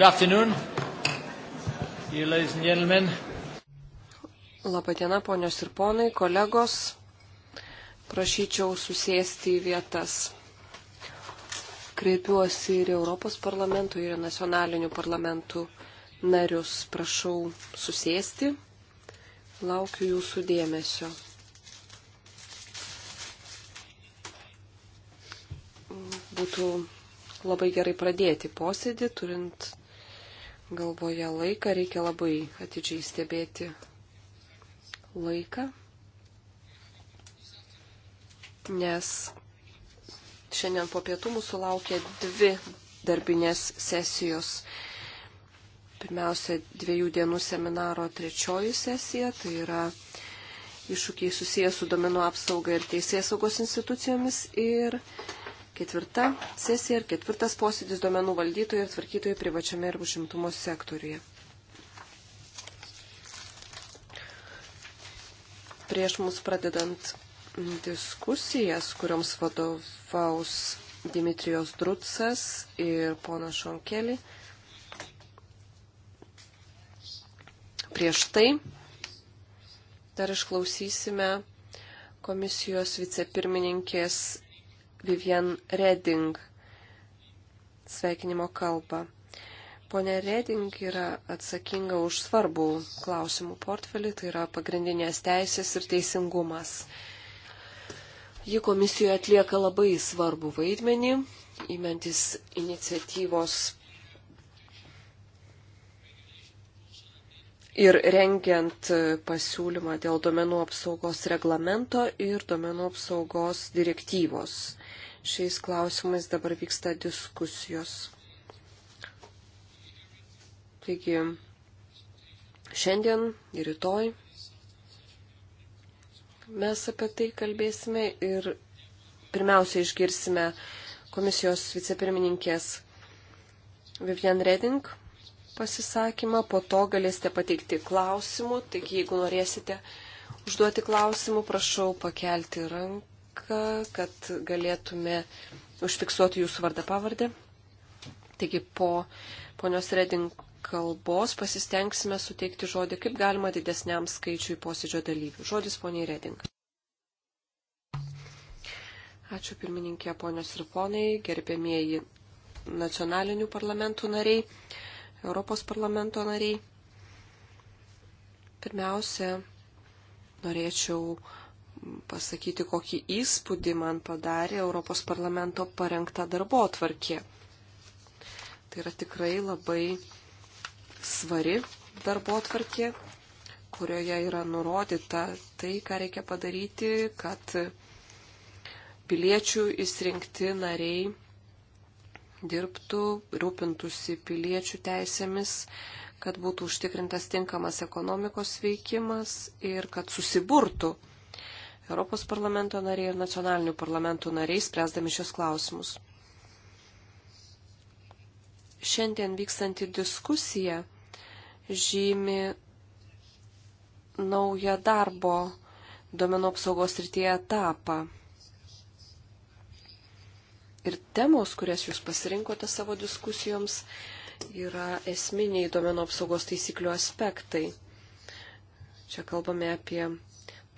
Good afternoon, dear ladies and gentlemen. Labadiena, ponios ir ponai, kolegos. Prašyčiau susėsti į vietas. Kreipiuosi ir Europos parlamentų, ir nacionalinių parlamentų narius. Prašau susėsti. Laukiu jūsų dėmesio. Būtų labai gerai pradėti posėdį, turint galvoje laiką, reikia labai atidžiai stebėti laiką, nes šiandien po pietų mūsų laukia dvi darbinės sesijos. Pirmiausia, dviejų dienų seminaro trečioji sesija, tai yra iššūkiai susijęs su domino apsauga ir teisės saugos institucijomis ir Ketvirta sesija ir ketvirtas posėdis duomenų valdytojų ir tvarkytojų privačiame ir užimtumo sektoriuje. Prieš mus pradedant diskusijas, kurioms vadovaus Dimitrijos Drutsas ir pona Šonkelį. Prieš tai dar išklausysime komisijos vicepirmininkės Vivian Reding sveikinimo kalbą. Pone Reding yra atsakinga už svarbų klausimų portfelį, tai yra pagrindinės teisės ir teisingumas. Ji komisijoje atlieka labai svarbų vaidmenį, įmantis iniciatyvos ir rengiant pasiūlymą dėl domenų apsaugos reglamento ir domenų apsaugos direktyvos. Šiais klausimais dabar vyksta diskusijos. Taigi, šiandien ir rytoj mes apie tai kalbėsime ir pirmiausia išgirsime komisijos vicepirmininkės Vivian Reding pasisakymą, po to galėsite pateikti klausimų, taigi jeigu norėsite užduoti klausimų, prašau pakelti ranką laiką, kad galėtume užfiksuoti jūsų vardą pavardę. Taigi po ponios Reding kalbos pasistengsime suteikti žodį kaip galima didesniam skaičiui posėdžio dalyvių. Žodis poniai Reding. Ačiū pirmininkė, ponios ir ponai, gerbėmieji nacionalinių parlamentų nariai, Europos parlamento nariai. Pirmiausia, norėčiau uh, pasakyti, kokį įspūdį man padarė Europos parlamento parengta darbo atvarkė. Tai yra tikrai labai svari darbo atvarkė, kurioje yra nurodyta tai, ką reikia padaryti, kad piliečių įsirinkti nariai dirbtų, rūpintųsi piliečių teisėmis, kad būtų užtikrintas tinkamas ekonomikos veikimas ir kad susiburtų Europos parlamento nariai ir nacionalinių parlamentų nariai, spręsdami šios klausimus. Šiandien vykstanti diskusija žymi naują darbo duomenų apsaugos rytyje etapą. Ir temos, kurias jūs pasirinkote savo diskusijoms, yra esminiai duomenų apsaugos taisyklių aspektai. Čia kalbame apie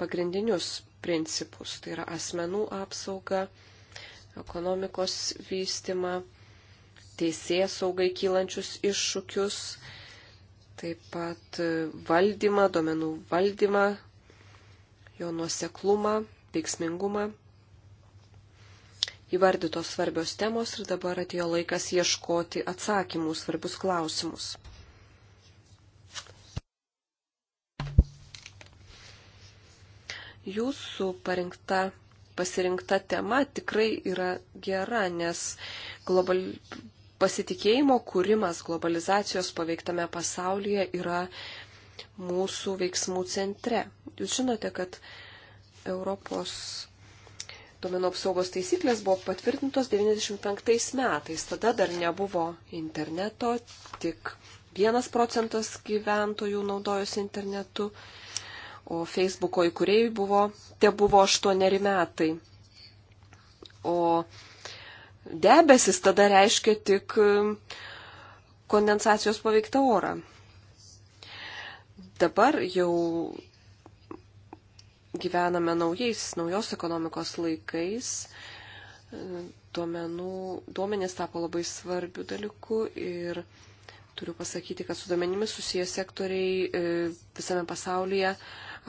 pagrindinius principus. Tai yra asmenų apsauga, ekonomikos vystimą, teisės saugai kylančius iššūkius, taip pat e, valdymą, domenų valdymą, jo nuoseklumą, veiksmingumą. Įvardytos svarbios temos ir dabar atėjo laikas ieškoti atsakymų svarbius klausimus. Jūsų parinkta, pasirinkta tema tikrai yra gera, nes global... pasitikėjimo kūrimas globalizacijos paveiktame pasaulyje yra mūsų veiksmų centre. Jūs žinote, kad Europos duomenų apsaugos taisyklės buvo patvirtintos 95 metais. Tada dar nebuvo interneto, tik vienas procentas gyventojų naudojosi internetu o Facebooko įkūrėjai buvo, te buvo aštuoneri metai. O debesis tada reiškia tik um, kondensacijos paveiktą orą. Dabar jau gyvename naujais, naujos ekonomikos laikais. Duomenų, duomenės tapo labai svarbių dalykų ir turiu pasakyti, kad su duomenimis susijęs sektoriai e, visame pasaulyje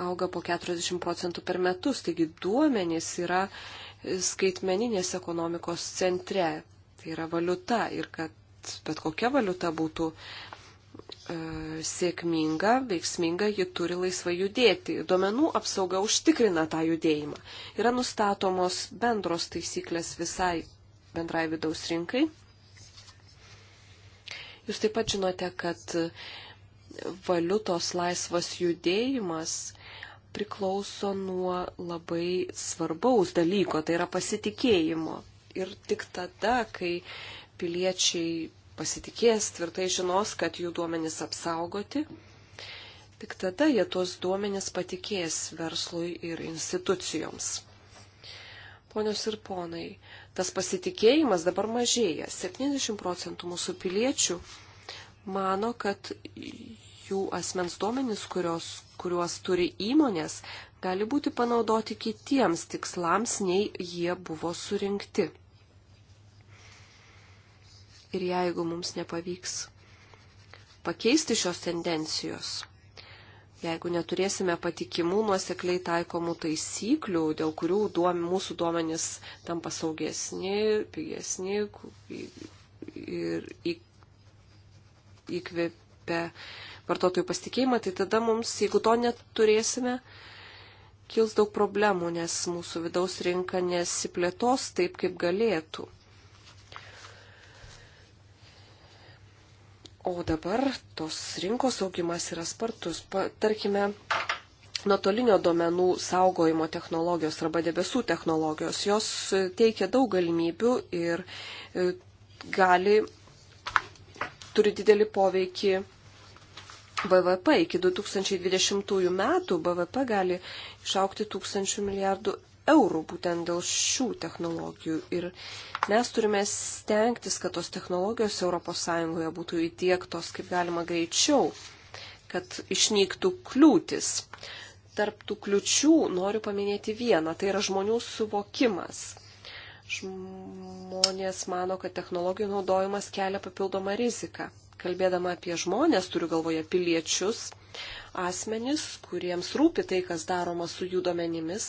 auga po 40 procentų per metus. Taigi duomenys yra skaitmeninės ekonomikos centre. Tai yra valiuta ir kad bet kokia valiuta būtų e, sėkminga, veiksminga, ji turi laisvai judėti. Duomenų apsauga užtikrina tą judėjimą. Yra nustatomos bendros taisyklės visai bendrai vidaus rinkai. Jūs taip pat žinote, kad valiutos laisvas judėjimas priklauso nuo labai svarbaus dalyko, tai yra pasitikėjimo. Ir tik tada, kai piliečiai pasitikės, tvirtai žinos, kad jų duomenys apsaugoti, tik tada jie tuos duomenys patikės verslui ir institucijoms. Ponios ir ponai, tas pasitikėjimas dabar mažėja. 70 procentų mūsų piliečių mano, kad jų asmens duomenys, kurios, kuriuos turi įmonės, gali būti panaudoti kitiems tikslams, nei jie buvo surinkti. Ir jeigu mums nepavyks pakeisti šios tendencijos, jeigu neturėsime patikimų nuosekliai taikomų taisyklių, dėl kurių duom, mūsų duomenys tampa saugesni, pigesni ir įkvepia vartotojų pasitikėjimą, tai tada mums, jeigu to neturėsime, kils daug problemų, nes mūsų vidaus rinka nesiplėtos taip, kaip galėtų. O dabar tos rinkos augimas yra spartus. Pa, tarkime, nuotolinio duomenų saugojimo technologijos arba debesų technologijos, jos e, teikia daug galimybių ir e, gali, turi didelį poveikį BVP. Iki 2020 metų BVP gali išaukti tūkstančių milijardų eurų būtent dėl šių technologijų. Ir mes turime stengtis, kad tos technologijos ES būtų įtiektos kaip galima greičiau, kad išnyktų kliūtis. Tarp tų kliučių noriu paminėti vieną, tai yra žmonių suvokimas. Žmonės mano, kad technologijų naudojimas kelia papildomą riziką kalbėdama apie žmonės, turiu galvoje piliečius, asmenis, kuriems rūpi tai, kas daroma su jų domenimis,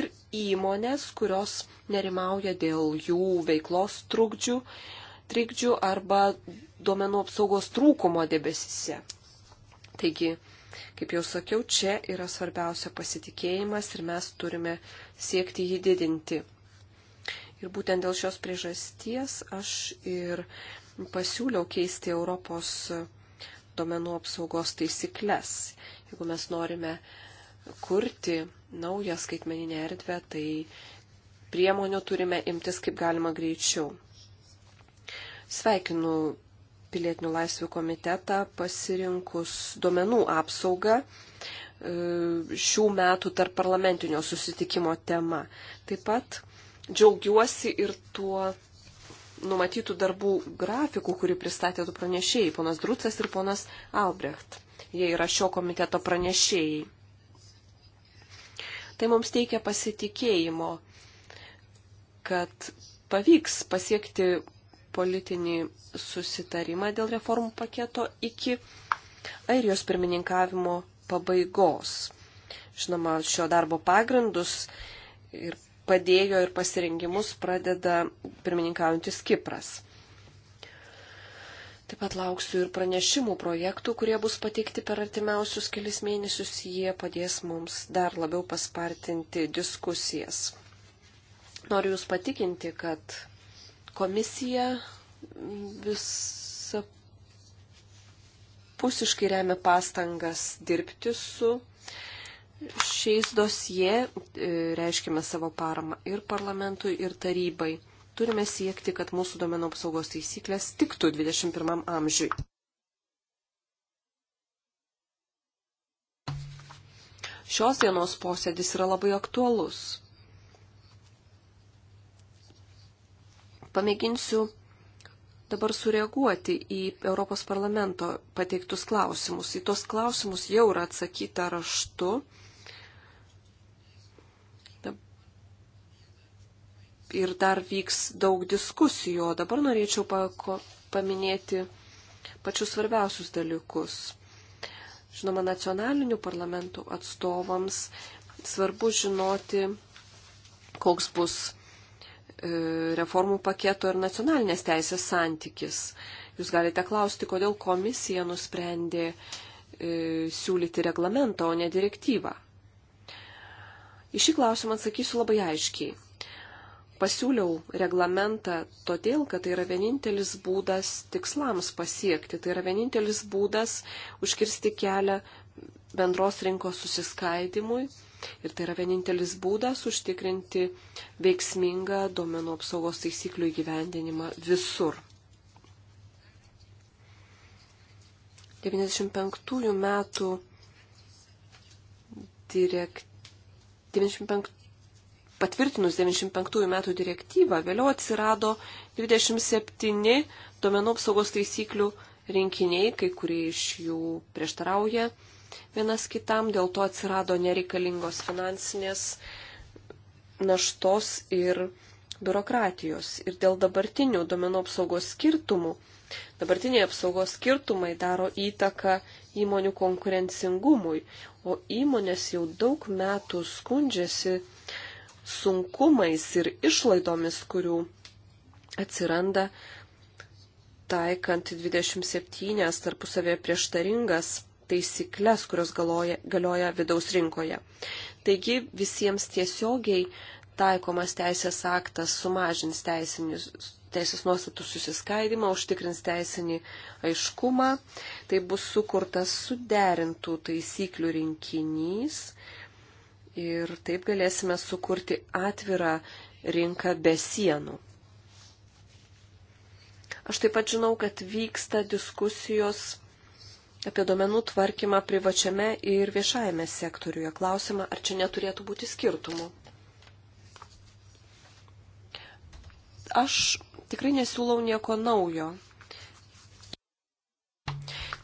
ir įmonės, kurios nerimauja dėl jų veiklos trukdžių, trikdžių arba duomenų apsaugos trūkumo debesise. Taigi, kaip jau sakiau, čia yra svarbiausia pasitikėjimas ir mes turime siekti jį didinti. Ir būtent dėl šios priežasties aš ir pasiūliau keisti Europos duomenų apsaugos taisyklės. Jeigu mes norime kurti naują skaitmeninę erdvę, tai priemonių turime imtis kaip galima greičiau. Sveikinu pilietinių laisvių komitetą pasirinkus duomenų apsaugą e, šių metų tarp parlamentinio susitikimo tema. Taip pat džiaugiuosi ir tuo numatytų darbų grafikų, kurį pristatė du pranešėjai, ponas Drucas ir ponas Albrecht. Jie yra šio komiteto pranešėjai. Tai mums teikia pasitikėjimo, kad pavyks pasiekti politinį susitarimą dėl reformų paketo iki airijos pirmininkavimo pabaigos. Žinoma, šio darbo pagrindus ir padėjo ir pasirengimus pradeda pirmininkaujantis Kipras. Taip pat lauksiu ir pranešimų projektų, kurie bus pateikti per artimiausius kelis mėnesius. Jie padės mums dar labiau paspartinti diskusijas. Noriu Jūs patikinti, kad komisija visapusiškai remia pastangas dirbti su šiais dosie e, reiškime savo paramą ir parlamentui, ir tarybai. Turime siekti, kad mūsų domenų apsaugos taisyklės tiktų 21 amžiui. Šios dienos posėdis yra labai aktualus. Pamėginsiu dabar sureaguoti į Europos parlamento pateiktus klausimus. Į tos klausimus jau yra atsakyta raštu ir dar vyks daug diskusijų, o dabar norėčiau pako, paminėti pačius svarbiausius dalykus. Žinoma, nacionalinių parlamentų atstovams svarbu žinoti, koks bus e, reformų paketo ir nacionalinės teisės santykis. Jūs galite klausti, kodėl komisija nusprendė e, siūlyti reglamentą, o ne direktyvą. Į šį klausimą atsakysiu labai aiškiai. Pasiūliau reglamentą todėl, kad tai yra vienintelis būdas tikslams pasiekti, tai yra vienintelis būdas užkirsti kelią bendros rinkos susiskaidimui ir tai yra vienintelis būdas užtikrinti veiksmingą duomenų apsaugos taisyklių įgyvendinimą visur. 95 metų direkt... 95 patvirtinus 95 metų direktyvą, vėliau atsirado 27 duomenų apsaugos taisyklių rinkiniai, kai kurie iš jų prieštarauja vienas kitam, dėl to atsirado nereikalingos finansinės naštos ir biurokratijos. Ir dėl dabartinių duomenų apsaugos skirtumų, dabartiniai apsaugos skirtumai daro įtaką įmonių konkurencingumui, o įmonės jau daug metų skundžiasi, sunkumais ir išlaidomis, kurių atsiranda taikant 27 tarpusavėje prieštaringas taisyklės, kurios galoja, galioja vidaus rinkoje. Taigi visiems tiesiogiai taikomas teisės aktas sumažins teisinius. Teisės nuostatų susiskaidimą užtikrins teisinį aiškumą, tai bus sukurtas suderintų taisyklių rinkinys, ir taip galėsime sukurti atvirą rinką be sienų. Aš taip pat žinau, kad vyksta diskusijos apie domenų tvarkymą privačiame ir viešajame sektoriuje. Klausimą, ar čia neturėtų būti skirtumų. Aš tikrai nesiūlau nieko naujo,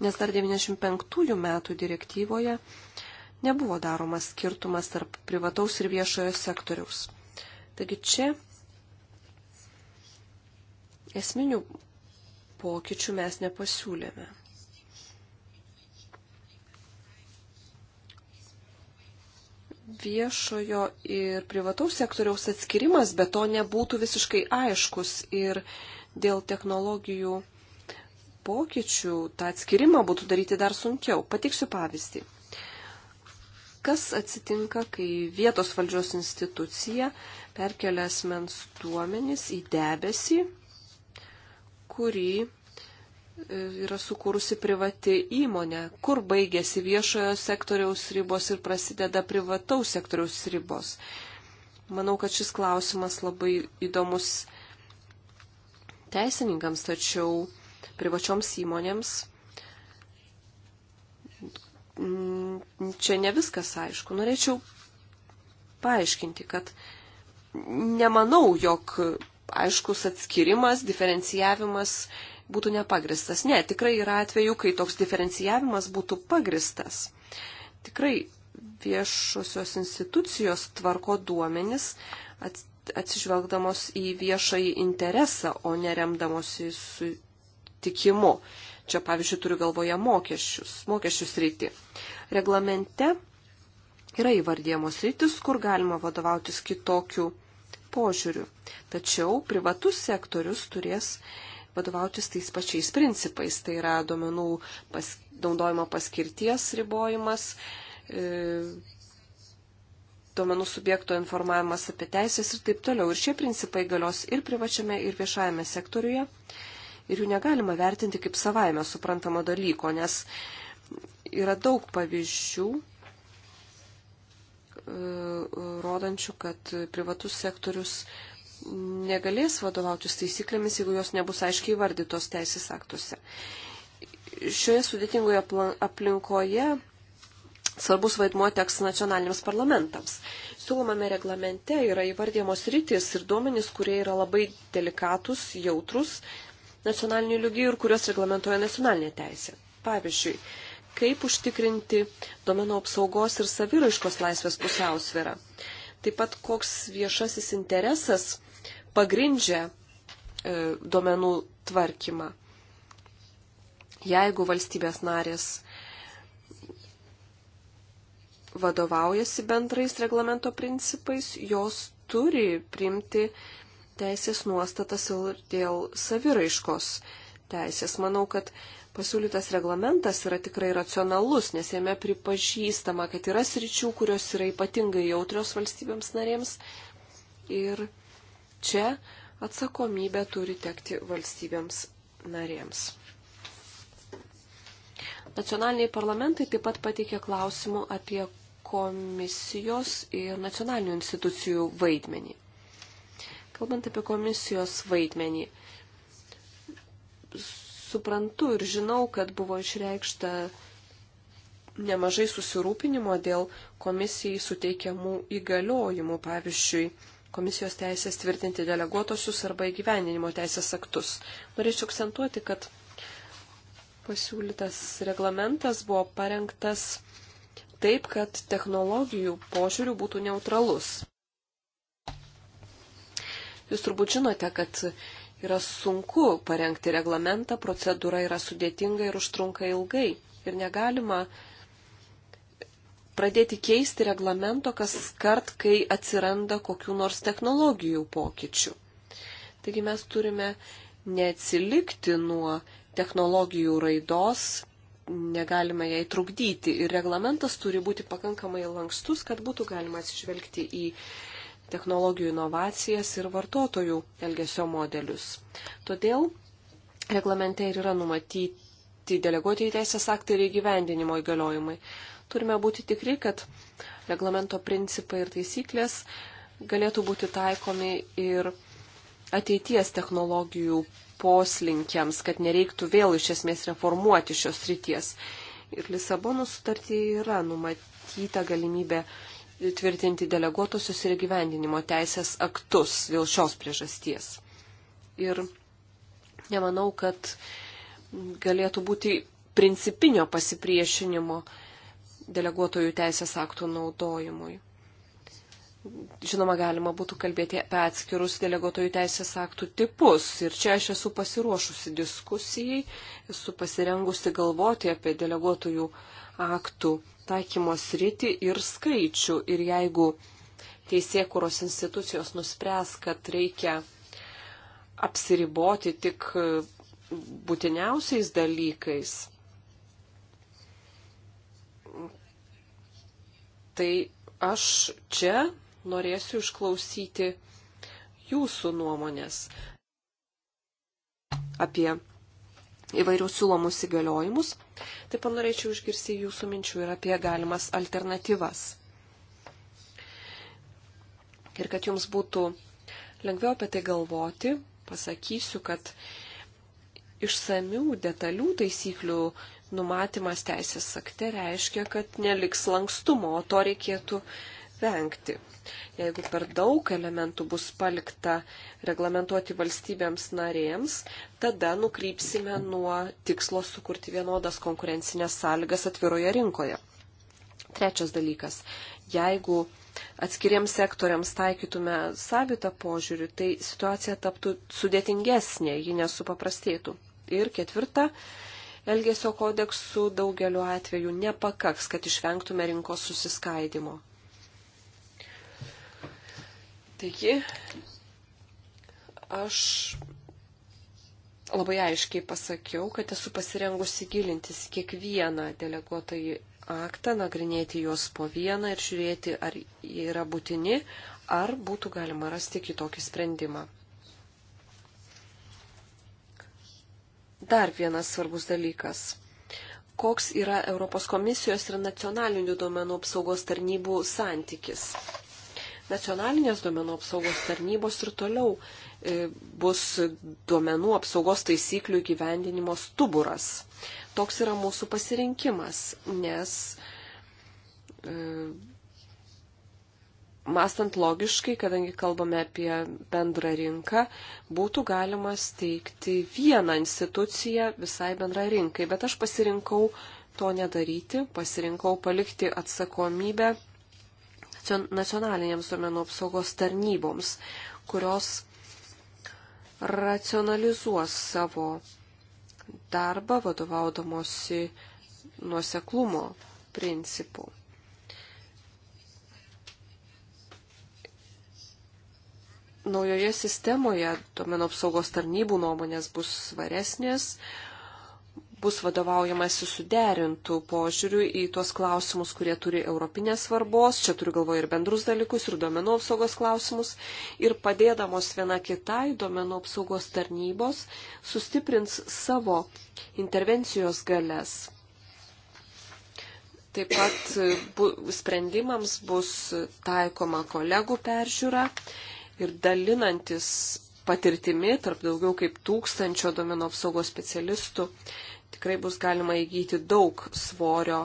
nes dar 95 metų direktyvoje nebuvo daromas skirtumas tarp privataus ir viešojo sektoriaus. Taigi čia esminių pokyčių mes nepasiūlėme. Viešojo ir privataus sektoriaus atskirimas be to nebūtų visiškai aiškus ir dėl technologijų pokyčių tą atskirimą būtų daryti dar sunkiau. Pateiksiu pavyzdį kas atsitinka, kai vietos valdžios institucija perkelia asmens duomenis į debesį, kurį e, yra sukūrusi privati įmonė, kur baigėsi viešojo sektoriaus ribos ir prasideda privataus sektoriaus ribos. Manau, kad šis klausimas labai įdomus teisininkams, tačiau privačioms įmonėms Mm, čia ne viskas aišku. Norėčiau paaiškinti, kad nemanau, jog aiškus atskirimas, diferencijavimas būtų nepagristas. Ne, tikrai yra atveju, kai toks diferencijavimas būtų pagristas. Tikrai viešosios institucijos tvarko duomenis atsižvelgdamos į viešąjį interesą, o neremdamosi sutikimu. Čia, pavyzdžiui, turiu galvoje mokesčius, mokesčius rytį. Reglamente yra įvardyjamos rytis, kur galima vadovautis kitokių požiūrių. Tačiau privatus sektorius turės vadovautis tais pačiais principais. Tai yra duomenų pas, naudojimo paskirties ribojimas, e, duomenų subjekto informavimas apie teisės ir taip toliau. Ir šie principai galios ir privačiame, ir viešajame sektoriuje ir jų negalima vertinti kaip savaime suprantamo dalyko, nes yra daug pavyzdžių, e, rodančių, kad privatus sektorius negalės vadovautis taisyklėmis, jeigu jos nebus aiškiai vardytos teisės aktuose. Šioje sudėtingoje aplinkoje svarbus vaidmuo teks nacionaliniams parlamentams. Siūlomame reglamente yra įvardyjamos rytis ir duomenys, kurie yra labai delikatus, jautrus, nacionaliniu lygiu ir kurios reglamentoja nacionalinė teisė. Pavyzdžiui, kaip užtikrinti domenų apsaugos ir saviraiškos laisvės pusiausvėrą. Taip pat koks viešasis interesas pagrindžia e, domenų tvarkymą. Jeigu valstybės narės vadovaujasi bendrais reglamento principais, jos turi priimti teisės nuostatas ir dėl saviraiškos teisės. Manau, kad pasiūlytas reglamentas yra tikrai racionalus, nes jame pripažįstama, kad yra sričių, kurios yra ypatingai jautrios valstybėms narėms. Ir čia atsakomybė turi tekti valstybėms narėms. Nacionaliniai parlamentai taip pat pateikė klausimų apie komisijos ir nacionalinių institucijų vaidmenį. Kalbant apie komisijos vaidmenį, suprantu ir žinau, kad buvo išreikšta nemažai susirūpinimo dėl komisijai suteikiamų įgaliojimų, pavyzdžiui, komisijos teisės tvirtinti deleguotosius arba įgyvendinimo teisės aktus. Norėčiau akcentuoti, kad pasiūlytas reglamentas buvo parengtas taip, kad technologijų požiūrių būtų neutralus. Jūs turbūt žinote, kad yra sunku parengti reglamentą, procedūra yra sudėtinga ir užtrunka ilgai. Ir negalima pradėti keisti reglamento kas kart, kai atsiranda kokių nors technologijų pokyčių. Taigi mes turime neatsilikti nuo technologijų raidos, negalime jai trukdyti ir reglamentas turi būti pakankamai lankstus, kad būtų galima atsižvelgti į technologijų inovacijas ir vartotojų elgesio modelius. Todėl reglamente ir yra numatyti deleguoti į teisės aktai ir įgyvendinimo įgaliojimai. Turime būti tikri, kad reglamento principai ir taisyklės galėtų būti taikomi ir ateities technologijų poslinkiams, kad nereiktų vėl iš esmės reformuoti šios ryties. Ir Lisabonų sutartyje yra numatyta galimybė tvirtinti deleguotusius ir gyvendinimo teisės aktus dėl šios priežasties. Ir nemanau, kad galėtų būti principinio pasipriešinimo deleguotojų teisės aktų naudojimui. Žinoma, galima būtų kalbėti apie atskirus deleguotojų teisės aktų tipus. Ir čia aš esu pasiruošusi diskusijai, esu pasirengusi galvoti apie deleguotojų aktų taikymos rytį ir skaičių. Ir jeigu teisėkuros institucijos nuspręs, kad reikia apsiriboti tik būtiniausiais dalykais, tai aš čia norėsiu išklausyti jūsų nuomonės apie įvairius siūlomus įgaliojimus. Taip pat norėčiau išgirsti jūsų minčių ir apie galimas alternatyvas. Ir kad jums būtų lengviau apie tai galvoti, pasakysiu, kad išsamių detalių taisyklių numatymas teisės akte reiškia, kad neliks lankstumo, o to reikėtų vengti. Jeigu per daug elementų bus palikta reglamentuoti valstybėms narėms, tada nukrypsime nuo tikslo sukurti vienodas konkurencinės sąlygas atviroje rinkoje. Trečias dalykas. Jeigu atskiriems sektoriams taikytume savitą požiūrį, tai situacija taptų sudėtingesnė, ji nesupaprastėtų. Ir ketvirta. Elgesio kodeksų daugeliu atveju nepakaks, kad išvengtume rinkos susiskaidimo. Taigi, aš labai aiškiai pasakiau, kad esu pasirengusi gilintis kiekvieną deleguotąjį aktą, nagrinėti juos po vieną ir žiūrėti, ar jie yra būtini, ar būtų galima rasti kitokį sprendimą. Dar vienas svarbus dalykas. Koks yra Europos komisijos ir nacionalinių duomenų apsaugos tarnybų santykis? nacionalinės duomenų apsaugos tarnybos ir toliau e, bus duomenų apsaugos taisyklių gyvendinimo stuburas. Toks yra mūsų pasirinkimas, nes e, mąstant logiškai, kadangi kalbame apie bendrą rinką, būtų galima steigti vieną instituciją visai bendrą rinkai, bet aš pasirinkau to nedaryti, pasirinkau palikti atsakomybę nacionalinėms duomenų apsaugos tarnyboms, kurios racionalizuos savo darbą vadovaudamosi nuoseklumo principu. Naujoje sistemoje duomenų apsaugos tarnybų nuomonės bus svaresnės, bus vadovaujamasi suderintų požiūrių į tuos klausimus, kurie turi europinės svarbos, čia turiu galvoje ir bendrus dalykus, ir duomenų apsaugos klausimus, ir padėdamos viena kitai duomenų apsaugos tarnybos sustiprins savo intervencijos galės. Taip pat bu, sprendimams bus taikoma kolegų peržiūra ir dalinantis patirtimi tarp daugiau kaip tūkstančio domino apsaugos specialistų tikrai bus galima įgyti daug svorio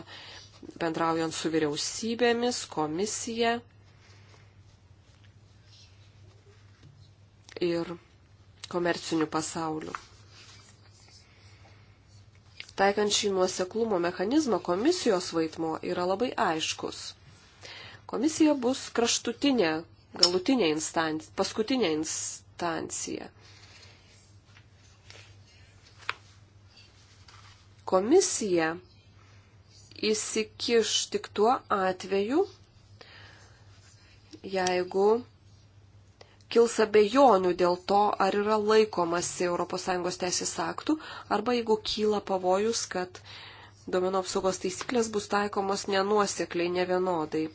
bendraujant su vyriausybėmis, komisija. Ir komerciniu pasauliu. Taikant šį nuoseklumo mechanizmą komisijos vaidmo yra labai aiškus. Komisija bus kraštutinė, galutinė instancija, paskutinė instancija. komisija įsikiš tik tuo atveju, jeigu kils abejonių dėl to, ar yra laikomasi ES teisės aktų, arba jeigu kyla pavojus, kad duomenų apsaugos taisyklės bus taikomos nenuosekliai, nevienodai.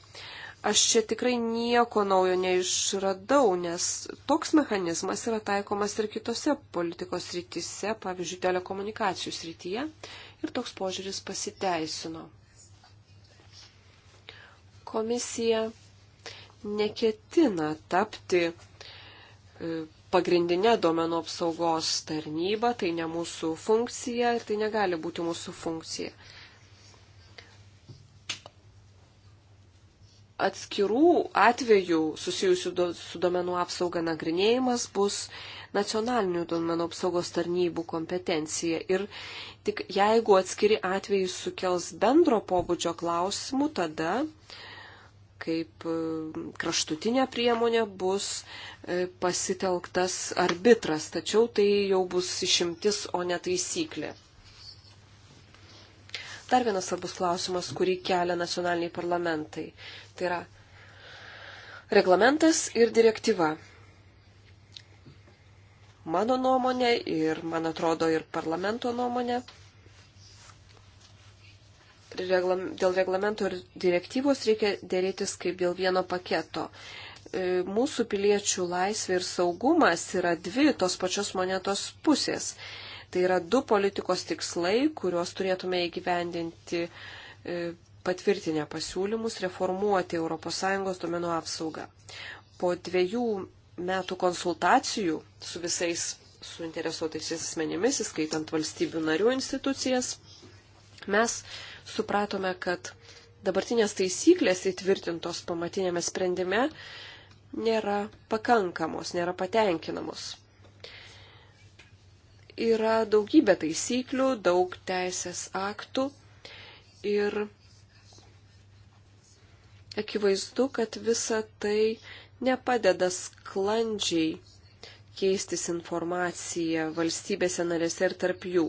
Aš čia tikrai nieko naujo neišradau, nes toks mechanizmas yra taikomas ir kitose politikos rytise, pavyzdžiui, telekomunikacijų srityje. Rytyje ir toks požiūris pasiteisino. Komisija neketina tapti e, pagrindinė duomenų apsaugos tarnyba, tai ne mūsų funkcija ir tai negali būti mūsų funkcija. Atskirų atvejų susijusių su duomenų apsauga nagrinėjimas bus nacionalinių duomenų apsaugos tarnybų kompetencija. Ir tik jeigu atskiri atvejai sukels bendro pobūdžio klausimų, tada kaip e, kraštutinė priemonė bus e, pasitelktas arbitras, tačiau tai jau bus išimtis, o ne taisyklė. Dar vienas svarbus klausimas, kurį kelia nacionaliniai parlamentai. Tai yra reglamentas ir direktyva mano nuomonė ir, man atrodo, ir parlamento nuomonė. Dėl reglamento ir direktyvos reikia dėrėtis kaip dėl vieno paketo. E, mūsų piliečių laisvė ir saugumas yra dvi tos pačios monetos pusės. Tai yra du politikos tikslai, kuriuos turėtume įgyvendinti e, patvirtinę pasiūlymus reformuoti ES duomenų apsaugą. Po dviejų metų konsultacijų su visais suinteresuotais asmenimis, įskaitant valstybių narių institucijas, mes supratome, kad dabartinės taisyklės įtvirtintos pamatinėme sprendime nėra pakankamos, nėra patenkinamos. Yra daugybė taisyklių, daug teisės aktų ir akivaizdu, kad visa tai nepadeda sklandžiai keistis informaciją valstybėse narėse ir tarp jų.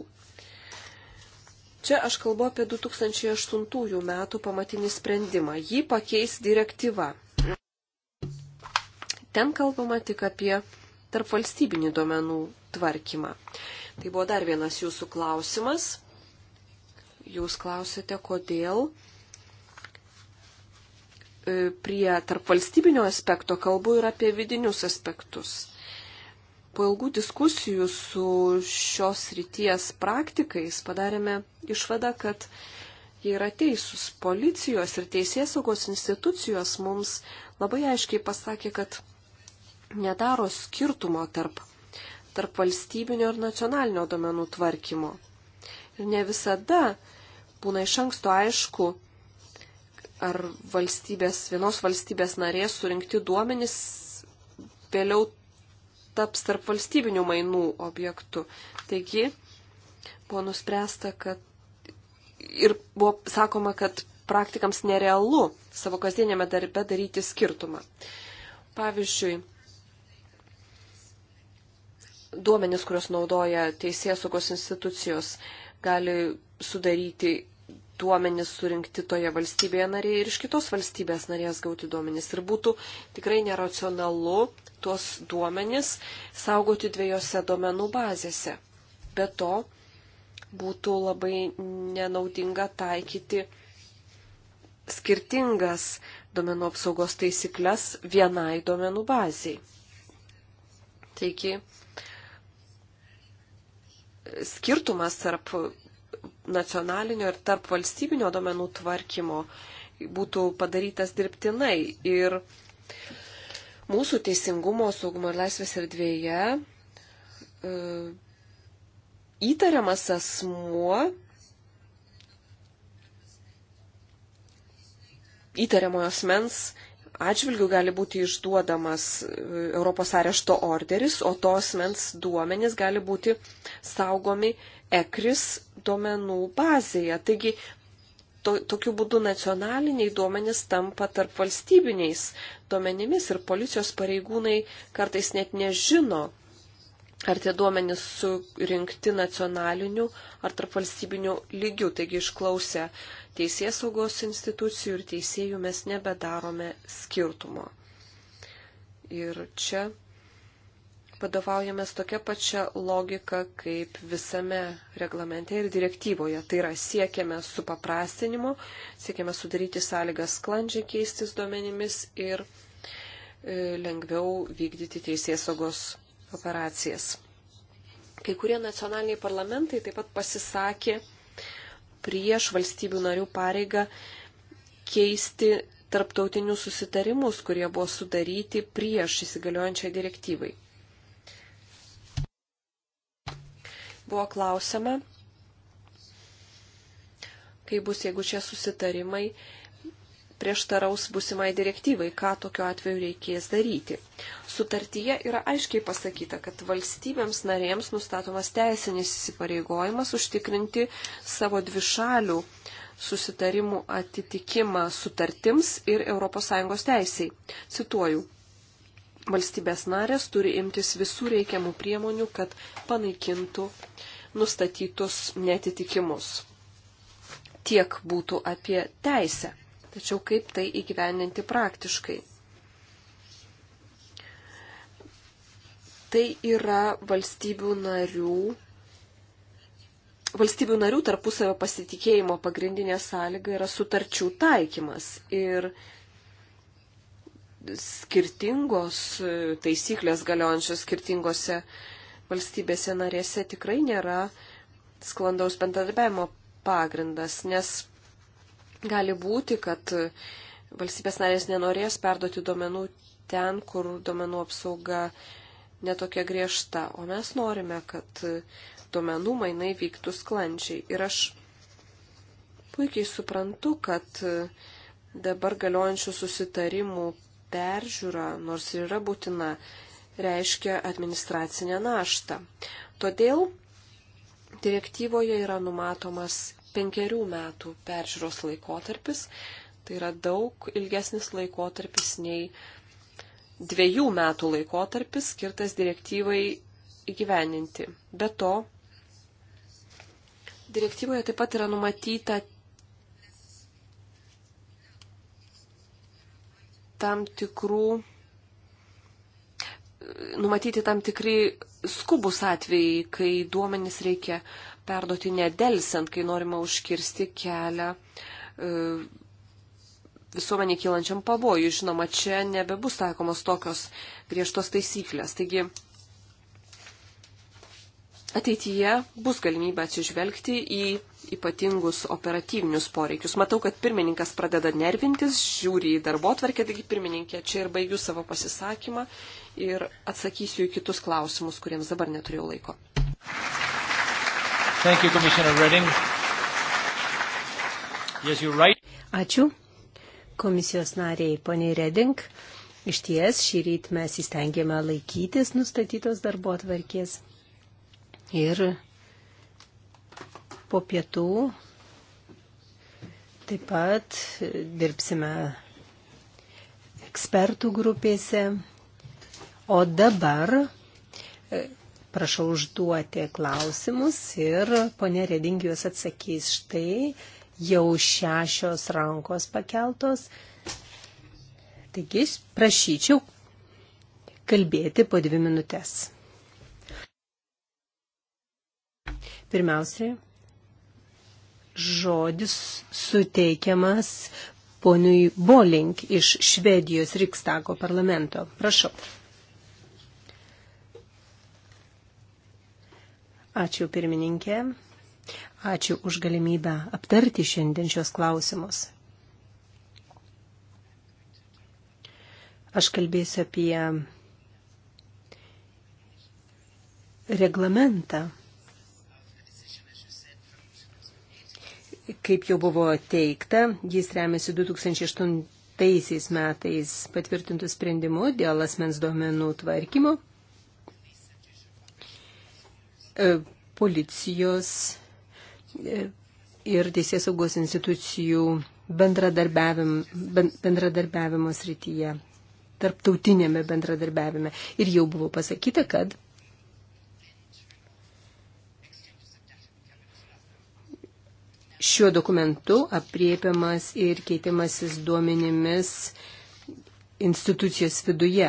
Čia aš kalbu apie 2008 metų pamatinį sprendimą. Jį pakeis direktyva. Ten kalbama tik apie tarp valstybinį duomenų tvarkymą. Tai buvo dar vienas jūsų klausimas. Jūs klausėte, kodėl E, prie tarpvalstybinio aspekto kalbu ir apie vidinius aspektus. Po ilgų diskusijų su šios ryties praktikais padarėme išvadą, kad jie yra teisūs. Policijos ir teisėsaugos institucijos mums labai aiškiai pasakė, kad nedaro skirtumo tarp, tarp valstybinio ir nacionalinio domenų tvarkymo. Ir ne visada būna iš anksto aišku, ar valstybės, vienos valstybės narės surinkti duomenys vėliau taps tarp valstybinių mainų objektų. Taigi buvo nuspręsta, kad ir buvo sakoma, kad praktikams nerealu savo kasdienėme darbe daryti skirtumą. Pavyzdžiui, duomenis, kurios naudoja teisėsaugos institucijos, gali sudaryti duomenys surinkti toje valstybėje narėje ir iš kitos valstybės narės gauti duomenys. Ir būtų tikrai neracionalu tuos duomenys saugoti dviejose duomenų bazėse. Be to, būtų labai nenaudinga taikyti skirtingas duomenų apsaugos taisyklės vienai duomenų baziai. Taigi, skirtumas tarp nacionalinio ir tarp valstybinio domenų tvarkymo būtų padarytas dirbtinai. Ir mūsų teisingumo, saugumo ir laisvės erdvėje e, įtariamas asmuo, įtariamojo asmens atžvilgių gali būti išduodamas e, Europos arešto orderis, o to asmens duomenys gali būti saugomi ekris duomenų bazėje. Taigi to, tokiu būdu nacionaliniai duomenys tampa tarp valstybiniais duomenimis ir policijos pareigūnai kartais net nežino, ar tie duomenys surinkti nacionaliniu ar tarp valstybiniu lygiu. Taigi išklausę teisės saugos institucijų ir teisėjų mes nebedarome skirtumo. Ir čia vadovaujamės tokia pačia logika kaip visame reglamente ir direktyvoje. Tai yra siekiame supaprastinimo, siekiame sudaryti sąlygas sklandžiai keistis duomenimis ir e, lengviau vykdyti teisės saugos operacijas. Kai kurie nacionaliniai parlamentai taip pat pasisakė prieš valstybių narių pareigą keisti tarptautinius susitarimus, kurie buvo sudaryti prieš įsigaliojančią direktyvai. buvo klausima, kaip bus, jeigu šie susitarimai prieštaraus busimai direktyvai, ką tokiu atveju reikės daryti. Sutartyje yra aiškiai pasakyta, kad valstybėms narėms nustatomas teisinis įsipareigojimas užtikrinti savo dvišalių susitarimų atitikimą sutartims ir ES teisiai. Cituoju. Valstybės narės turi imtis visų reikiamų priemonių, kad panaikintų nustatytus netitikimus. Tiek būtų apie teisę, tačiau kaip tai įgyveninti praktiškai. Tai yra valstybių narių valstybių narių tarpusavio pasitikėjimo pagrindinė sąlyga yra sutarčių taikymas. Ir skirtingos e, taisyklės galiojančios skirtingose valstybėse narėse tikrai nėra sklandaus bendradarbiavimo pagrindas, nes gali būti, kad valstybės narės nenorės perduoti duomenų ten, kur duomenų apsauga netokia griežta, o mes norime, kad duomenų mainai vyktų sklandžiai. Ir aš puikiai suprantu, kad dabar galiojančių susitarimų peržiūra, nors ir yra būtina, reiškia administracinę naštą. Todėl direktyvoje yra numatomas penkerių metų peržiūros laikotarpis, tai yra daug ilgesnis laikotarpis nei dviejų metų laikotarpis skirtas direktyvai įgyveninti. Be to, direktyvoje taip pat yra numatyta tam tikrų, numatyti tam tikri skubus atvejai, kai duomenys reikia perduoti nedelsiant, kai norima užkirsti kelią e, visuomenį kylančiam pavojui. Žinoma, čia nebebus taikomos tokios griežtos taisyklės. Taigi, ateityje bus galimybė atsižvelgti į ypatingus operatyvinius poreikius. Matau, kad pirmininkas pradeda nervintis, žiūri į darbo tvarkę, taigi pirmininkė, čia ir baigiu savo pasisakymą ir atsakysiu į kitus klausimus, kuriems dabar neturėjau laiko. Thank you, yes, right. Ačiū komisijos nariai, poniai Reding. Iš ties, šį rytą mes įstengėme laikytis nustatytos darbo atvarkės. Ir po pietų taip pat dirbsime ekspertų grupėse. O dabar e, prašau užduoti klausimus ir ponė Reding juos atsakys. Štai jau šešios rankos pakeltos. Taigi prašyčiau kalbėti po dvi minutės. Pirmiausiai, žodis suteikiamas ponui Bolink iš Švedijos Rikstako parlamento. Prašau. Ačiū pirmininkė. Ačiū už galimybę aptarti šiandien šios klausimus. Aš kalbėsiu apie reglamentą kaip jau buvo teikta, jis remiasi 2008 metais patvirtintų sprendimu dėl asmens duomenų tvarkymo. E, policijos e, ir teisės saugos institucijų bendradarbiavim, bendradarbiavimo srityje, tarptautinėme bendradarbiavime. Ir jau buvo pasakyta, kad Šiuo dokumentu apriepiamas ir keitimasis duomenimis institucijos viduje.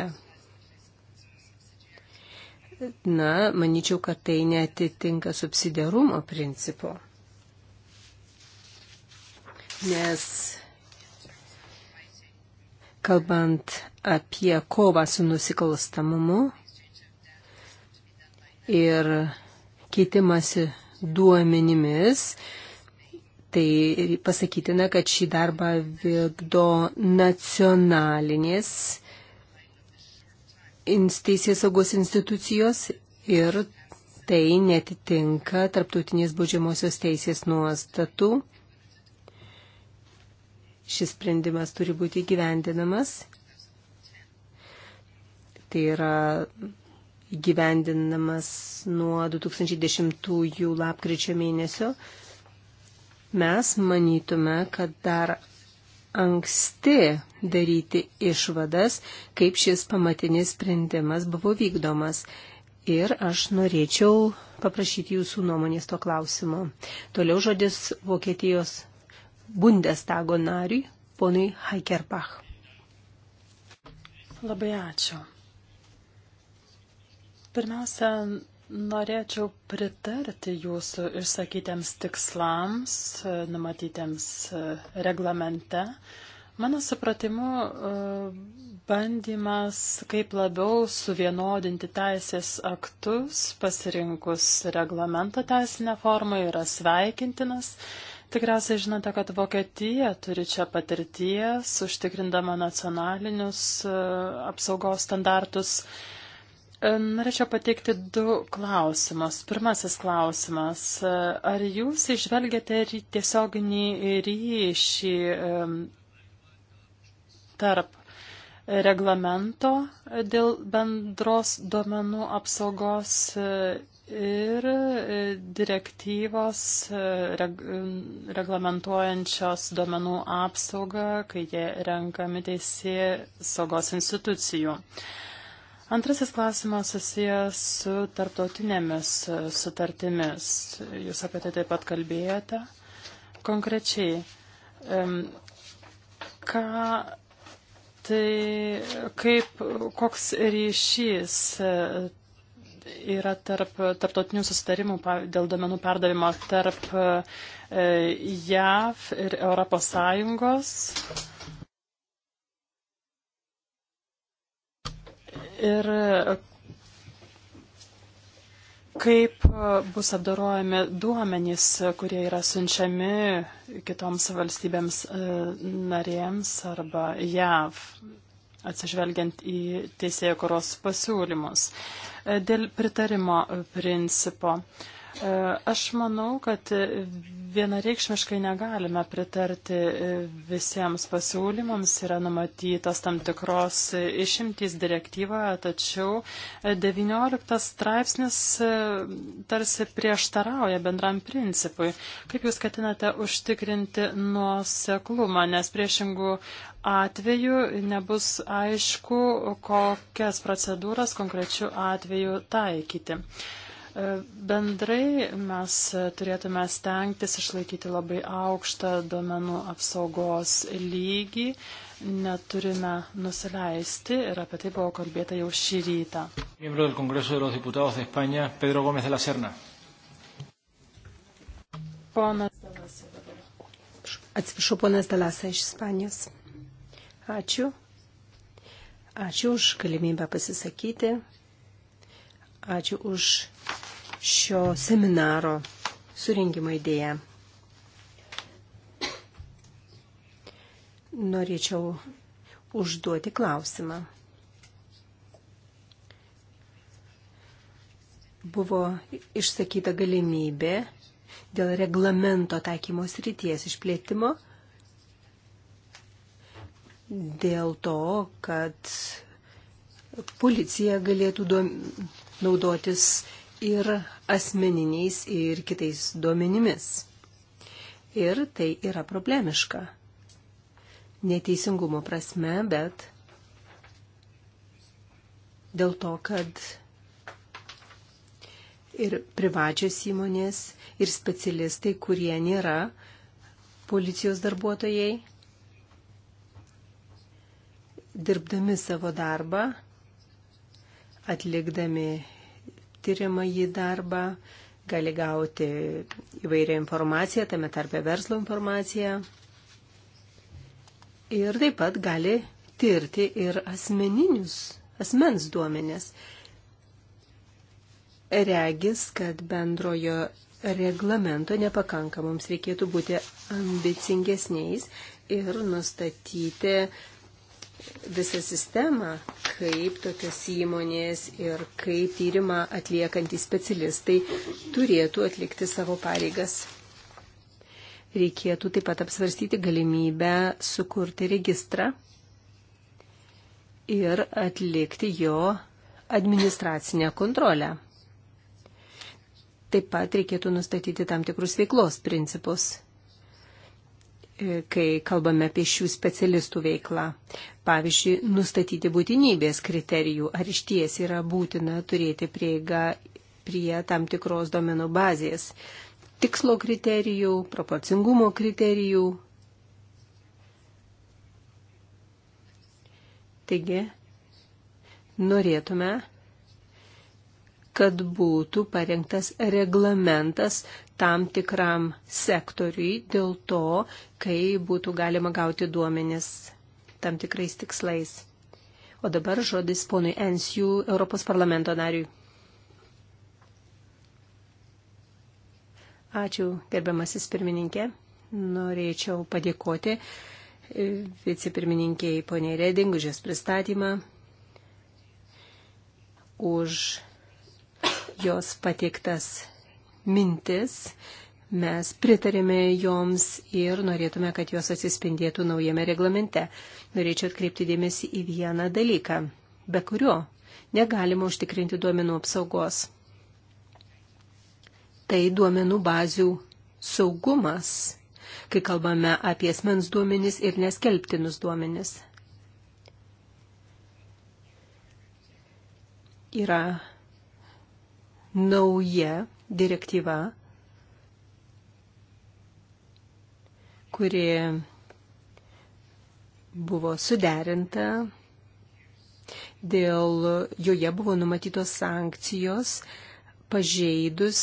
Na, manyčiau, kad tai netitinka subsidiarumo principo. Nes kalbant apie kovą su nusikalstamumu ir keitimasi duomenimis, Tai pasakytina, kad šį darbą vykdo nacionalinės teisės saugos institucijos ir tai netitinka tarptautinės baudžiamosios teisės nuostatų. Šis sprendimas turi būti gyvendinamas. Tai yra gyvendinamas nuo 2010 lapkričio mėnesio. Mes manytume, kad dar anksti daryti išvadas, kaip šis pamatinis sprendimas buvo vykdomas. Ir aš norėčiau paprašyti jūsų nuomonės to klausimo. Toliau žodis Vokietijos Bundestago nariui, ponui Heikerbach. Labai ačiū. Pirmiausia, Norėčiau pritarti jūsų išsakytiems tikslams, e, numatytiems e, reglamente. Mano supratimu, e, bandymas kaip labiau suvienodinti teisės aktus, pasirinkus reglamento teisinę formą, yra sveikintinas. Tikriausiai žinote, kad Vokietija turi čia patirties, užtikrindama nacionalinius apsaugos standartus. Uh, Norėčiau pateikti du klausimus. Pirmasis klausimas. E, ar jūs išvelgiate tiesioginį ryšį tarp reglamento dėl bendros duomenų apsaugos e, ir e, direktyvos reglamentuojančios duomenų apsaugą, kai jie renkami teisė saugos institucijų. Uh, Antrasis klausimas susijęs su tarptautinėmis e, sutartimis. Jūs apie tai taip pat kalbėjote. Konkrečiai, ką tai kaip, koks ryšys e, yra tarp tarptautinių susitarimų dėl domenų perdavimo tarp e, JAV ir Europos Sąjungos? Ir e, kaip e, bus apdarojami duomenys, kurie yra siunčiami kitoms valstybėms e, narėms arba JAV, atsižvelgiant į teisėjų koros pasiūlymus. Dėl pritarimo principo. Uh, E, aš manau, kad vienareikšmiškai negalime pritarti e, visiems pasiūlymams. Yra numatytas tam tikros išimtys direktyvoje, tačiau 19 e, straipsnis tarsi prieštarauja bendram principui. Kaip Jūs ketinate užtikrinti nuoseklumą, nes priešingų atveju nebus aišku, kokias procedūras konkrečiu atveju taikyti. E, bendrai mes turėtume stengtis išlaikyti labai aukštą duomenų apsaugos lygį, neturime nusileisti ir apie tai buvo kalbėta jau šį rytą. Ponas Atsiprašau, ponas Dalasa iš Ispanijos. Ačiū. Ačiū už galimybę pasisakyti. Ačiū už šio seminaro surinkimo idėją. Norėčiau užduoti klausimą. Buvo išsakyta galimybė dėl reglamento taikymo srities išplėtimo, dėl to, kad policija galėtų naudotis ir asmeniniais ir kitais duomenimis. Ir tai yra problemiška. Neteisingumo prasme, bet dėl to, kad ir privačios įmonės, ir specialistai, kurie nėra policijos darbuotojai, dirbdami savo darbą, atlikdami tyrimą į darbą, gali gauti įvairią informaciją, tame tarpe verslo informaciją. Ir taip pat gali tirti ir asmeninius, asmens duomenės. Regis, kad bendrojo reglamento nepakanka, mums reikėtų būti ambicingesniais ir nustatyti visą sistemą, kaip tokios įmonės ir kaip tyrimą atliekantys specialistai turėtų atlikti savo pareigas. Reikėtų taip pat apsvarstyti galimybę sukurti registrą ir atlikti jo administracinę kontrolę. Taip pat reikėtų nustatyti tam tikrus veiklos principus kai kalbame apie šių specialistų veiklą. Pavyzdžiui, nustatyti būtinybės kriterijų, ar iš ties yra būtina turėti prieigą prie tam tikros domenų bazės. Tikslo kriterijų, proporcingumo kriterijų. Taigi, norėtume kad būtų parengtas reglamentas tam tikram sektoriui dėl to, kai būtų galima gauti duomenis tam tikrais tikslais. O dabar žodis ponui Ensijų, Europos parlamento nariui. Ačiū, gerbiamasis pirmininkė. Norėčiau padėkoti vicepirmininkiai poniai Reding už jos pristatymą, už jos pateiktas mintis. Mes pritarėme joms ir norėtume, kad jos atsispindėtų naujame reglamente. Norėčiau atkreipti dėmesį į vieną dalyką, be kurio negalima užtikrinti duomenų apsaugos. Tai duomenų bazių saugumas, kai kalbame apie asmens duomenis ir neskelbtinus duomenis. Yra nauja direktyva, kuri buvo suderinta dėl joje buvo numatytos sankcijos pažeidus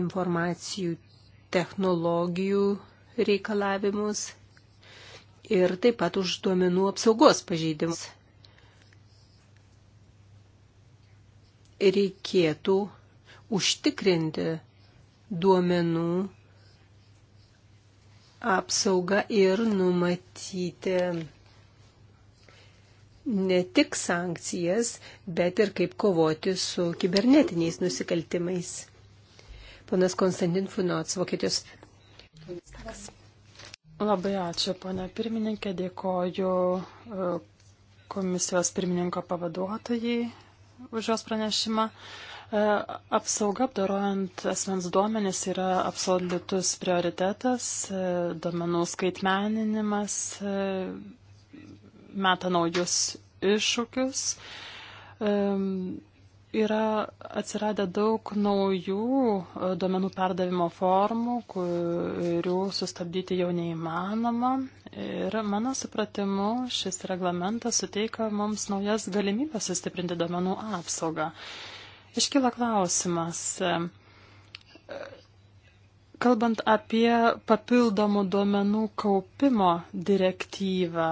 informacijų technologijų reikalavimus ir taip pat už duomenų apsaugos pažeidimus. Reikėtų užtikrinti duomenų apsaugą ir numatyti ne tik sankcijas, bet ir kaip kovoti su kibernetiniais nusikaltimais. Ponas Konstantin Funots, Vokietijos. Labai ačiū, ponia pirmininkė, dėkoju e, komisijos pirmininko pavaduotojai už jos pranešimą. E, apsauga apdarojant asmens duomenis yra absoliutus prioritetas, e, duomenų skaitmeninimas e, meta naujus iššūkius. Yra atsiradę daug naujų duomenų perdavimo formų, kurių sustabdyti jau neįmanoma. Ir mano supratimu, šis reglamentas suteikia mums naujas galimybės sustiprinti duomenų apsaugą. Iškyla klausimas, e, kalbant apie papildomų duomenų kaupimo direktyvą,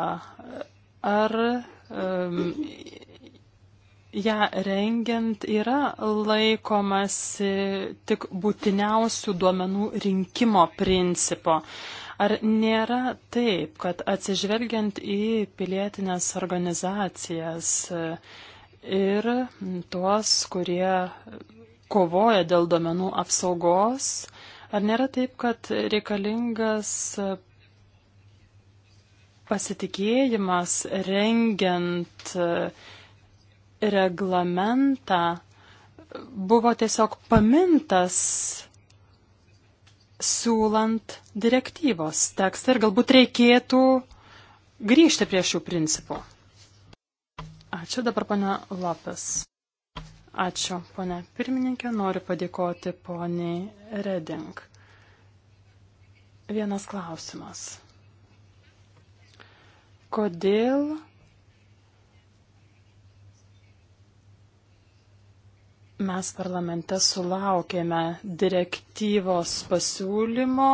ar um, ją ja, rengiant yra laikomasi tik būtiniausių duomenų rinkimo principo? Ar nėra taip, kad atsižvelgiant į pilietinės organizacijas, uh, ir tuos, kurie kovoja dėl domenų apsaugos. Ar nėra taip, kad reikalingas pasitikėjimas rengiant reglamentą buvo tiesiog pamintas siūlant direktyvos tekstą ir galbūt reikėtų grįžti prie šių principų. Ačiū dabar, pane Lopes. Ačiū, ponė pirmininkė. Noriu padėkoti poniai Reding. Vienas klausimas. Kodėl mes parlamente sulaukėme direktyvos pasiūlymo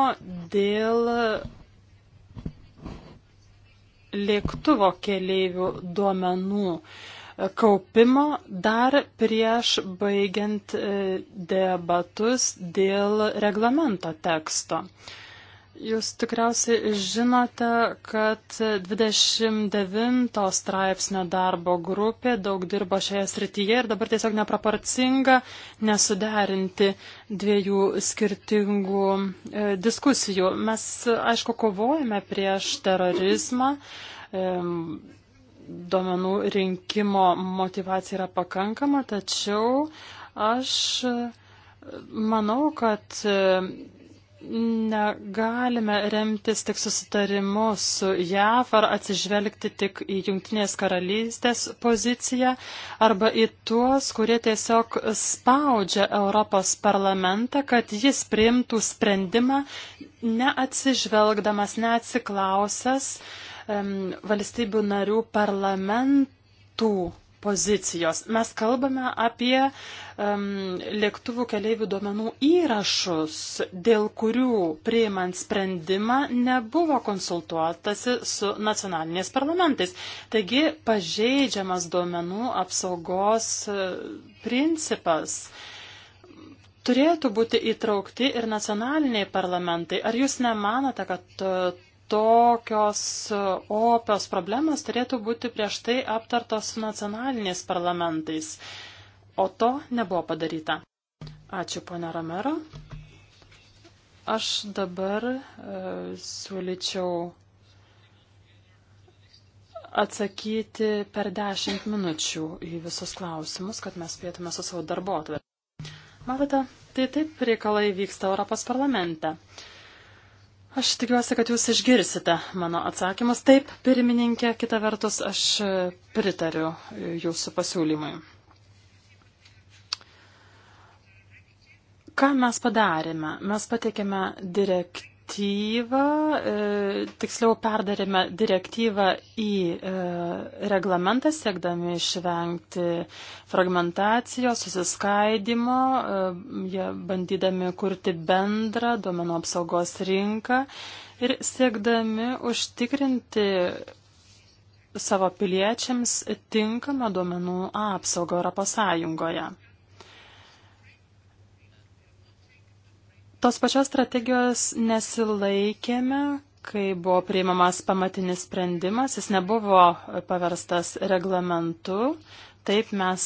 dėl lėktuvo keleivių duomenų kaupimo dar prieš baigiant e, debatus dėl reglamento teksto. Jūs tikriausiai žinote, kad 29 straipsnio darbo grupė daug dirbo šioje srityje ir dabar tiesiog neproporcinga nesuderinti dviejų skirtingų e, diskusijų. Mes, aišku, kovojame prieš terorizmą. E, duomenų rinkimo motivacija yra pakankama, tačiau aš e, manau, kad e, Negalime remtis tik susitarimu su JAV ar atsižvelgti tik į Junktinės karalystės poziciją arba į tuos, kurie tiesiog spaudžia Europos parlamentą, kad jis priimtų sprendimą neatsižvelgdamas, neatsiklausęs um, valstybių narių parlamentų pozicijos. Mes kalbame apie um, lėktuvų keliaivių duomenų įrašus, dėl kurių priimant sprendimą nebuvo konsultuotasi su nacionaliniais parlamentais. Taigi pažeidžiamas duomenų apsaugos e, principas. Turėtų būti įtraukti ir nacionaliniai parlamentai. Ar jūs nemanote, kad e, tokios opios problemas turėtų būti prieš tai aptartos su nacionaliniais parlamentais, o to nebuvo padaryta. Ačiū, ponia Romero. Aš dabar e, siūlyčiau atsakyti per dešimt minučių į visus klausimus, kad mes spėtume su savo darbuotojai. Matote, tai taip reikalai vyksta Europos parlamente. Aš tikiuosi, kad jūs išgirsite mano atsakymus. Taip, pirmininkė, kita vertus, aš pritariu jūsų pasiūlymui. Ką mes padarėme? Mes patikėme direktyvą direktyvą, e, tiksliau perdarėme direktyvą į e, reglamentą, siekdami išvengti fragmentacijos, susiskaidimo, e, bandydami kurti bendrą duomenų apsaugos rinką ir siekdami užtikrinti savo piliečiams tinkamą duomenų apsaugą Europos Sąjungoje. Tos pačios strategijos nesilaikėme, kai buvo priimamas pamatinis sprendimas, jis nebuvo paverstas reglamentu. Taip mes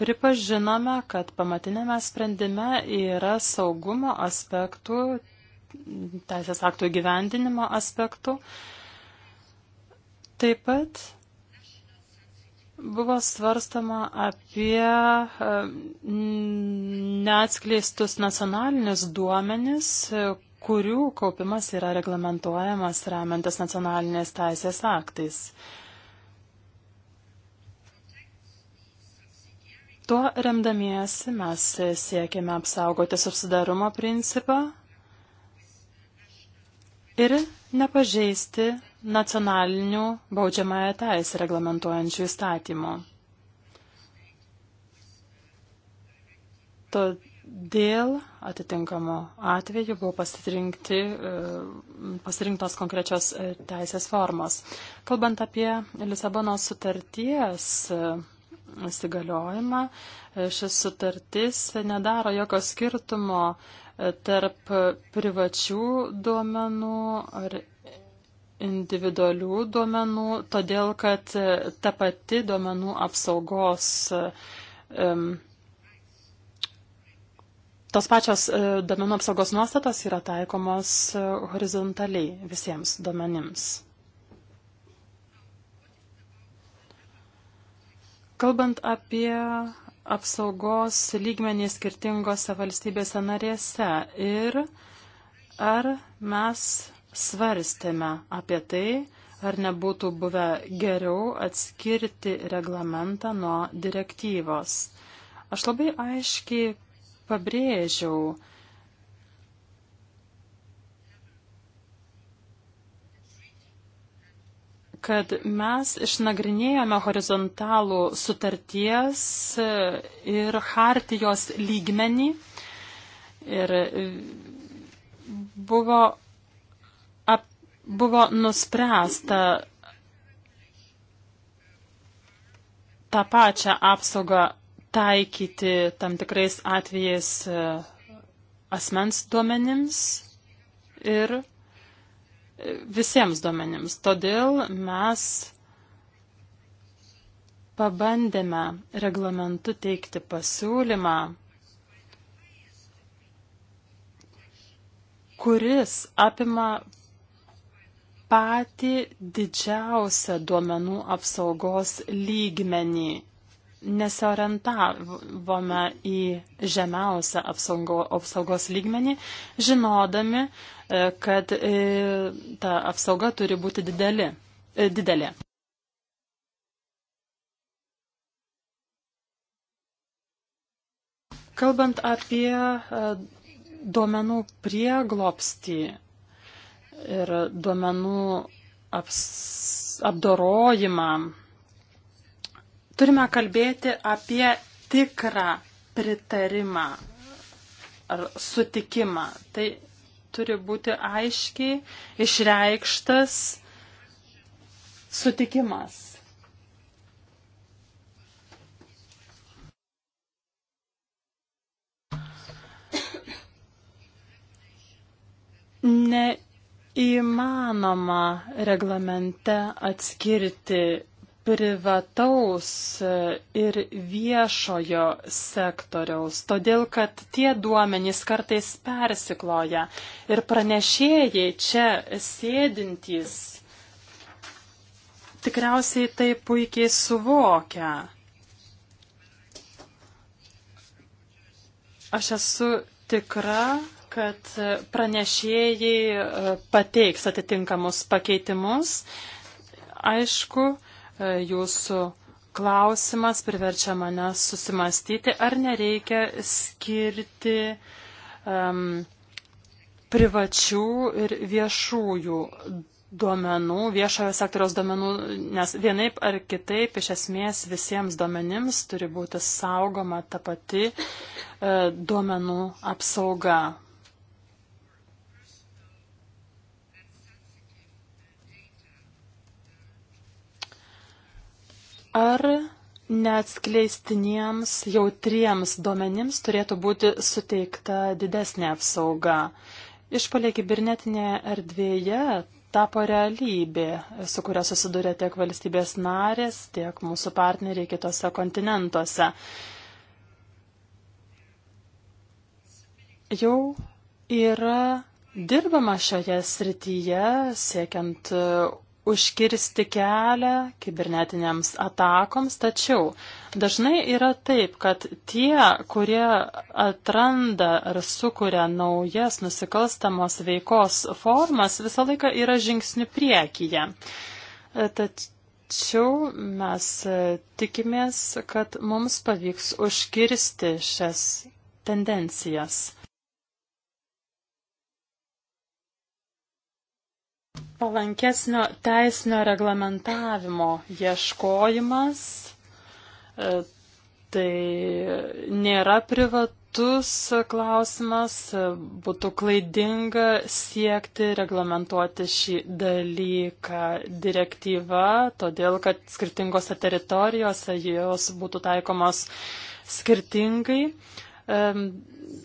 pripažinome, kad pamatinėme sprendime yra saugumo aspektų, teisės aktų įgyvendinimo aspektų. Taip pat buvo svarstama apie e, neatskleistus nacionalinius duomenis, e, kurių kaupimas yra reglamentuojamas remiantis nacionalinės teisės aktais. Tuo remdamiesi mes siekime apsaugoti subsidarumo principą ir nepažeisti nacionalinių baudžiamąją teisę reglamentuojančių įstatymų. Todėl atitinkamo atveju buvo pasirinkti, e, pasirinktos konkrečios e, teisės formos. Kalbant apie Lisabonos sutarties e, įsigaliojimą, šis sutartis nedaro jokio skirtumo tarp privačių duomenų ar individualių duomenų, todėl kad ta pati duomenų apsaugos, tos pačios e, duomenų apsaugos nuostatos yra taikomos e, horizontaliai visiems duomenims. Kalbant apie apsaugos lygmenį skirtingose valstybėse narėse ir ar mes svarstėme apie tai, ar nebūtų buvę geriau atskirti reglamentą nuo direktyvos. Aš labai aiškiai pabrėžiau, kad mes išnagrinėjome horizontalų sutarties ir hartijos lygmenį ir buvo buvo nuspręsta tą pačią apsaugą taikyti tam tikrais atvejais e, asmens duomenims ir e, visiems duomenims. Todėl mes pabandėme reglamentu teikti pasiūlymą, kuris apima patį didžiausią duomenų apsaugos lygmenį. Nesiorientavome į žemiausią apsaugo, apsaugos lygmenį, žinodami, e, kad e, ta apsauga turi būti dideli, e, didelė. Kalbant apie duomenų prieglopstį, ir duomenų aps, apdorojimą. Turime kalbėti apie tikrą pritarimą ar sutikimą. Tai turi būti aiškiai išreikštas sutikimas. Ne įmanoma reglamente atskirti privataus ir viešojo sektoriaus, todėl kad tie duomenys kartais persikloja ir pranešėjai čia sėdintys tikriausiai tai puikiai suvokia. Aš esu tikra, kad pranešėjai e, pateiks atitinkamus pakeitimus. Aišku, e, jūsų klausimas priverčia mane susimastyti, ar nereikia skirti um, privačių ir viešųjų duomenų, viešojo sektoriaus duomenų, nes vienaip ar kitaip iš esmės visiems duomenims turi būti saugoma ta pati e, duomenų apsauga. Ar neatskleistiniems jautriems duomenims turėtų būti suteikta didesnė apsauga? Išpolė kibernetinėje erdvėje tapo realybė, su kuria susiduria tiek valstybės narės, tiek mūsų partneriai kitose kontinentuose. Jau yra dirbama šioje srityje, siekiant užkirsti kelią kibernetinėms atakoms, tačiau dažnai yra taip, kad tie, kurie atranda ar sukuria naujas nusikalstamos veikos formas, visą laiką yra žingsnių priekyje. Tačiau mes tikimės, kad mums pavyks užkirsti šias tendencijas. Palankesnio teisinio reglamentavimo ieškojimas e, tai nėra privatus klausimas, e, būtų klaidinga siekti reglamentuoti šį dalyką direktyva, todėl kad skirtingose teritorijose jos būtų taikomos skirtingai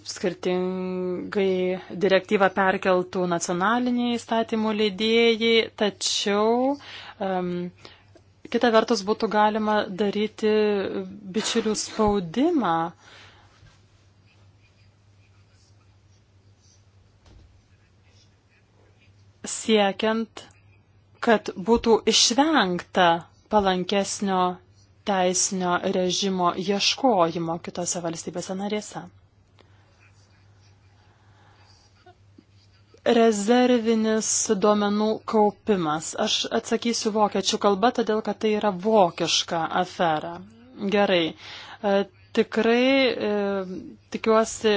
skirtingai direktyvą perkeltų nacionaliniai įstatymų leidėjai, tačiau um, kita vertus būtų galima daryti bičiulių spaudimą. siekiant, kad būtų išvengta palankesnio teisinio režimo ieškojimo kitose valstybėse narėse. rezervinis duomenų kaupimas. Aš atsakysiu vokiečių kalba, todėl kad tai yra vokiška afera. Gerai. E, tikrai e, tikiuosi,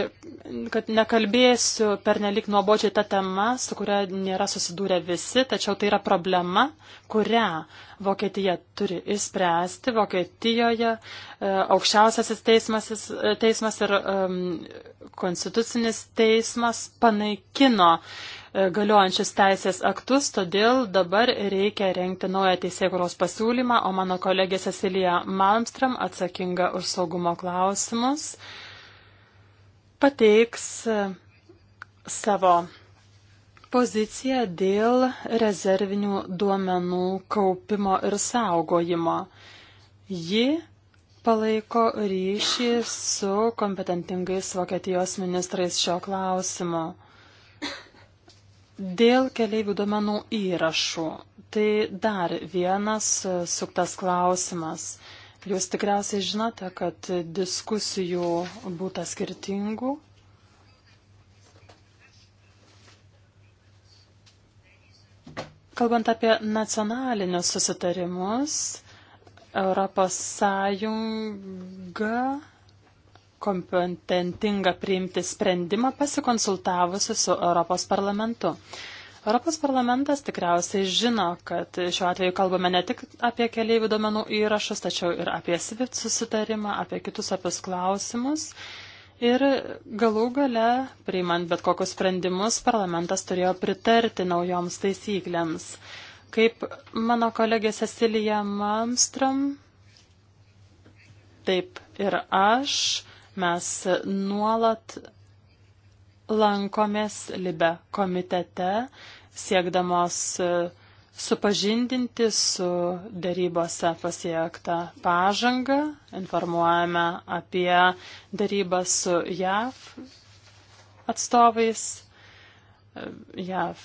kad nekalbėsiu pernelik nuobočiai tą temą, su kuria nėra susidūrę visi, tačiau tai yra problema, kurią Vokietija turi įspręsti. Vokietijoje e, aukščiausiasis teismas, e, teismas ir e, konstitucinis teismas panaikino e, E, galiojančius teisės aktus, todėl dabar reikia renkti naują teisėkuros pasiūlymą, o mano kolegė Cecilija Malmstram, atsakinga už saugumo klausimus, pateiks e, savo poziciją dėl rezervinių duomenų kaupimo ir saugojimo. Ji palaiko ryšį su kompetentingais Vokietijos ministrais šio klausimu. Dėl keliaivių duomenų įrašų. Tai dar vienas e, suktas klausimas. Jūs tikriausiai žinote, kad diskusijų būta skirtingų. Kalbant apie nacionalinius susitarimus, Europos Sąjunga kompetentinga priimti sprendimą pasikonsultavusi su Europos parlamentu. Europos parlamentas tikriausiai žino, kad šiuo atveju kalbame ne tik apie keliaivių duomenų įrašus, tačiau ir apie SWIFT susitarimą, apie kitus apius klausimus. Ir galų gale, priimant bet kokius sprendimus, parlamentas turėjo pritarti naujoms taisyklėms. Kaip mano kolegė Cecilija Malmström, taip ir aš Mes nuolat lankomės Libe komitete, siekdamos e, supažindinti su darybose pasiektą pažangą, informuojame apie darybą su JAV atstovais, e, JAV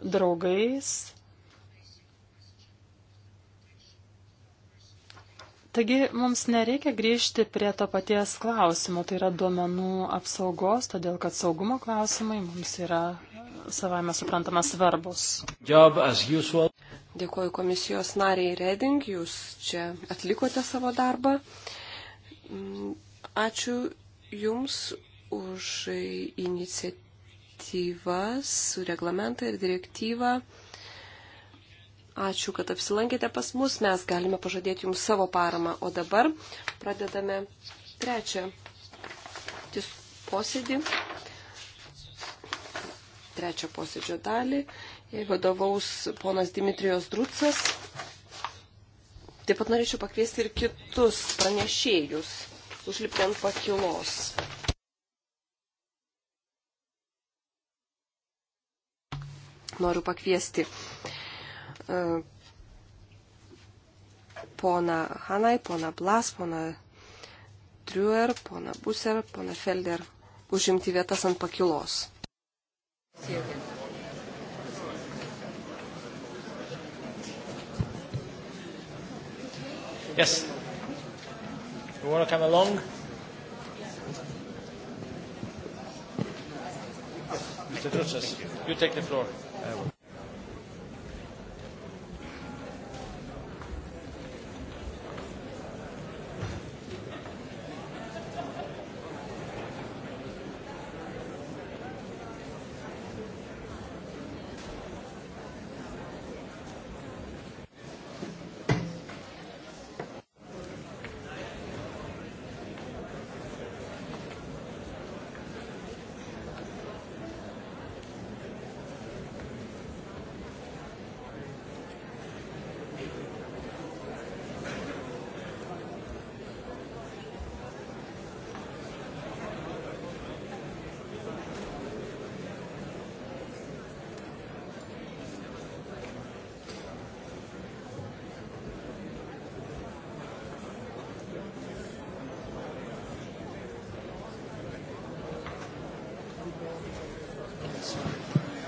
draugais Taigi mums nereikia grįžti prie to paties klausimo, tai yra duomenų apsaugos, todėl kad saugumo klausimai mums yra e, savame suprantama svarbus. Dėkuoju komisijos nariai Reding, jūs čia atlikote savo darbą. Mm, ačiū Jums už iniciatyvas, reglamentą ir direktyvą. Ačiū, kad apsilankėte pas mus. Mes galime pažadėti Jums savo paramą. O dabar pradedame trečią posėdį. Trečią posėdžio dalį. Vadovaus ponas Dimitrijos Drucas. Taip pat norėčiau pakviesti ir kitus pranešėjus. Užlipti ant pakilos. Noriu pakviesti E, pona Hanai, pona Blas, pona Triuer, pona Buser, pona Felder užimti vietas ant pakilos. Yes. You want to come along? Mr. Drutzes, you take the floor. I will.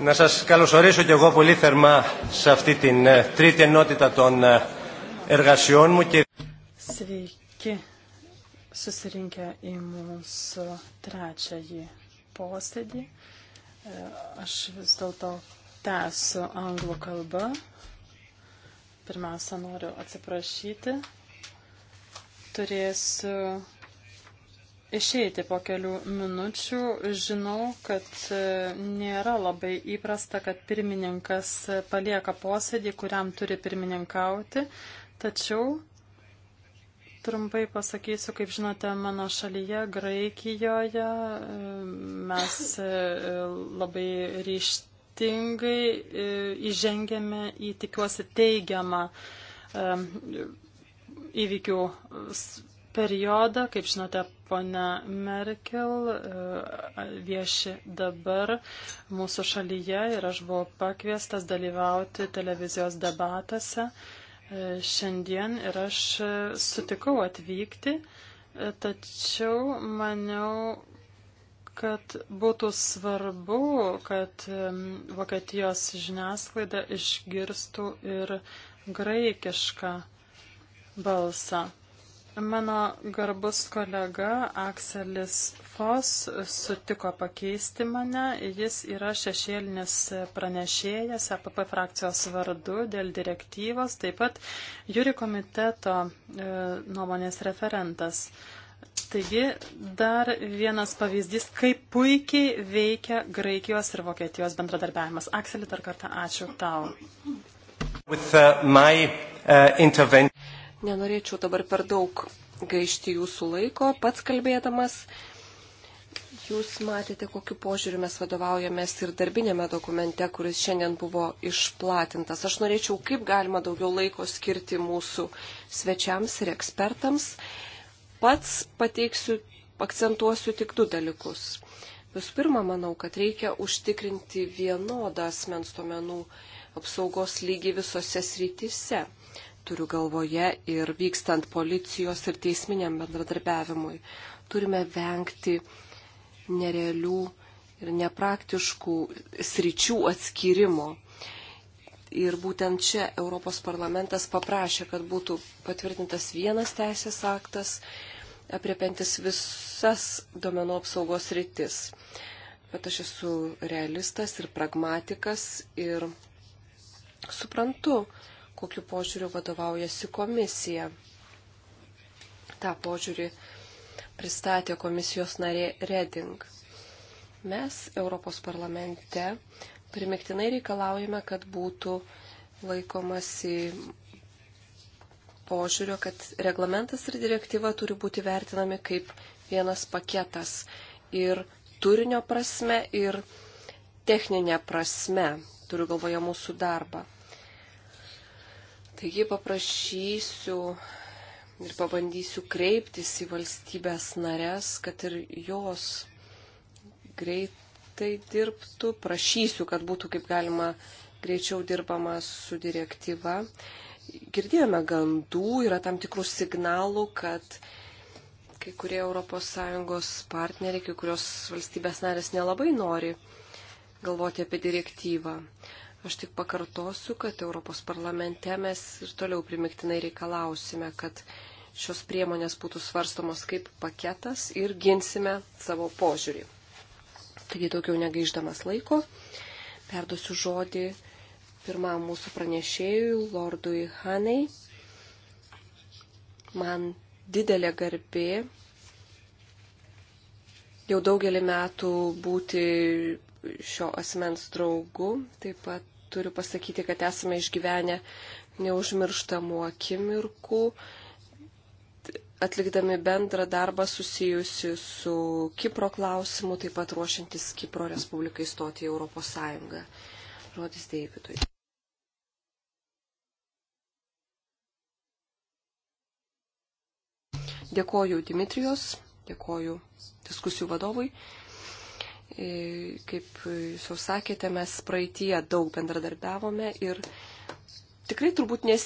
Να σας καλωσορίσω και εγώ πολύ θερμά σε αυτή την τρίτη ενότητα των εργασιών μου. Και... Sveiki susirinkę į mūsų trečiąjį posėdį. E, aš vis dėlto tęsiu anglų kalbą. Pirmiausia, noriu atsiprašyti. Turėsiu išeiti po kelių minučių. Žinau, kad e, nėra labai įprasta, kad pirmininkas e, palieka posėdį, kuriam turi pirmininkauti, tačiau trumpai pasakysiu, kaip žinote, mano šalyje, Graikijoje, e, mes labai ryštingai įžengėme į, tikiuosi, teigiamą įvykių periodą, kaip žinote, ponia Merkel e, vieši dabar mūsų šalyje ir aš buvau pakviestas dalyvauti televizijos debatuose e, šiandien ir aš e, sutikau atvykti, tačiau maniau, kad būtų svarbu, kad Vokietijos žiniasklaida išgirstų ir graikišką balsą. Mano garbus kolega Akselis Fos sutiko pakeisti mane. Jis yra šešėlinis pranešėjas APP frakcijos vardu dėl direktyvos, taip pat jūri komiteto e, nuomonės referentas. Taigi dar vienas pavyzdys, kaip puikiai veikia Graikijos ir Vokietijos bendradarbiavimas. Akselį dar kartą ačiū tau. With, uh, my, uh, Nenorėčiau dabar per daug gaišti jūsų laiko, pats kalbėdamas. Jūs matėte, kokiu požiūriu mes vadovaujamės ir darbinėme dokumente, kuris šiandien buvo išplatintas. Aš norėčiau, kaip galima daugiau laiko skirti mūsų svečiams ir ekspertams. Pats pateiksiu, akcentuosiu tik du dalykus. Visų pirma, manau, kad reikia užtikrinti vienodą asmens duomenų apsaugos lygį visose srityse turiu galvoje ir vykstant policijos ir teisminiam bendradarbiavimui. Turime vengti nerealių ir nepraktiškų sričių atskirimo. Ir būtent čia Europos parlamentas paprašė, kad būtų patvirtintas vienas teisės aktas, apriepiantis visas domenų apsaugos rytis. Bet aš esu realistas ir pragmatikas ir suprantu, kokiu požiūriu vadovaujasi komisija. Ta požiūrį pristatė komisijos narė Reding. Mes Europos parlamente primiktinai reikalaujame, kad būtų laikomasi požiūrio, kad reglamentas ir direktyva turi būti vertinami kaip vienas paketas ir turinio prasme, ir techninė prasme, turiu galvoje mūsų darbą. Taigi paprašysiu ir pabandysiu kreiptis į valstybės narės, kad ir jos greitai dirbtų. Prašysiu, kad būtų kaip galima greičiau dirbama su direktyva. Girdėjome gandų, yra tam tikrų signalų, kad kai kurie ES partneriai, kai kurios valstybės narės nelabai nori galvoti apie direktyvą. Aš tik pakartosiu, kad Europos parlamente mes ir toliau primiktinai reikalausime, kad šios priemonės būtų svarstomos kaip paketas ir ginsime savo požiūrį. Taigi daugiau negaiždamas laiko, perduosiu žodį pirmam mūsų pranešėjui, Lordui Hanai. Man didelė garbė jau daugelį metų būti šio asmens draugu. Taip pat turiu pasakyti, kad esame išgyvenę neužmirštamų akimirkų, atlikdami bendrą darbą susijusi su Kipro klausimu, taip pat ruošiantis Kipro Respublikai stoti į Europos Sąjungą. Žodis Deividui. Dėkoju Dimitrijos, dėkoju diskusijų vadovui. E, kaip jūs jau sakėte, mes praeitie daug bendradarbiavome ir tikrai turbūt nes,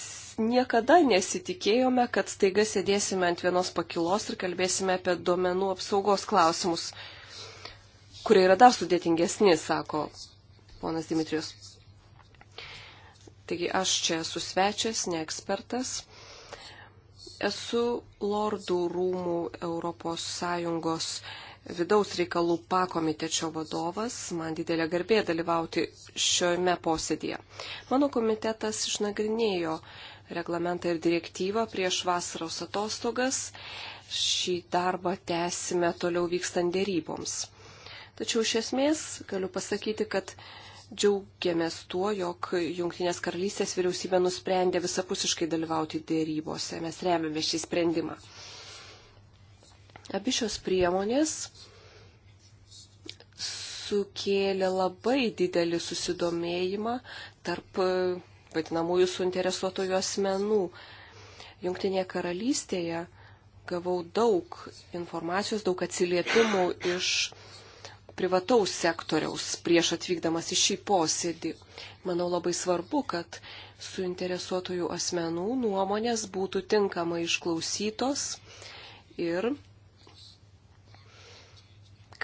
niekada nesitikėjome, kad staiga sėdėsime ant vienos pakilos ir kalbėsime apie duomenų apsaugos klausimus, kurie yra dar sudėtingesni, sako ponas Dimitrijus. Taigi aš čia esu svečias, ne ekspertas. Esu Lordų rūmų Europos Sąjungos vidaus reikalų pakomitečio vadovas. Man didelė garbė dalyvauti šiame posėdėje. Mano komitetas išnagrinėjo reglamentą ir direktyvą prieš vasaros atostogas. Šį darbą tęsime toliau vykstant dėryboms. Tačiau iš esmės galiu pasakyti, kad džiaugiamės tuo, jog Junktinės karalystės vyriausybė nusprendė visapusiškai dalyvauti dėrybose. Mes remiame šį sprendimą. Abi šios priemonės sukėlė labai didelį susidomėjimą tarp e, vadinamųjų suinteresuotojų asmenų. Junktinėje karalystėje gavau daug informacijos, daug atsiliepimų iš privataus sektoriaus prieš atvykdamas į šį posėdį. Manau labai svarbu, kad suinteresuotojų asmenų nuomonės būtų tinkamai išklausytos ir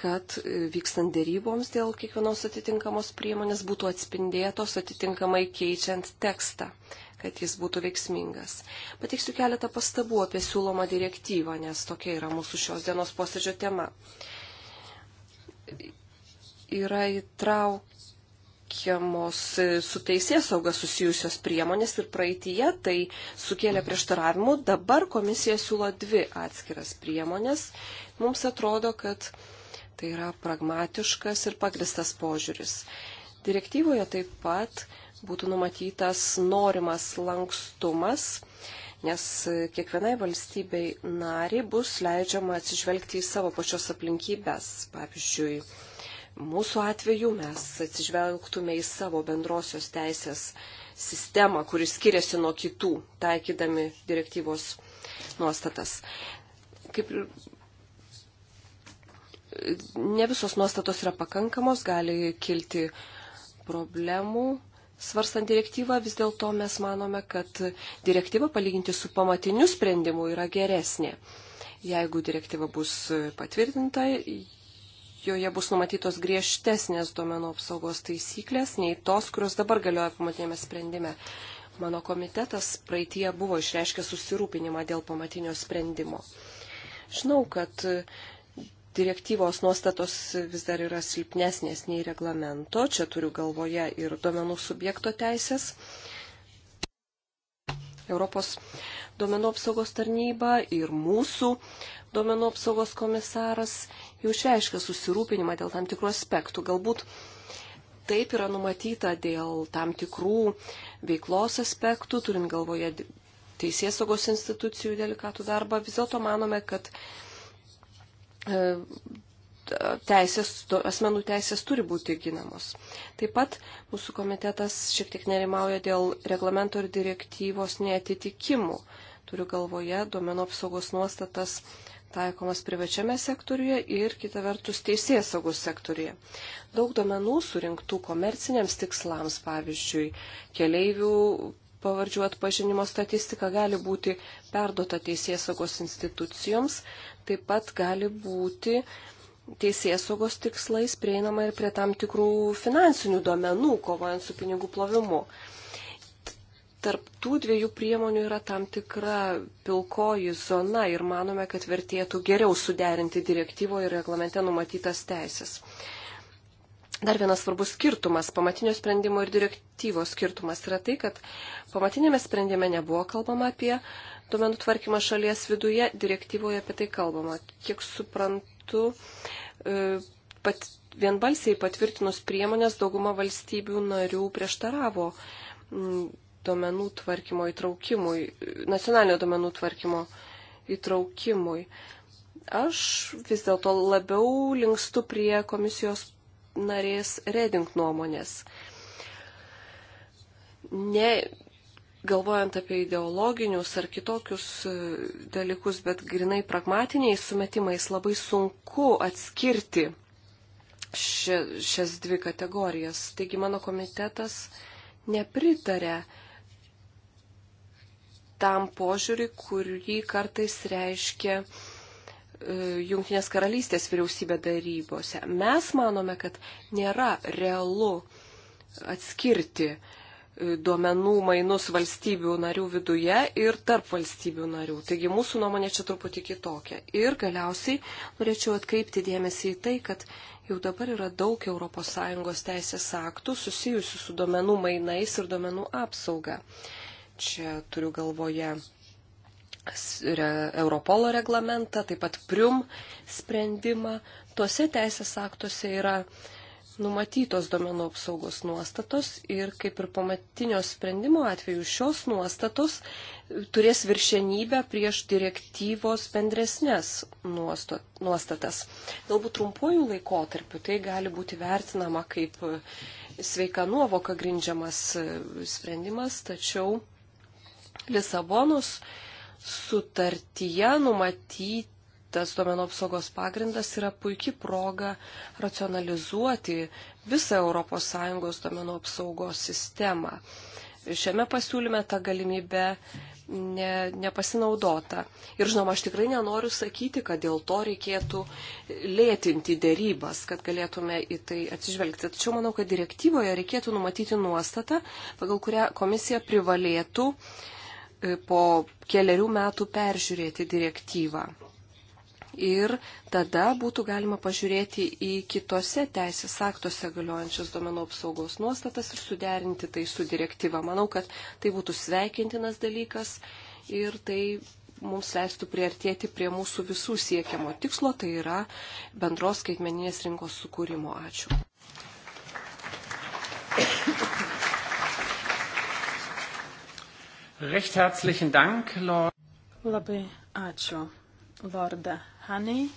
kad vykstant dėryboms dėl kiekvienos atitinkamos priemonės būtų atspindėtos atitinkamai keičiant tekstą, kad jis būtų veiksmingas. Pateiksiu keletą pastabų apie siūlomą direktyvą, nes tokia yra mūsų šios dienos posėdžio tema. Yra įtrauk teikiamos su teisės sauga susijusios priemonės ir praeitie tai sukėlė prieštaravimų. Dabar komisija siūlo dvi atskiras priemonės. Mums atrodo, kad Tai yra pragmatiškas ir pagristas požiūris. Direktyvoje taip pat būtų numatytas norimas lankstumas, nes kiekvienai valstybei nari bus leidžiama atsižvelgti į savo pačios aplinkybės. Pavyzdžiui, mūsų atveju mes atsižvelgtume į savo bendrosios teisės sistemą, kuris skiriasi nuo kitų, taikydami direktyvos nuostatas. Kaip ne visos nuostatos yra pakankamos, gali kilti problemų. Svarstant direktyvą, vis dėlto mes manome, kad direktyva palyginti su pamatiniu sprendimu yra geresnė. Jeigu direktyva bus patvirtinta, joje bus numatytos griežtesnės duomenų apsaugos taisyklės nei tos, kurios dabar galioja pamatinėme sprendime. Mano komitetas praeitie buvo išreiškę susirūpinimą dėl pamatinio sprendimo. Žinau, kad direktyvos nuostatos vis dar yra silpnesnės nei reglamento. Čia turiu galvoje ir duomenų subjekto teisės. Europos duomenų apsaugos tarnyba ir mūsų duomenų apsaugos komisaras jau išreiškia susirūpinimą dėl tam tikrų aspektų. Galbūt taip yra numatyta dėl tam tikrų veiklos aspektų, turint galvoje teisės saugos institucijų delikatų darbą. Vis dėlto manome, kad E, teisės, asmenų teisės turi būti ginamos. Taip pat mūsų komitetas šiek tiek nerimauja dėl reglamento ir direktyvos netitikimų. Turiu galvoje duomenų apsaugos nuostatas taikomas privačiame sektoriuje ir kita vertus teisės saugos sektoriuje. Daug duomenų surinktų komerciniams tikslams, pavyzdžiui, keleivių pavardžių atpažinimo statistika gali būti perduota teisės saugos institucijoms, taip pat gali būti teisėsaugos tikslais prieinama ir prie tam tikrų finansinių duomenų, kovojant su pinigų plovimu. Tarp tų dviejų priemonių yra tam tikra pilkoji zona ir manome, kad vertėtų geriau suderinti direktyvoje ir reglamente numatytas teisės. Dar vienas svarbus skirtumas, pamatinio sprendimo ir direktyvos skirtumas yra tai, kad pamatinėme sprendime nebuvo kalbama apie duomenų tvarkymą šalies viduje, direktyvoje apie tai kalbama. Kiek suprantu, e, pat, vienbalsiai patvirtinus priemonės dauguma valstybių narių prieštaravo mm, duomenų tvarkymo įtraukimui, nacionalinio duomenų tvarkymo įtraukimui. Aš vis dėlto labiau linkstu prie komisijos narės Reding nuomonės. Ne galvojant apie ideologinius ar kitokius e, dalykus, bet grinai pragmatiniais sumetimais labai sunku atskirti šias dvi kategorijas. Taigi mano komitetas nepritarė tam požiūriui, kurį kartais reiškia uh, E, Junktinės karalystės vyriausybė darybose. Mes manome, kad nėra realu atskirti e, duomenų mainus valstybių narių viduje ir tarp valstybių narių. Taigi mūsų nuomonė čia truputį kitokia. Ir galiausiai norėčiau atkreipti dėmesį į tai, kad jau dabar yra daug ES teisės aktų susijusių su duomenų mainais ir duomenų apsauga. Čia turiu galvoje Europolo reglamentą, taip pat prium sprendimą. Tuose teisės aktuose yra numatytos domenų apsaugos nuostatos ir kaip ir pamatinio sprendimo atveju šios nuostatos turės viršenybę prieš direktyvos bendresnės nuostatas. Galbūt trumpuoju laikotarpiu tai gali būti vertinama kaip sveika nuovoka grindžiamas sprendimas, tačiau Lisabonos sutartyje numatytas duomenų apsaugos pagrindas yra puikia proga racionalizuoti visą ES duomenų apsaugos sistemą. Šiame pasiūlyme ta galimybė ne, nepasinaudota. Ir žinoma, aš tikrai nenoriu sakyti, kad dėl to reikėtų lėtinti dėrybas, kad galėtume į tai atsižvelgti. Tačiau manau, kad direktyvoje reikėtų numatyti nuostatą, pagal kurią komisija privalėtų uh, E, po keliarių metų peržiūrėti direktyvą. Ir tada būtų galima pažiūrėti į kitose teisės aktuose galiojančias domenų apsaugos nuostatas ir suderinti tai su direktyva. Manau, kad tai būtų sveikintinas dalykas ir tai mums leistų priartėti prie mūsų visų siekiamo tikslo, tai yra bendros skaitmeninės rinkos sukūrimo. Ačiū. Recht herzlichen Dank, Lord. Labai ačiū, Lorda Hanei.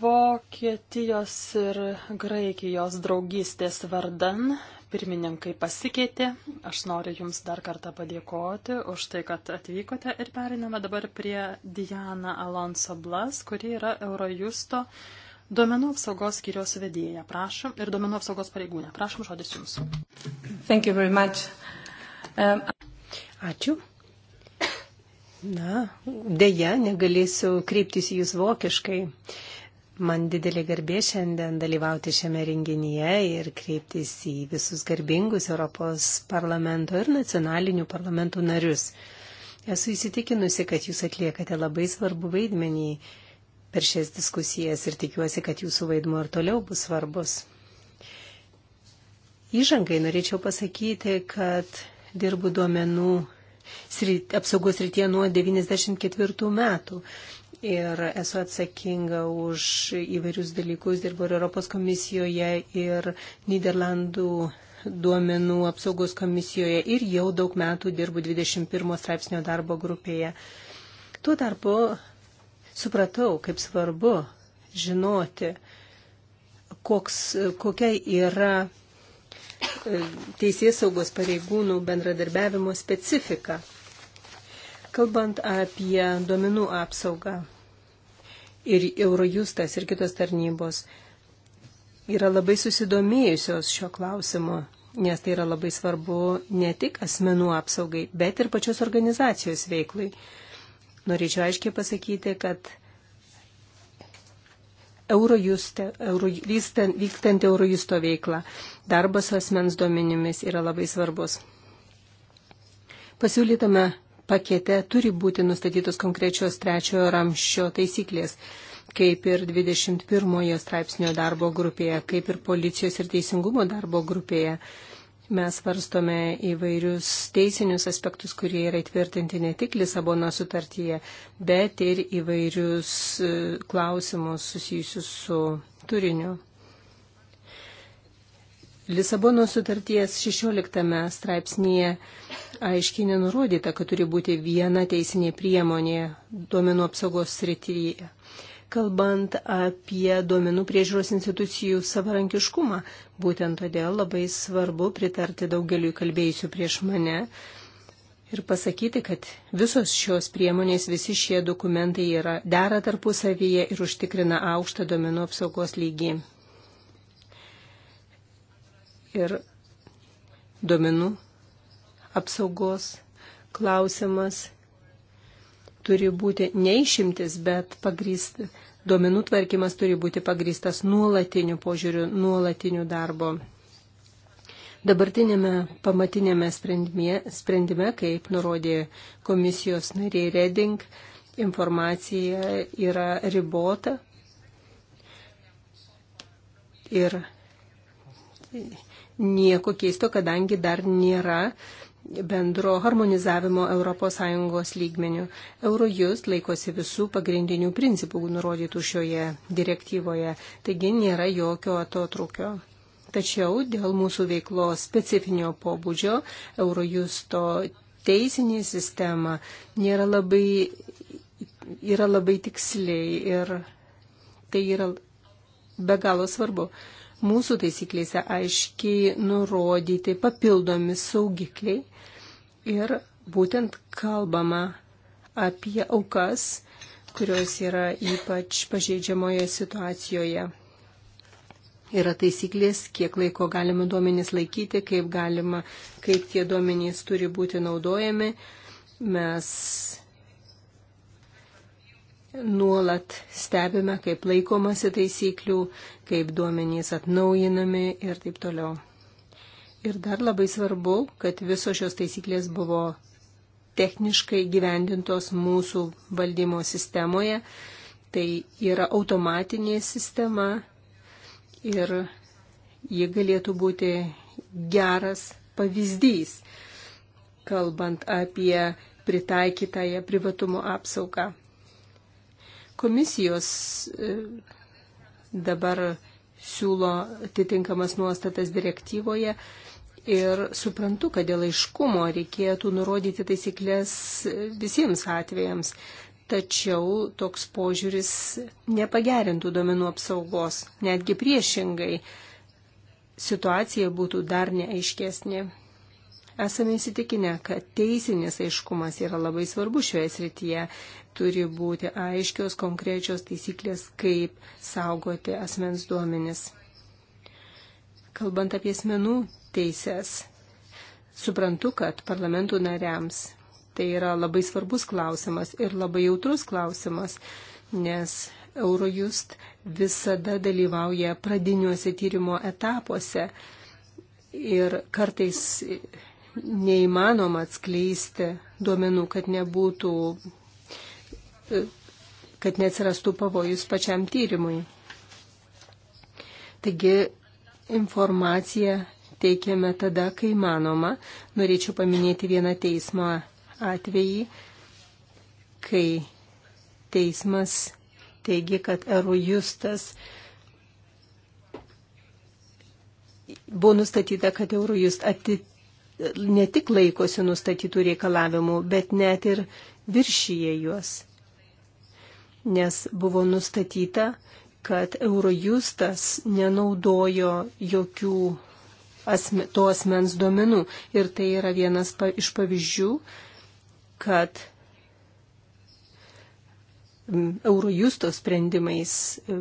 Vokietijos ir Graikijos draugystės vardan pirmininkai pasikeitė. Aš noriu Jums dar kartą padėkoti už tai, kad atvykote ir periname dabar prie Diana Alonso Blas, kuri yra Eurojusto Duomenų apsaugos skyrios vedėja, prašom, ir duomenų apsaugos pareigūnė. Prašom, žodis jums. Thank you very much. Ačiū. Na, dėja, negalėsiu kreiptis į jūs vokiškai. Man didelė garbė šiandien dalyvauti šiame renginyje ir kreiptis į visus garbingus Europos parlamento ir nacionalinių parlamentų narius. Esu įsitikinusi, kad jūs atliekate labai svarbu vaidmenį per šias diskusijas ir tikiuosi, kad jūsų vaidmuo ir toliau bus svarbus. Įžangai norėčiau pasakyti, kad dirbu duomenų sryt, apsaugos rytie nuo 94 metų. Ir esu atsakinga už įvairius dalykus, dirbu ir Europos komisijoje, ir Niderlandų duomenų apsaugos komisijoje ir jau daug metų dirbu 21 straipsnio darbo grupėje. Tuo tarpu supratau, kaip svarbu žinoti, koks, kokia yra teisės saugos pareigūnų bendradarbiavimo specifiką. Kalbant apie duomenų apsaugą ir Eurojustas ir kitos tarnybos yra labai susidomėjusios šio klausimo, nes tai yra labai svarbu ne tik asmenų apsaugai, bet ir pačios organizacijos veiklai. Norėčiau aiškiai pasakyti, kad Eurojuste, euro, vystant, vykstant Eurojusto veiklą. Darbas su asmens duomenimis yra labai svarbus. Pasiūlytame pakete turi būti nustatytos konkrečios trečiojo ramščio taisyklės, kaip ir 21 straipsnio darbo grupėje, kaip ir policijos ir teisingumo darbo grupėje. Mes varstome įvairius teisinius aspektus, kurie yra įtvirtinti ne tik Lisabono sutartyje, bet ir įvairius e, klausimus susijusius su turiniu. Lisabono sutarties 16 straipsnėje aiškiai nenurodyta, kad turi būti viena teisinė priemonė duomenų apsaugos srityje kalbant apie duomenų priežiūros institucijų savarankiškumą. Būtent todėl labai svarbu pritarti daugeliu kalbėjusių prieš mane ir pasakyti, kad visos šios priemonės, visi šie dokumentai yra dera tarpusavyje ir užtikrina aukštą duomenų apsaugos lygį. Ir duomenų apsaugos klausimas turi būti neišimtis, bet pagrįsti. Duomenų tvarkymas turi būti pagrįstas nuolatiniu požiūriu, nuolatiniu darbo. Dabartinėme pamatinėme sprendime, sprendime, kaip nurodė komisijos nariai Reding, informacija yra ribota ir nieko keisto, kadangi dar nėra uh, bendro harmonizavimo ES lygmenių. Eurojust laikosi visų pagrindinių principų nurodytų šioje direktyvoje, taigi nėra jokio atotrukio. Tačiau dėl mūsų veiklos specifinio pobūdžio Eurojusto teisinė sistema nėra labai, yra labai tiksliai ir tai yra be galo svarbu. Mūsų taisyklėse aiškiai nurodyti papildomi saugikliai ir būtent kalbama apie aukas, kurios yra ypač pažeidžiamoje situacijoje. Yra taisyklės, kiek laiko galima duomenys laikyti, kaip, galima, kaip tie duomenys turi būti naudojami. Mes nuolat stebime, kaip laikomasi taisyklių, kaip duomenys atnaujinami ir taip toliau. Ir dar labai svarbu, kad visos šios taisyklės buvo techniškai gyvendintos mūsų valdymo sistemoje. Tai yra automatinė sistema ir ji galėtų būti geras pavyzdys, kalbant apie pritaikytąją privatumo apsaugą. Komisijos e, dabar siūlo atitinkamas nuostatas direktyvoje ir suprantu, kad dėl aiškumo reikėtų nurodyti taisyklės visiems atvejams, tačiau toks požiūris nepagerintų domenų apsaugos, netgi priešingai situacija būtų dar neaiškesnė. Esame įsitikinę, kad teisinis aiškumas yra labai svarbu šioje srityje. Turi būti aiškios, konkrečios taisyklės, kaip saugoti asmens duomenis. Kalbant apie asmenų teises, suprantu, kad parlamentų nariams tai yra labai svarbus klausimas ir labai jautrus klausimas, nes Eurojust visada dalyvauja pradiniuose tyrimo etapuose ir kartais neįmanoma atskleisti duomenų, kad nebūtų, e, kad neatsirastų pavojus pačiam tyrimui. Taigi informaciją teikiame tada, kai manoma. Norėčiau paminėti vieną teismo atvejį, kai teismas teigia, kad Eurojustas buvo nustatyta, kad Eurojust atitinka ne tik laikosi nustatytų reikalavimų, bet net ir viršyje juos. Nes buvo nustatyta, kad Eurojustas nenaudojo jokių asme, to asmens duomenų. Ir tai yra vienas pa, iš pavyzdžių, kad mm, Eurojusto sprendimais e,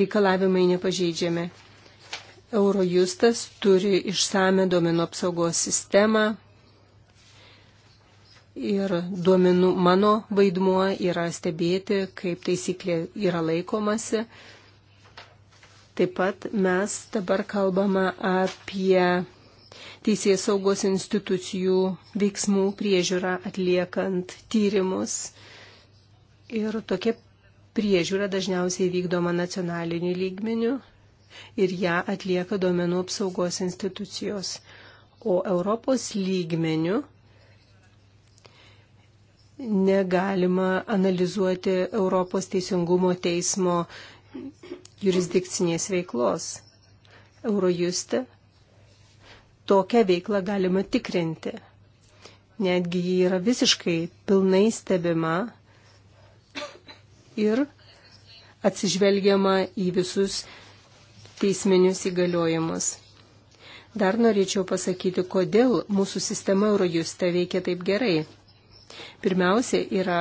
reikalavimai nepažeidžiami. Eurojustas turi išsame duomenų apsaugos sistemą ir duomenų mano vaidmuo yra stebėti, kaip taisyklė yra laikomasi. Taip pat mes dabar kalbame apie teisės saugos institucijų veiksmų priežiūrą atliekant tyrimus. Ir tokia priežiūra dažniausiai vykdoma nacionaliniu lygmeniu ir ją atlieka duomenų apsaugos institucijos. O Europos lygmenių negalima analizuoti Europos teisingumo teismo jurisdikcinės veiklos. Eurojuste tokią veiklą galima tikrinti. Netgi ji yra visiškai pilnai stebima ir atsižvelgiama į visus teisminius įgaliojimus. Dar norėčiau pasakyti, kodėl mūsų sistema Eurojuste veikia taip gerai. Pirmiausia, yra,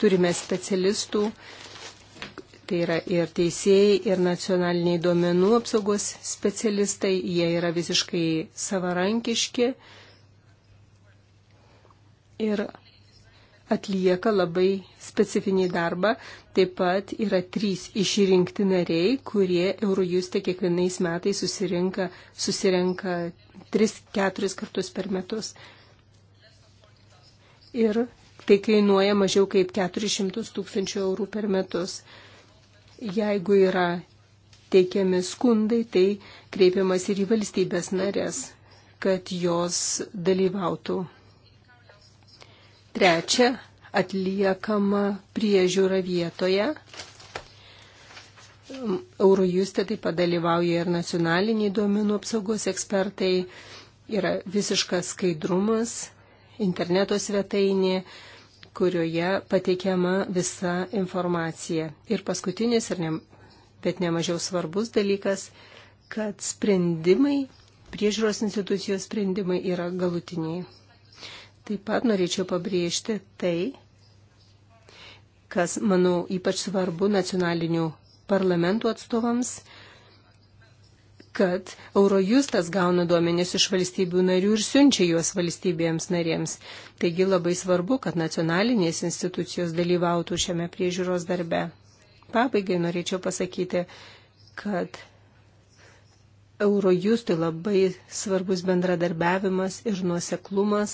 turime specialistų, tai yra ir teisėjai, ir nacionaliniai duomenų apsaugos specialistai, jie yra visiškai savarankiški ir atlieka labai specifinį darbą. Taip pat yra trys išrinkti nariai, kurie Eurojuste kiekvienais metais susirinka, susirenka 3-4 kartus per metus. Ir tai kainuoja mažiau kaip 400 tūkstančių eurų per metus. Jeigu yra teikiami skundai, tai kreipiamas ir į valstybės narės, kad jos dalyvautų Trečia, atliekama priežiūra vietoje. Mm, Eurojuste taip pat dalyvauja ir nacionaliniai duomenų apsaugos ekspertai, yra visiškas skaidrumas, interneto svetainė, kurioje pateikiama visa informacija. Ir paskutinis, ir ne, bet nemažiau svarbus dalykas, kad sprendimai, priežiūros institucijos sprendimai yra galutiniai. Taip pat norėčiau pabrėžti tai, kas, manau, ypač svarbu nacionalinių parlamentų atstovams, kad Eurojustas gauna duomenis iš valstybių narių ir siunčia juos valstybėms narėms. Taigi labai svarbu, kad nacionalinės institucijos dalyvautų šiame priežiūros darbe. Pabaigai norėčiau pasakyti, kad Eurojustui labai svarbus bendradarbiavimas ir nuoseklumas.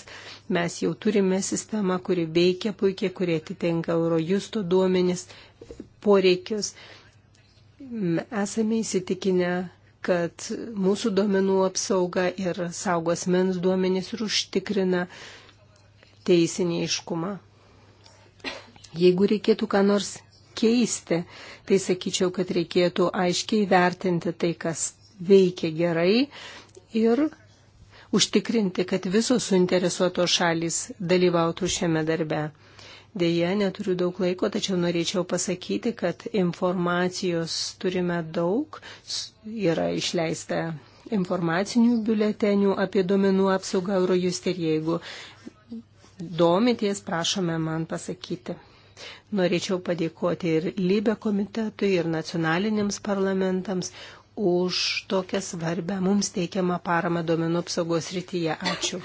Mes jau turime sistemą, kuri veikia puikiai, kurie atitinka Eurojusto duomenis, poreikius. Esame įsitikinę, kad mūsų duomenų apsauga ir saugos mens duomenys ir užtikrina teisinį iškumą. Jeigu reikėtų ką nors keisti, tai sakyčiau, kad reikėtų aiškiai vertinti tai, kas veikia gerai ir užtikrinti, kad visos suinteresuotos šalis dalyvautų šiame darbe. Deja, neturiu daug laiko, tačiau norėčiau pasakyti, kad informacijos turime daug, yra išleista informacinių biuletenių apie duomenų apsaugą Eurojust ir jeigu domitės, prašome man pasakyti. Norėčiau padėkoti ir Lybė komitetui, ir nacionaliniams parlamentams už tokią svarbę mums teikiamą paramą domenų apsaugos rytyje. Ačiū.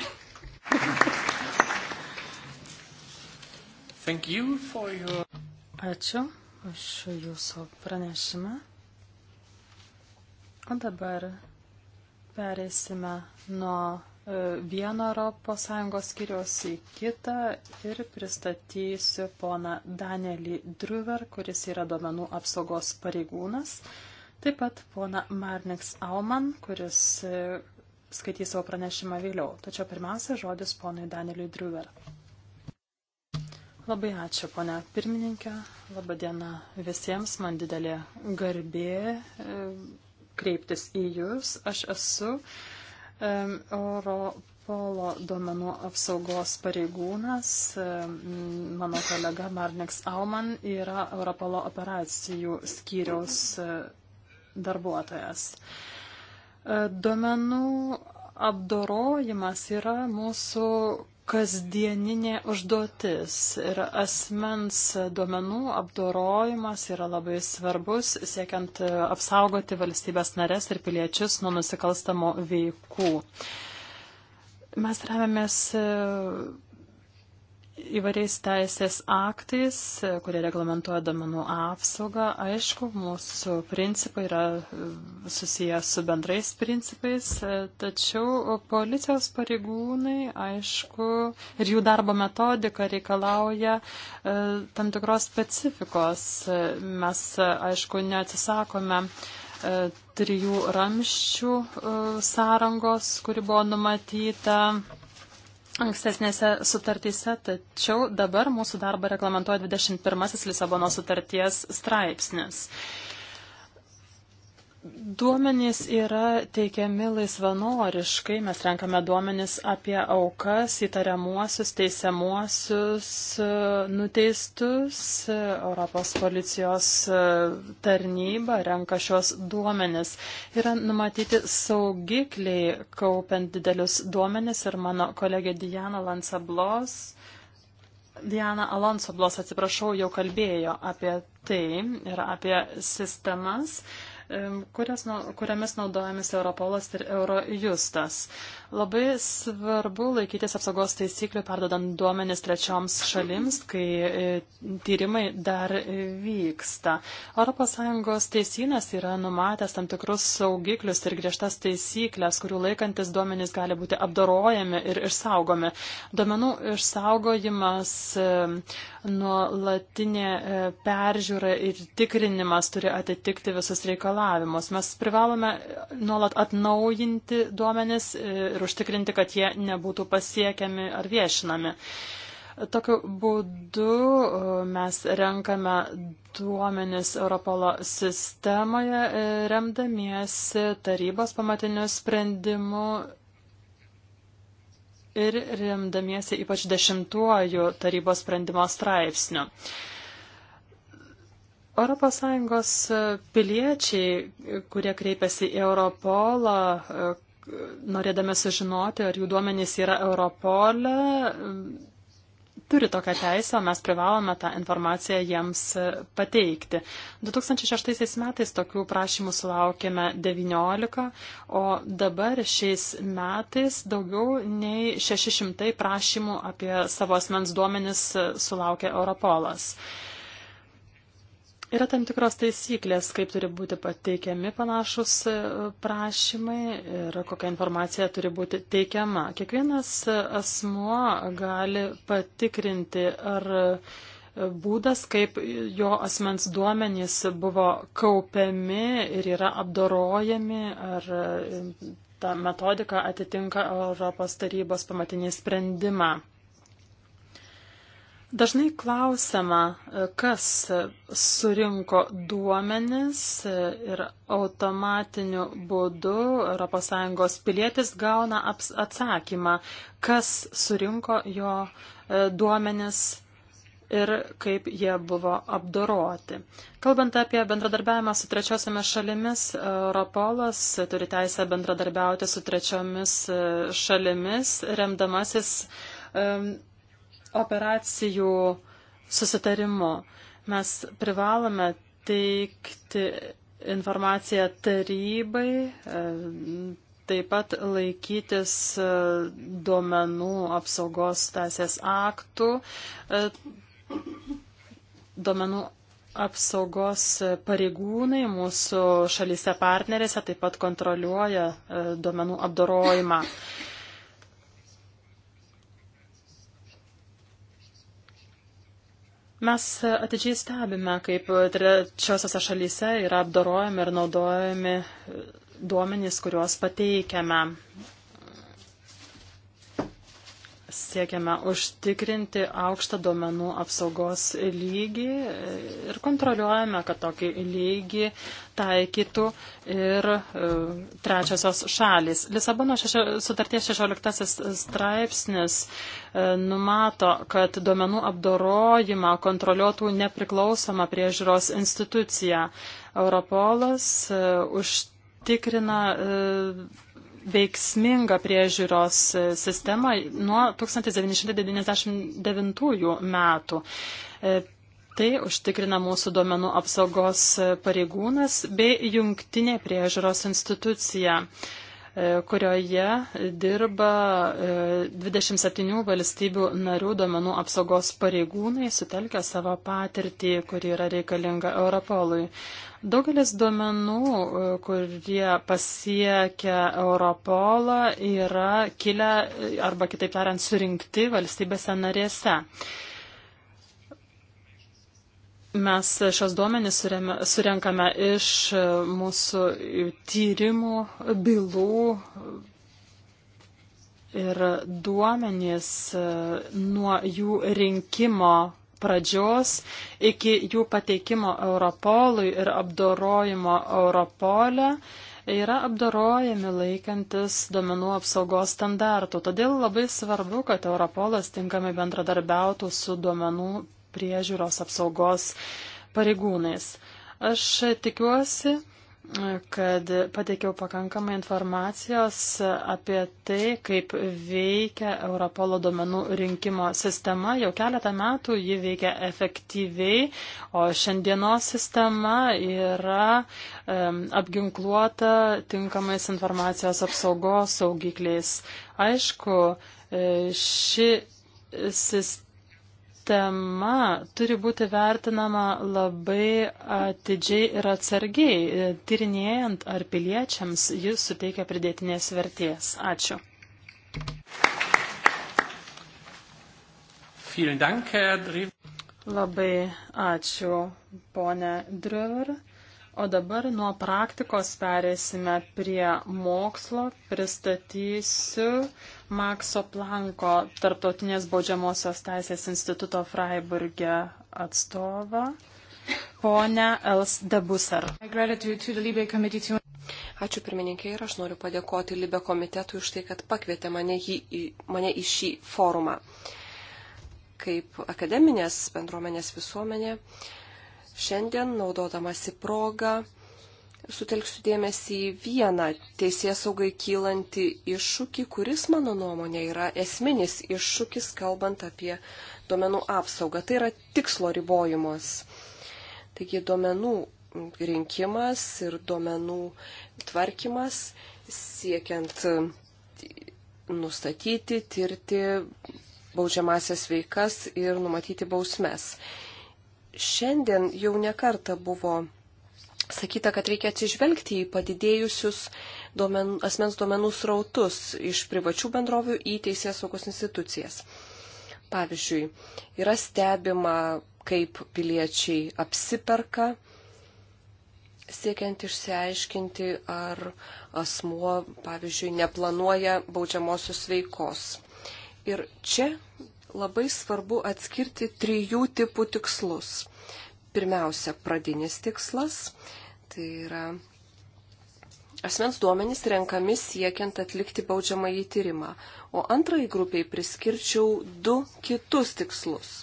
You your... Ačiū už jūsų pranešimą. O dabar perėsime nuo e, vieno Europos Sąjungos skiriaus į kitą ir pristatysiu poną Danielį Druver, kuris yra duomenų apsaugos pareigūnas. Taip pat pona Marniks Auman, kuris e, skaitys savo pranešimą vėliau. Tačiau pirmiausia, žodis ponui Danieliui Driuver. Labai ačiū, ponia pirmininkė. Labadiena visiems. Man didelė garbė e, kreiptis į Jūs. Aš esu e, Europolo duomenų apsaugos pareigūnas. Mano kolega Marneks Auman yra Europolo operacijų skyriaus darbuotojas. E, duomenų apdorojimas yra mūsų kasdieninė užduotis ir asmens duomenų apdorojimas yra labai svarbus, siekiant e, apsaugoti valstybės narės ir piliečius nuo nusikalstamo veikų. Mes remiamės e, įvairiais teisės aktais, kurie reglamentuoja domenų apsaugą. Aišku, mūsų principai yra e, susijęs su bendrais principais, e, tačiau policijos pareigūnai, aišku, ir jų darbo metodika reikalauja e, tam tikros specifikos. Mes, aišku, neatsisakome trijų ramščių sąrangos, kuri buvo numatyta ankstesnėse sutartyse, tačiau dabar mūsų darbą reglamentuoja 21 Lisabono sutarties straipsnis. Duomenys yra teikiami laisvanoriškai, mes renkame duomenys apie aukas, įtariamuosius, teisiamuosius, nuteistus. Europos policijos tarnyba renka šios duomenys. Yra numatyti saugikliai, kaupiant didelius duomenys ir mano kolegė Diana Lansablos. Diana Alonso Blos, atsiprašau, jau kalbėjo apie tai ir apie sistemas. Uh, kurias, kuriamis naudojamis Europolas ir Eurojustas. Labai svarbu laikytis apsaugos taisyklių, perdodant duomenis trečioms šalims, kai e, tyrimai dar vyksta. ES teisynas yra numatęs tam tikrus saugiklius ir griežtas taisyklės, kurių laikantis duomenys gali būti apdorojami ir išsaugomi. Duomenų išsaugojimas e, nuolatinė e, peržiūra ir tikrinimas turi atitikti visus reikalavimus reikalavimus. Mes privalome nuolat atnaujinti duomenis ir užtikrinti, kad jie nebūtų pasiekiami ar viešinami. Tokiu būdu e, mes renkame duomenis Europolo sistemoje, e, remdamiesi tarybos pamatiniu sprendimu ir remdamiesi ypač dešimtuoju tarybos sprendimo straipsniu. ES e, piliečiai, e, kurie kreipiasi į Europolą, e, norėdami sužinoti, ar jų duomenys yra Europole, turi tokią teisę, mes privalome tą informaciją jiems pateikti. 2006 metais tokių prašymų sulaukėme 19, o dabar šiais metais daugiau nei 600 prašymų apie savo asmens duomenis sulaukė Europolas. Yra tam tikros taisyklės, kaip turi būti pateikiami panašus e, prašymai ir kokia informacija turi būti teikiama. Kiekvienas asmuo gali patikrinti, ar e, būdas, kaip jo asmens duomenys buvo kaupiami ir yra apdorojami, ar e, ta metodika atitinka Europos tarybos pamatinį sprendimą. Dažnai klausama, e, kas surinko duomenis e, ir automatiniu būdu ES pilietis gauna atsakymą, kas surinko jo e, duomenis ir kaip jie buvo apdoroti. Kalbant apie bendradarbiavimą su trečiosiamis šalimis, Europolas turi teisę bendradarbiauti su trečiomis šalimis, remdamasis um, operacijų susitarimu. Mes privalome teikti informaciją tarybai, e, taip pat laikytis e, duomenų apsaugos teisės aktų, e, duomenų apsaugos pareigūnai mūsų šalyse partnerėse taip pat kontroliuoja duomenų apdorojimą. Mes atidžiai stebime, kaip trečiosiose šalyse yra apdorojami ir naudojami duomenys, kuriuos pateikiame siekiame užtikrinti aukštą duomenų apsaugos lygį ir kontroliuojame, kad tokį lygį taikytų ir e, trečiosios šalis. Lisabono šešio, sutarties 16 straipsnis e, numato, kad duomenų apdorojimą kontroliuotų nepriklausoma priežiūros institucija. Europolas e, užtikrina veiksmingą priežiūros e, sistemą nuo 1999 metų. E, tai užtikrina mūsų duomenų apsaugos e, pareigūnas bei jungtinė priežiūros institucija kurioje dirba 27 valstybių narių duomenų apsaugos pareigūnai, sutelkia savo patirtį, kuri yra reikalinga Europolui. Daugelis duomenų, e, kurie pasiekia Europolą, yra kilę e, arba kitaip tariant surinkti valstybėse narėse. Mes šios duomenys surenkame iš e, mūsų tyrimų, bylų ir duomenys nuo jų rinkimo pradžios iki jų pateikimo Europolui ir apdorojimo Europolę yra apdorojami laikantis domenų apsaugos standartų. Todėl labai svarbu, kad Europolas tinkamai bendradarbiautų su domenų priežiūros apsaugos pareigūnais. Aš tikiuosi, kad pateikiau pakankamai informacijos apie tai, kaip veikia Europolo duomenų rinkimo sistema. Jau keletą metų ji veikia efektyviai, o šiandienos sistema yra um, apginkluota tinkamais informacijos apsaugos saugikliais. Aišku, e, ši sistema tema turi būti vertinama labai atidžiai ir atsargiai, tyrinėjant, ar piliečiams jis suteikia pridėtinės vertės. Ačiū. Dank, Labai ačiū, ponė Driver. O dabar nuo praktikos perėsime prie mokslo. Pristatysiu Makso Planko tarptautinės baudžiamosios teisės instituto Freiburgė atstovą, ponę Els Debuser. Ačiū pirmininkė ir aš noriu padėkoti Libe komitetui už tai, kad pakvietė mane, jį, mane į šį forumą. Kaip akademinės bendruomenės visuomenė, uh, Šiandien, naudodamasi progą, sutelksiu dėmesį į vieną teisės saugai kylanti iššūkį, kuris, mano nuomonė, yra esminis iššūkis, kalbant apie duomenų apsaugą. Tai yra tikslo ribojimas. Taigi duomenų rinkimas ir duomenų tvarkymas siekiant nustatyti, tirti baudžiamasias veikas ir numatyti bausmes šiandien jau nekarta buvo sakyta, kad reikia atsižvelgti į padidėjusius duomen, asmens duomenų srautus iš privačių bendrovių į teisės saugos institucijas. Pavyzdžiui, yra stebima, kaip piliečiai apsiperka, siekiant išsiaiškinti, ar asmuo, pavyzdžiui, neplanuoja baudžiamosios veikos. Ir čia labai svarbu atskirti trijų tipų tikslus. Pirmiausia, pradinis tikslas, tai yra asmens duomenys renkami siekiant atlikti baudžiamąjį tyrimą, o antrai grupiai priskirčiau du kitus tikslus.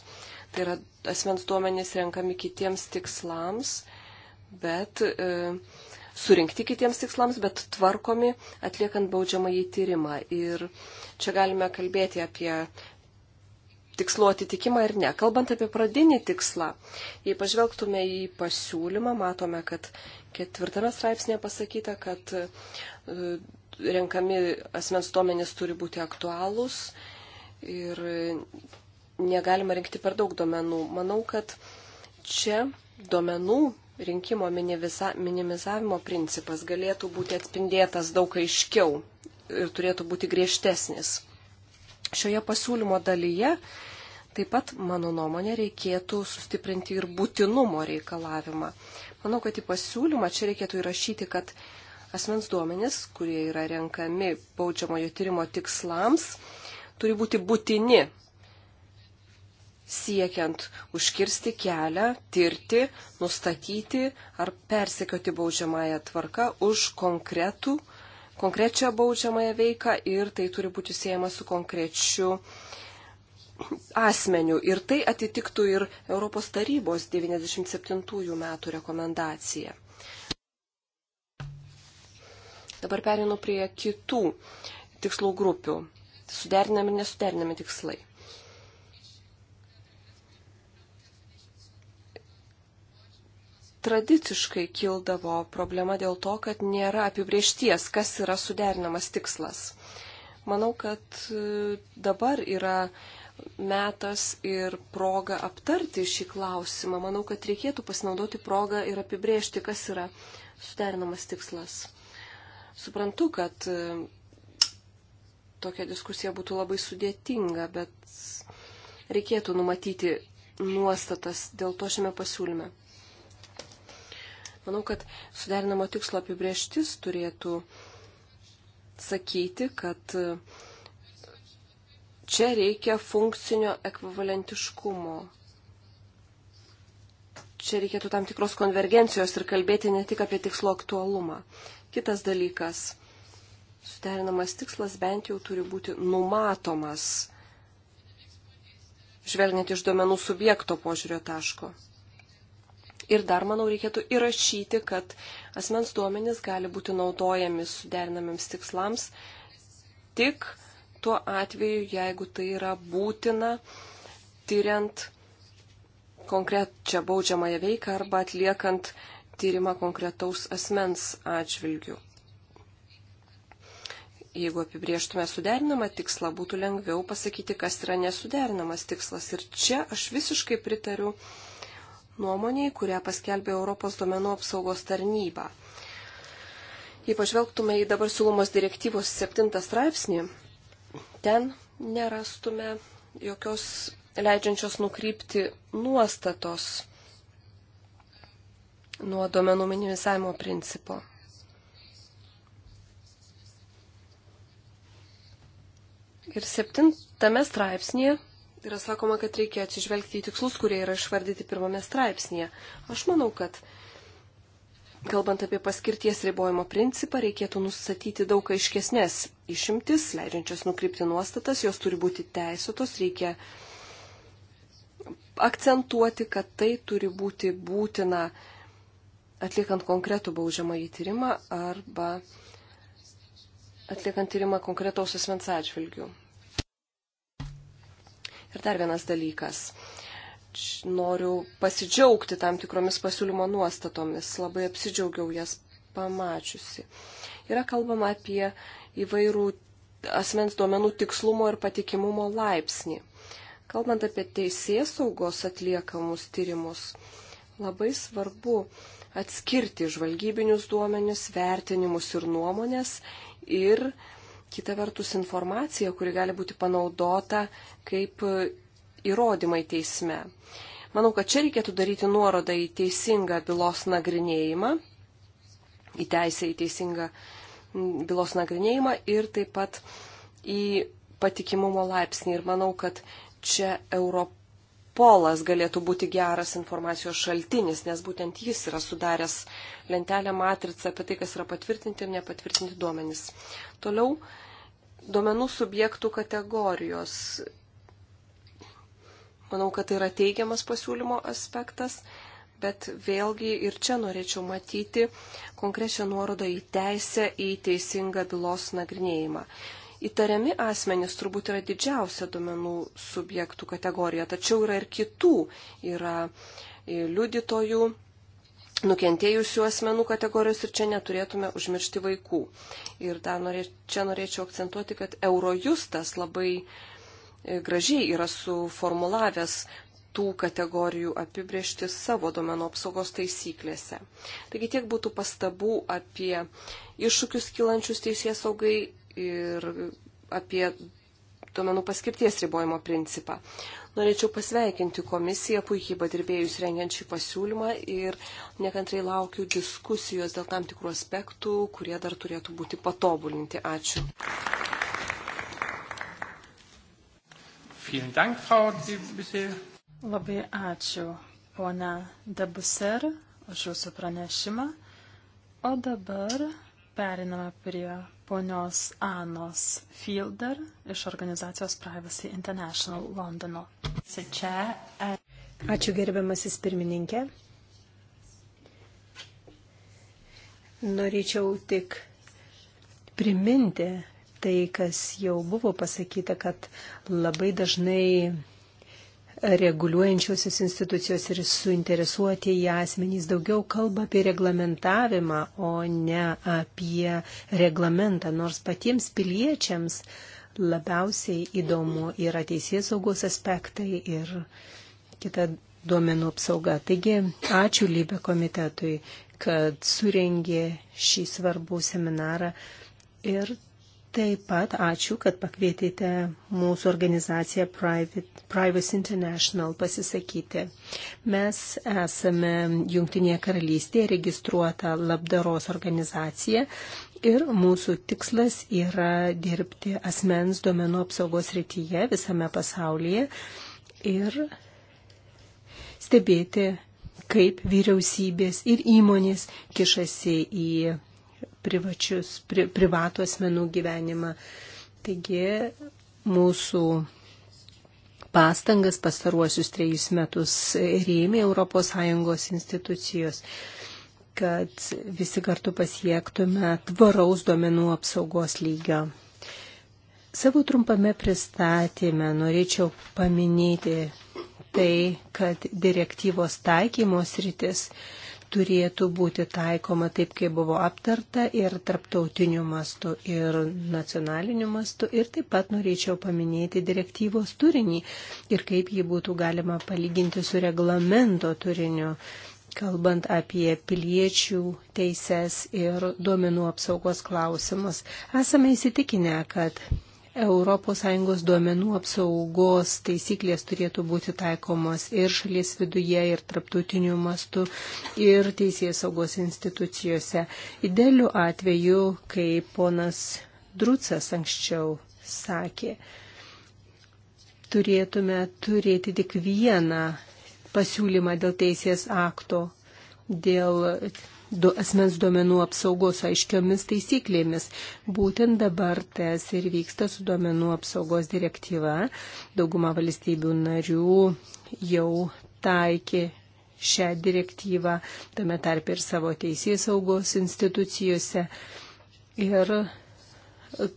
Tai yra asmens duomenys renkami kitiems tikslams, bet e, surinkti kitiems tikslams, bet tvarkomi atliekant baudžiamąjį tyrimą. Ir čia galime kalbėti apie tikslo atitikimą ir ne. Kalbant apie pradinį tikslą, jei pažvelgtume į pasiūlymą, matome, kad ketvirtame straipsnėje pasakyta, kad e, renkami asmens duomenys turi būti aktualūs ir negalima rinkti per daug duomenų. Manau, kad čia duomenų rinkimo minimizavimo principas galėtų būti atspindėtas daug aiškiau ir turėtų būti griežtesnis. Šioje pasiūlymo dalyje taip pat, mano nuomonė, reikėtų sustiprinti ir būtinumo reikalavimą. Manau, kad į pasiūlymą čia reikėtų įrašyti, kad asmens duomenys, kurie yra renkami baudžiamojo tyrimo tikslams, turi būti būtini siekiant užkirsti kelią, tirti, nustatyti ar persekioti baudžiamąją tvarką už konkretų konkrečią baudžiamąją veiką ir tai turi būti siejama su konkrečiu asmeniu. Ir tai atitiktų ir Europos tarybos 97 metų rekomendaciją. Dabar perinu prie kitų tikslų grupių. Suderinami ir nesuderinami tikslai. tradiciškai kildavo problema dėl to, kad nėra apibriešties, kas yra suderinamas tikslas. Manau, kad e, dabar yra metas ir proga aptarti šį klausimą. Manau, kad reikėtų pasinaudoti progą ir apibriežti, kas yra suderinamas tikslas. Suprantu, kad e, tokia diskusija būtų labai sudėtinga, bet reikėtų numatyti nuostatas dėl to šiame pasiūlyme. Manau, kad suderinamo tikslo apibrieštis turėtų sakyti, kad e, čia reikia funkcinio ekvivalentiškumo. Čia reikėtų tam tikros konvergencijos ir kalbėti ne tik apie tikslo aktualumą. Kitas dalykas. Suderinamas tikslas bent jau turi būti numatomas, žvelgiant iš duomenų subjekto požiūrio taško. Ir dar, manau, reikėtų įrašyti, kad asmens duomenys gali būti naudojami suderinamiams tikslams tik tuo atveju, jeigu tai yra būtina, tyriant konkrečią baudžiamąją veiką arba atliekant tyrimą konkretaus asmens atžvilgių. Jeigu apibrieštume suderinamą tikslą, būtų lengviau pasakyti, kas yra nesuderinamas tikslas. Ir čia aš visiškai pritariu uh, nuomoniai, kurią paskelbė Europos duomenų apsaugos tarnyba. Jei pažvelgtume į dabar siūlomos direktyvos 7 straipsnį, ten nerastume jokios leidžiančios nukrypti nuostatos nuo duomenų minimizavimo principo. Ir septintame straipsnėje yra sakoma, kad reikia atsižvelgti į tikslus, kurie yra išvardyti pirmame straipsnėje. Aš manau, kad kalbant apie paskirties ribojimo principą, reikėtų nustatyti daug aiškesnės išimtis, leidžiančias nukrypti nuostatas, jos turi būti teisėtos, reikia akcentuoti, kad tai turi būti būtina atliekant konkretų baudžiamąjį tyrimą arba atliekant tyrimą konkretaus asmens atžvilgių. Ir dar vienas dalykas. Noriu pasidžiaugti tam tikromis pasiūlymo nuostatomis. Labai apsidžiaugiau jas pamačiusi. Yra kalbama apie įvairų asmens duomenų tikslumo ir patikimumo laipsnį. Kalbant apie teisės saugos atliekamus tyrimus, labai svarbu atskirti žvalgybinius duomenis, vertinimus ir nuomonės ir kita vertus informacija, kuri gali būti panaudota kaip įrodymai teisme. Manau, kad čia reikėtų daryti nuorodą į teisingą bylos nagrinėjimą, į teisę į teisingą bylos nagrinėjimą ir taip pat į patikimumo laipsnį. Ir manau, kad čia Europos Europolas galėtų būti geras informacijos šaltinis, nes būtent jis yra sudaręs lentelę matricą apie tai, kas yra patvirtinti ir nepatvirtinti duomenys. Toliau duomenų subjektų kategorijos. Manau, kad tai yra teigiamas pasiūlymo aspektas, bet vėlgi ir čia norėčiau matyti konkrečią nuorodą į teisę į teisingą bylos nagrinėjimą. Įtariami asmenys turbūt yra didžiausia duomenų subjektų kategorija, tačiau yra ir kitų. Yra liudytojų, nukentėjusių asmenų kategorijos ir čia neturėtume užmiršti vaikų. Ir norė, čia norėčiau akcentuoti, kad Eurojustas labai gražiai yra suformulavęs tų kategorijų apibriežti savo domenų apsaugos taisyklėse. Taigi tiek būtų pastabų apie iššūkius kilančius teisės saugai ir apie duomenų paskirties ribojimo principą. Norėčiau pasveikinti komisiją, puikiai padirbėjus rengiant šį pasiūlymą ir nekantrai laukiu diskusijos dėl tam tikrų aspektų, kurie dar turėtų būti patobulinti. Ačiū. Labai ačiū, ponia Debuser, už jūsų pranešimą. O dabar periname prie ponios Anos Fielder iš organizacijos Privacy International Londono. Ačiū gerbiamasis pirmininkė. Norėčiau tik priminti tai, kas jau buvo pasakyta, kad labai dažnai reguliuojančiosios institucijos ir suinteresuoti į asmenys daugiau kalba apie reglamentavimą, o ne apie reglamentą, nors patiems piliečiams labiausiai įdomu yra teisės saugos aspektai ir kita duomenų apsauga. Taigi, ačiū Lybė komitetui, kad surengė šį svarbų seminarą ir Taip pat ačiū, kad pakvietėte mūsų organizaciją Private, Privacy International pasisakyti. Mes esame Junktinėje karalystėje registruota labdaros organizacija ir mūsų tikslas yra dirbti asmens duomenų apsaugos rytyje visame pasaulyje ir stebėti, kaip vyriausybės ir įmonės kišasi į privačius, pri, privatų asmenų gyvenimą. Taigi mūsų pastangas pastaruosius trejus metus rėmė ES institucijos kad visi kartu pasiektume tvaraus duomenų apsaugos lygio. Savo trumpame pristatymę norėčiau paminėti tai, kad direktyvos taikymos rytis turėtų būti taikoma taip, kaip buvo aptarta ir tarptautiniu mastu, ir nacionaliniu mastu. Ir taip pat norėčiau paminėti direktyvos turinį ir kaip jį būtų galima palyginti su reglamento turiniu, kalbant apie piliečių teises ir duomenų apsaugos klausimus. Esame įsitikinę, kad ES duomenų apsaugos taisyklės turėtų būti taikomos ir šalies viduje, ir traptautiniu mastu, ir teisės saugos institucijose. Idealiu atveju, kai ponas Drucas anksčiau sakė, turėtume turėti tik vieną pasiūlymą dėl teisės akto, dėl du asmens duomenų apsaugos aiškiomis taisyklėmis. Būtent dabar tas ir vyksta su duomenų apsaugos direktyva. Dauguma valstybių narių jau taikė šią direktyvą, tame tarp ir savo teisės saugos institucijose. Ir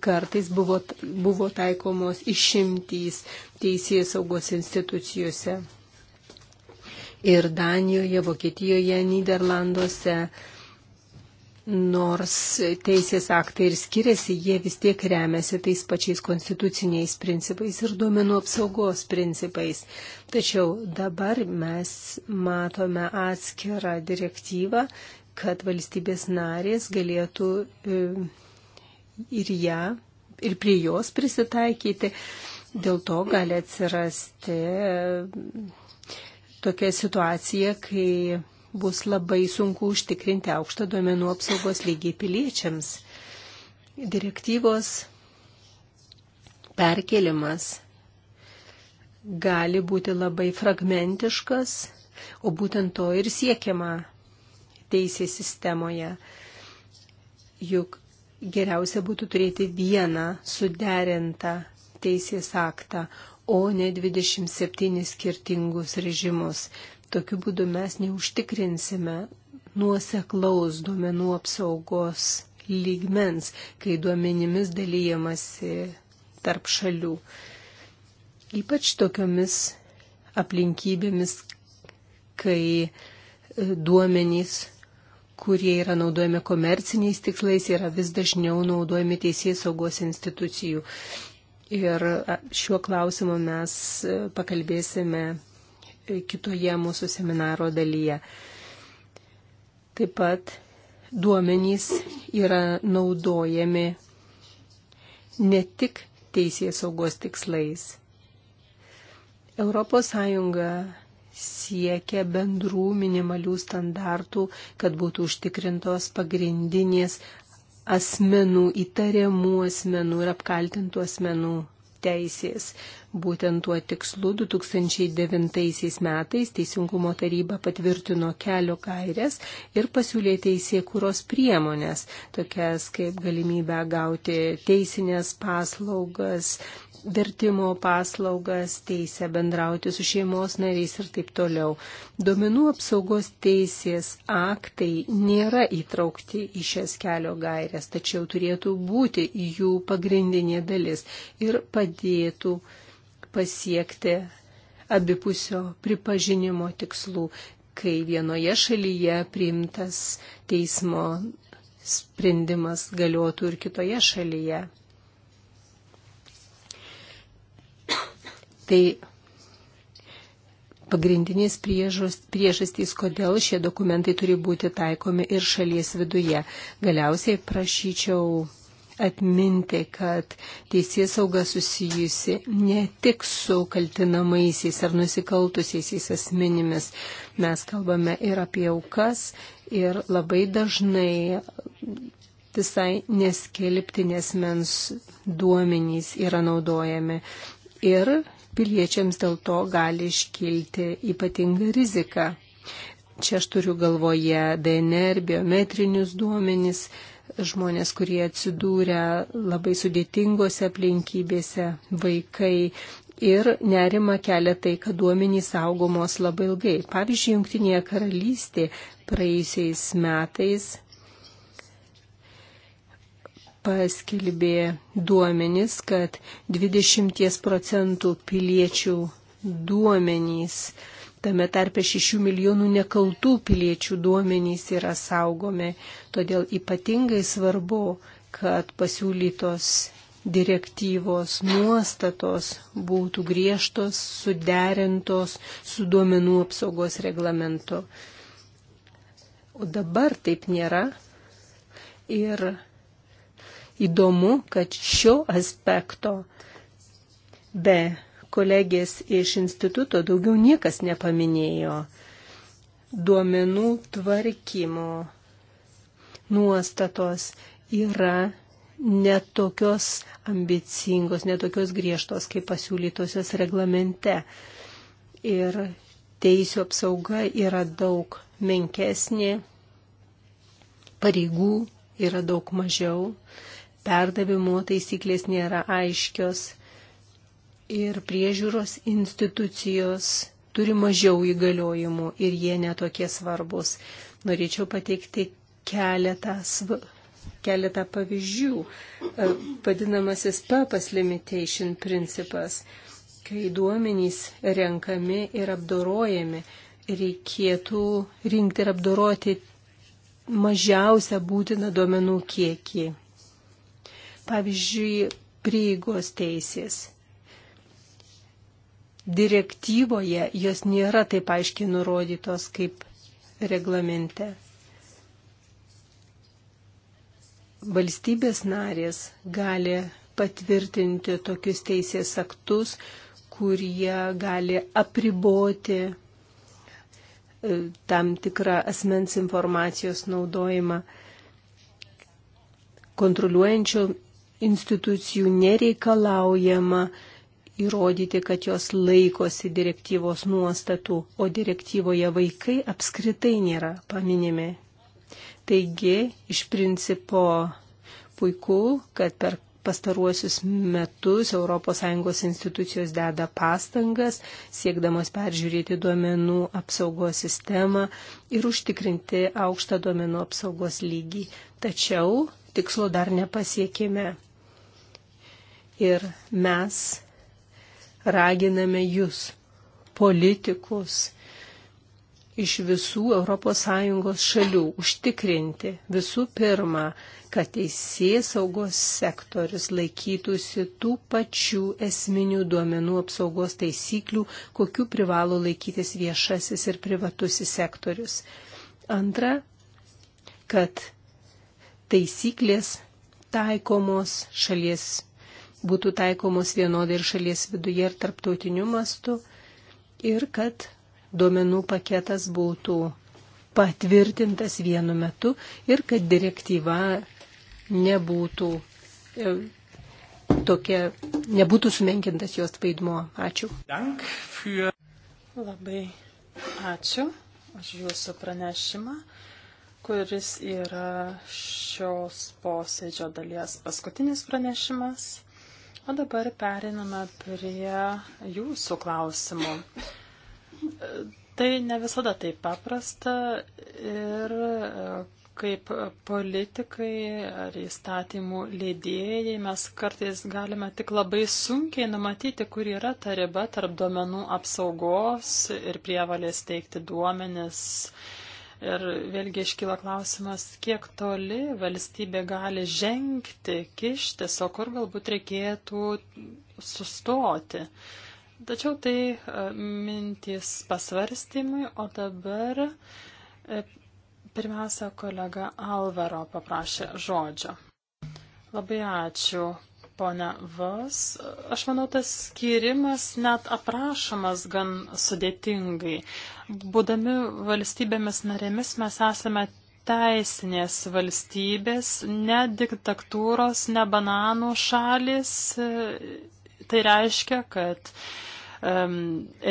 kartais buvo, buvo taikomos išimtys teisės saugos institucijose ir Danijoje, Vokietijoje, Niderlanduose. Nors teisės aktai ir skiriasi, jie vis tiek remiasi tais pačiais konstituciniais principais ir duomenų apsaugos principais. Tačiau dabar mes matome atskirą direktyvą, kad valstybės narės galėtų e, ir ją, ir prie jos prisitaikyti. Dėl to gali atsirasti tokia situacija, kai bus labai sunku užtikrinti aukštą duomenų apsaugos lygį piliečiams. Direktyvos perkelimas gali būti labai fragmentiškas, o būtent to ir siekiama teisės sistemoje. Juk geriausia būtų turėti vieną suderintą teisės aktą, o ne 27 skirtingus režimus. Tokiu būdu mes neužtikrinsime nuoseklaus duomenų apsaugos lygmens, kai duomenimis dalyjamasi tarp šalių. Ypač tokiomis aplinkybėmis, kai e, duomenys, kurie yra naudojami komerciniais tikslais, yra vis dažniau naudojami teisės saugos institucijų. Ir šiuo klausimu mes e, pakalbėsime e, kitoje mūsų seminaro dalyje. Taip pat duomenys yra naudojami ne tik teisės saugos tikslais. ES siekia bendrų minimalių standartų, kad būtų užtikrintos pagrindinės asmenų, įtariamų asmenų ir apkaltintų asmenų teisės. Būtent tuo tikslu 2009 metais Teisingumo taryba patvirtino kelio gairias ir pasiūlė teisėkūros priemonės, tokias kaip galimybę gauti teisinės paslaugas, vertimo paslaugas, teisę bendrauti su šeimos nariais ir taip toliau. Domenų apsaugos teisės aktai nėra įtraukti į šias kelio gairias, tačiau turėtų būti jų pagrindinė dalis ir padėtų pasiekti abipusio pripažinimo tikslų, kai vienoje šalyje priimtas teismo sprendimas galiotų ir kitoje šalyje. Tai pagrindinės priežastys, kodėl šie dokumentai turi būti taikomi ir šalies viduje. Galiausiai prašyčiau atminti, kad teisės sauga susijusi ne tik su kaltinamaisiais ar nusikaltusiais asmenimis. Mes kalbame ir apie aukas ir labai dažnai visai neskelbtinės mens duomenys yra naudojami. Ir piliečiams dėl to gali iškilti ypatinga rizika. Čia aš turiu galvoje DNR, biometrinius duomenis, žmonės, kurie atsidūrė labai sudėtingose aplinkybėse, vaikai. Ir nerima kelia tai, kad duomenys saugomos labai ilgai. Pavyzdžiui, Junktinėje karalystėje praėjusiais metais paskelbė duomenys, kad 20 procentų piliečių duomenys, tame tarpe 6 milijonų nekaltų piliečių duomenys yra saugomi. Todėl ypatingai svarbu, kad pasiūlytos direktyvos nuostatos būtų griežtos, suderintos su duomenų apsaugos reglamentu. O dabar taip nėra. Ir įdomu, kad šio aspekto be kolegės iš instituto daugiau niekas nepaminėjo duomenų tvarkymo nuostatos yra netokios ambicingos, netokios griežtos, kaip pasiūlytosios reglamente. Ir teisų apsauga yra daug menkesnė, pareigų yra daug mažiau perdavimo taisyklės nėra aiškios ir priežiūros institucijos turi mažiau įgaliojimų ir jie netokie svarbus. Norėčiau pateikti keletą, sv... keletą pavyzdžių. E, vadinamasis PAPAS limitation principas, kai duomenys renkami ir apdorojami, reikėtų rinkti ir apdoroti mažiausią būtiną duomenų kiekį. Pavyzdžiui, prieigos teisės. Direktyvoje jos nėra taip aiškiai nurodytos kaip reglamente. Valstybės narės gali patvirtinti tokius teisės aktus, kurie gali apriboti e, tam tikrą asmens informacijos naudojimą kontroliuojančio institucijų nereikalaujama įrodyti, kad jos laikosi direktyvos nuostatų, o direktyvoje vaikai apskritai nėra paminimi. Taigi, iš principo puiku, kad per pastaruosius metus ES institucijos deda pastangas, siekdamos peržiūrėti duomenų apsaugos sistemą ir užtikrinti aukštą duomenų apsaugos lygį. Tačiau tikslo dar nepasiekime. Ir mes raginame jūs, politikus, iš visų ES šalių užtikrinti visų pirma, kad teisės saugos sektorius laikytųsi tų pačių esminių duomenų apsaugos taisyklių, kokių privalo laikytis viešasis ir privatusis sektorius. Antra, kad taisyklės taikomos šalies būtų taikomos vienodai ir šalies viduje ir tarptautiniu mastu ir kad duomenų paketas būtų patvirtintas vienu metu ir kad direktyva nebūtų e, tokia, nebūtų sumenkintas jos vaidmo. Ačiū. Labai ačiū už jūsų pranešimą kuris yra šios posėdžio dalies paskutinis pranešimas. O dabar periname prie jūsų klausimų. Tai ne visada taip paprasta ir e, kaip politikai ar įstatymų leidėjai mes kartais galime tik labai sunkiai numatyti, kur yra ta riba tarp duomenų apsaugos ir prievalės teikti duomenis uh, Ir vėlgi iškyla klausimas, kiek toli valstybė gali žengti, kištis, o kur galbūt reikėtų sustoti. Tačiau tai e, mintys pasvarstymui, o dabar e, pirmiausia kolega Alvaro paprašė žodžio. Labai ačiū, ponia Vas. Aš manau, tas skirimas net aprašomas gan sudėtingai. Būdami valstybėmis narėmis mes esame teisinės valstybės, ne diktatūros, ne bananų šalis. Tai reiškia, kad um,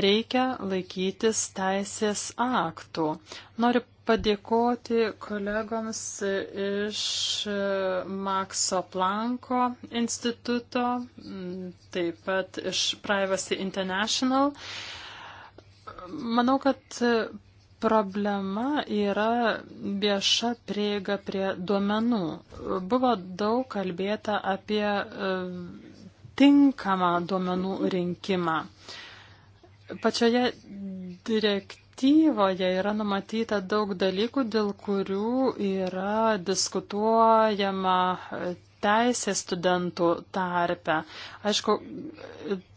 reikia laikytis teisės aktų. Noriu padėkoti kolegoms iš e, Makso Planko instituto, taip pat iš Privacy International. Manau, kad problema yra vieša prieiga prie duomenų. Buvo daug kalbėta apie e, tinkamą duomenų rinkimą. Pačioje direktyvoje direktyvoje yra numatyta daug dalykų, dėl kurių yra diskutuojama teisės studentų tarpe. Aišku,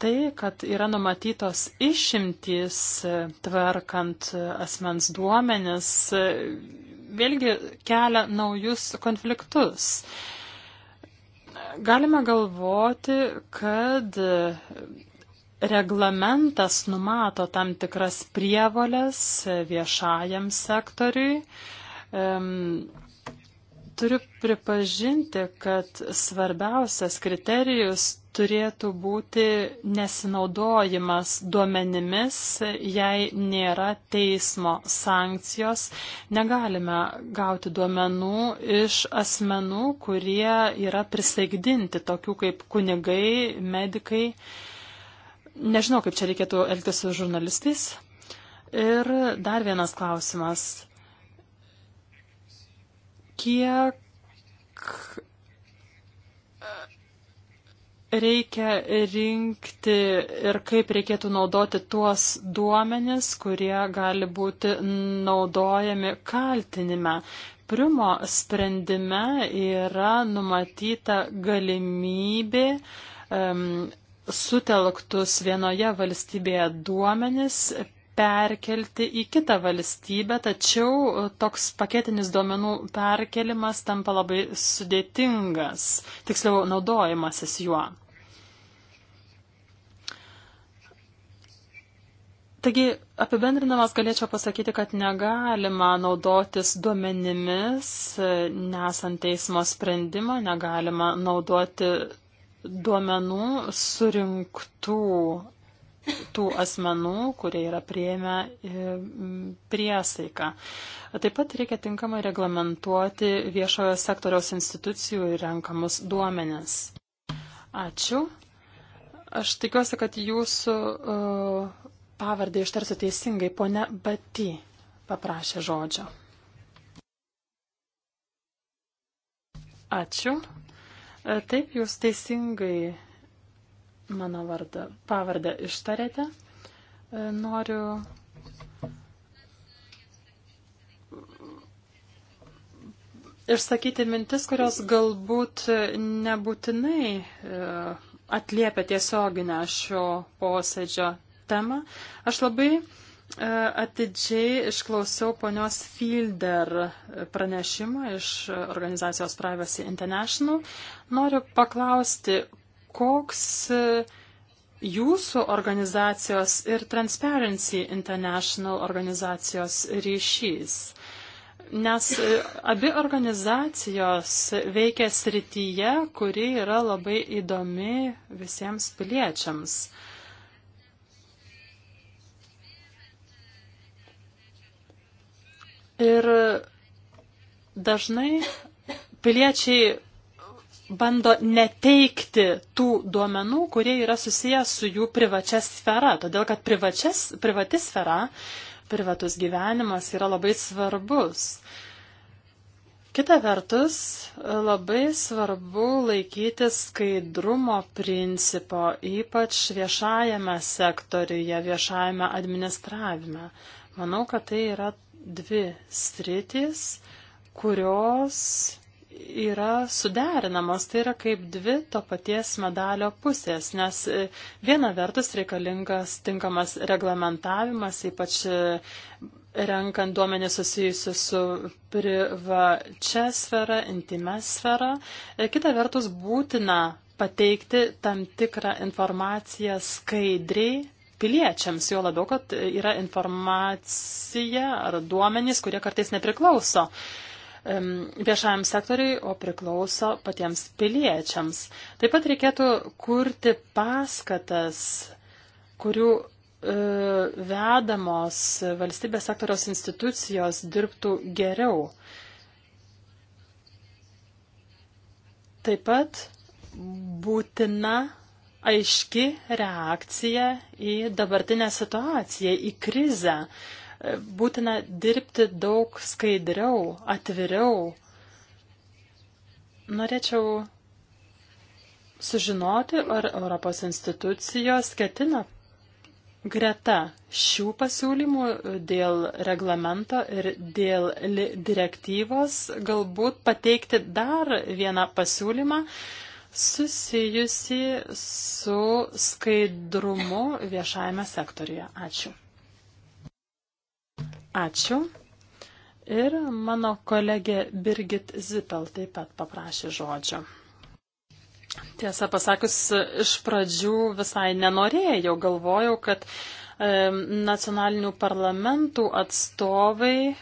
tai, kad yra numatytos išimtys tvarkant asmens duomenis, vėlgi kelia naujus konfliktus. Galime galvoti, kad reglamentas numato tam tikras prievolės viešajam sektoriui. Turiu pripažinti, kad svarbiausias kriterijus turėtų būti nesinaudojimas duomenimis, jei nėra teismo sankcijos. Negalime gauti duomenų iš asmenų, kurie yra prisaigdinti, tokių kaip kunigai, medikai Nežinau, kaip čia reikėtų elgtis su žurnalistais. Ir dar vienas klausimas. Kiek e, reikia rinkti ir kaip reikėtų naudoti tuos duomenis, kurie gali būti naudojami kaltinime. Primo sprendime yra numatyta galimybė um, sutelktus vienoje valstybėje duomenis perkelti į kitą valstybę, tačiau e, toks paketinis duomenų perkelimas tampa labai sudėtingas, tiksliau naudojimasis juo. Taigi, apibendrinamas galėčiau pasakyti, kad negalima naudotis duomenimis, e, nesant teismo sprendimo, negalima naudoti duomenų surinktų tų asmenų, kurie yra prieėmę e, priesaiką. Taip pat reikia tinkamai reglamentuoti viešojo sektoriaus institucijų renkamus duomenis. Ačiū. Aš tikiuosi, kad jūsų uh, e, pavardę ištarsiu teisingai. Pone Bati paprašė žodžio. Ačiū. E, taip, jūs teisingai mano vardą, pavardę ištarėte. E, noriu išsakyti mintis, kurios galbūt nebūtinai e, atliepia tiesioginę šio posėdžio temą. Aš labai uh, E, atidžiai išklausiau ponios Fielder pranešimą iš organizacijos Privacy International. Noriu paklausti, koks jūsų organizacijos ir Transparency International organizacijos ryšys? Nes abi organizacijos veikia srityje, kuri yra labai įdomi visiems piliečiams. Uh, Ir dažnai piliečiai bando neteikti tų duomenų, kurie yra susijęs su jų privačia sfera, todėl kad privačias, privati sfera, privatus gyvenimas yra labai svarbus. Kita vertus, labai svarbu laikytis skaidrumo principo, ypač viešajame sektoriuje, viešajame administravime. Manau, kad tai yra dvi sritys, kurios yra suderinamos, tai yra kaip dvi to paties medalio pusės, nes e, viena vertus reikalingas tinkamas reglamentavimas, ypač e, renkant duomenys susijusius su privačia sfera, intime sfera, e, kita vertus būtina pateikti tam tikrą informaciją skaidriai, piliečiams, jo labiau, kad yra informacija ar duomenys, kurie kartais nepriklauso viešajam sektoriai, o priklauso patiems piliečiams. Taip pat reikėtų kurti paskatas, kurių e, vedamos valstybės sektoriaus institucijos dirbtų geriau. Taip pat būtina aiški reakcija į dabartinę situaciją, į krizę. Būtina dirbti daug skaidriau, atviriau. Norėčiau sužinoti, ar Europos institucijos ketina greta šių pasiūlymų dėl reglamento ir dėl direktyvos galbūt pateikti dar vieną pasiūlymą, uh, susijusi su skaidrumu viešajame sektoriuje. Ačiū. Ačiū. Ir mano kolegė Birgit Zipel taip pat paprašė žodžio. Tiesą pasakius, iš pradžių visai nenorėjau, galvojau, kad e, nacionalinių parlamentų atstovai e,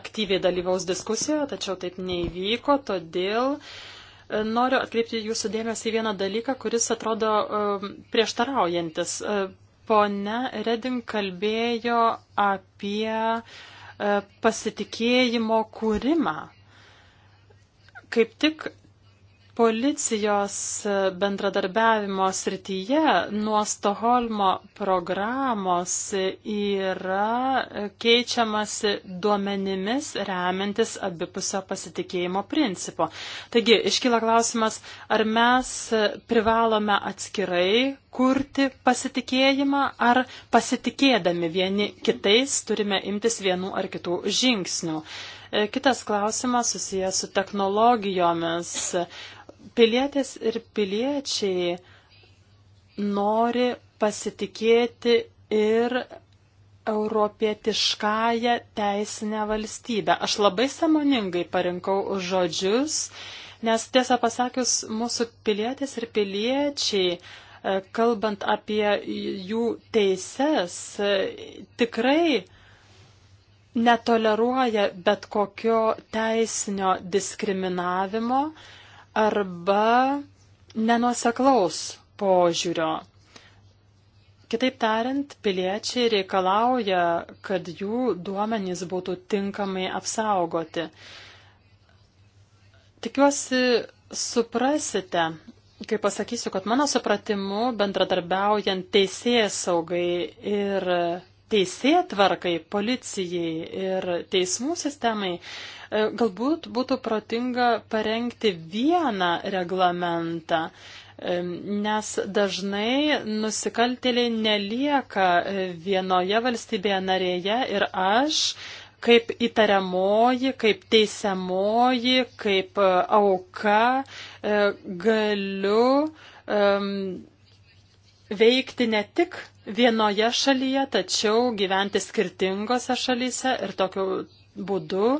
aktyviai dalyvaus diskusijoje, tačiau taip neįvyko, todėl uh, Noriu atkreipti jūsų dėmesį į vieną dalyką, kuris atrodo um, prieštaraujantis. Uh, pone Redin kalbėjo apie uh, pasitikėjimo kūrimą. Kaip tik policijos bendradarbiavimo srityje nuo Stoholmo programos yra keičiamasi duomenimis remiantis abipusio pasitikėjimo principo. Taigi, iškyla klausimas, ar mes privalome atskirai kurti pasitikėjimą, ar pasitikėdami vieni kitais turime imtis vienų ar kitų žingsnių. E, kitas klausimas susijęs su technologijomis. Pilietės ir piliečiai nori pasitikėti ir europietiškąją teisinę valstybę. Aš labai samoningai parinkau žodžius, nes tiesą pasakius, mūsų pilietės ir piliečiai, e, kalbant apie jų teises, e, tikrai netoleruoja bet kokio teisinio diskriminavimo, arba nenuoseklaus požiūrio. Kitaip tariant, piliečiai reikalauja, kad jų duomenys būtų tinkamai apsaugoti. Tikiuosi, suprasite, kai pasakysiu, kad mano supratimu bendradarbiaujant teisėjas saugai ir teisėtvarkai, policijai ir teismų sistemai, E, galbūt būtų protinga parengti vieną reglamentą, e, nes dažnai nusikaltėliai nelieka e, vienoje valstybėje narėje ir aš kaip įtariamoji, kaip teisiamoji, kaip auka galiu um, veikti ne tik vienoje šalyje, tačiau gyventi skirtingose šalyse ir tokiu būdu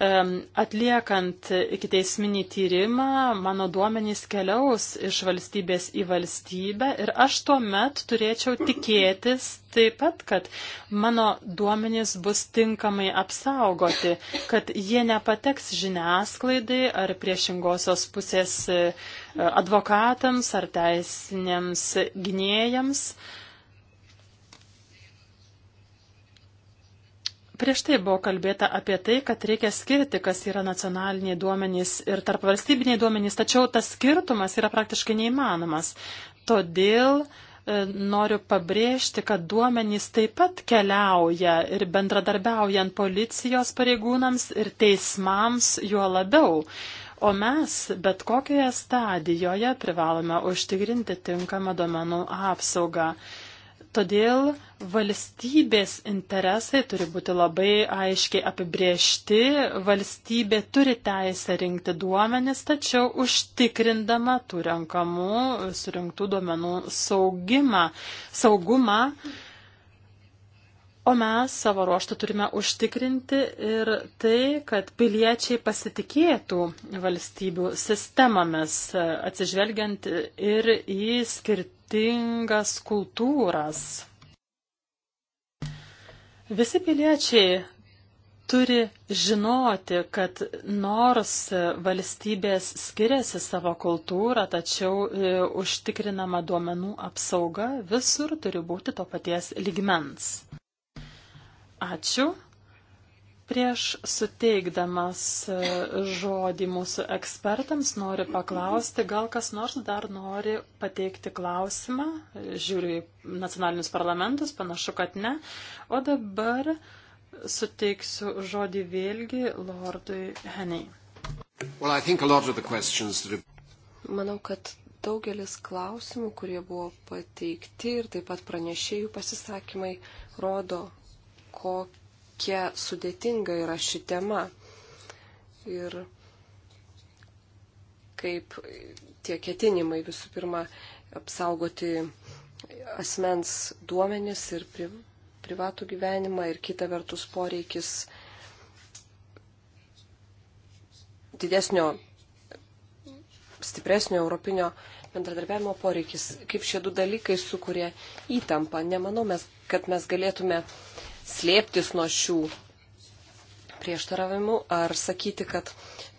Atliekant iki teisminį tyrimą, mano duomenys keliaus iš valstybės į valstybę ir aš tuomet turėčiau tikėtis taip pat, kad mano duomenys bus tinkamai apsaugoti, kad jie nepateks žiniasklaidai ar priešingosios pusės e, advokatams ar teisinėms gynėjams. Prieš tai buvo kalbėta apie tai, kad reikia skirti, kas yra nacionaliniai duomenys ir tarpvalstybiniai duomenys, tačiau tas skirtumas yra praktiškai neįmanomas. Todėl e, noriu pabrėžti, kad duomenys taip pat keliauja ir bendradarbiaujant policijos pareigūnams ir teismams juo labiau. O mes bet kokioje stadijoje privalome užtikrinti tinkamą duomenų apsaugą. Todėl valstybės interesai turi būti labai aiškiai apibriešti, valstybė turi teisę rinkti duomenis, tačiau užtikrindama tų renkamų, surinktų duomenų saugimą, saugumą. O mes savo ruoštą turime užtikrinti ir tai, kad piliečiai pasitikėtų valstybių sistemomis, atsižvelgiant ir į skirtingų skirtingas kultūras. Visi piliečiai turi žinoti, kad nors valstybės skiriasi savo kultūrą, tačiau e, užtikrinama duomenų apsauga visur turi būti to paties ligmens. Ačiū. Prieš suteikdamas e, žodį mūsų ekspertams noriu paklausti, gal kas nors dar nori pateikti klausimą. Žiūriu į nacionalinius parlamentus, panašu, kad ne. O dabar suteiksiu žodį vėlgi Lordui Heniai. Well, that... Manau, kad daugelis klausimų, kurie buvo pateikti ir taip pat pranešėjų pasisakymai, rodo, kokį kokia sudėtinga yra ši tema. Ir kaip tie ketinimai visų pirma apsaugoti asmens duomenis ir pri, privatų gyvenimą ir kita vertus poreikis didesnio, stipresnio europinio bendradarbiavimo poreikis, kaip šie du dalykai sukuria įtampą. Nemanau, mes, kad mes galėtume slėptis nuo šių prieštaravimų ar sakyti, kad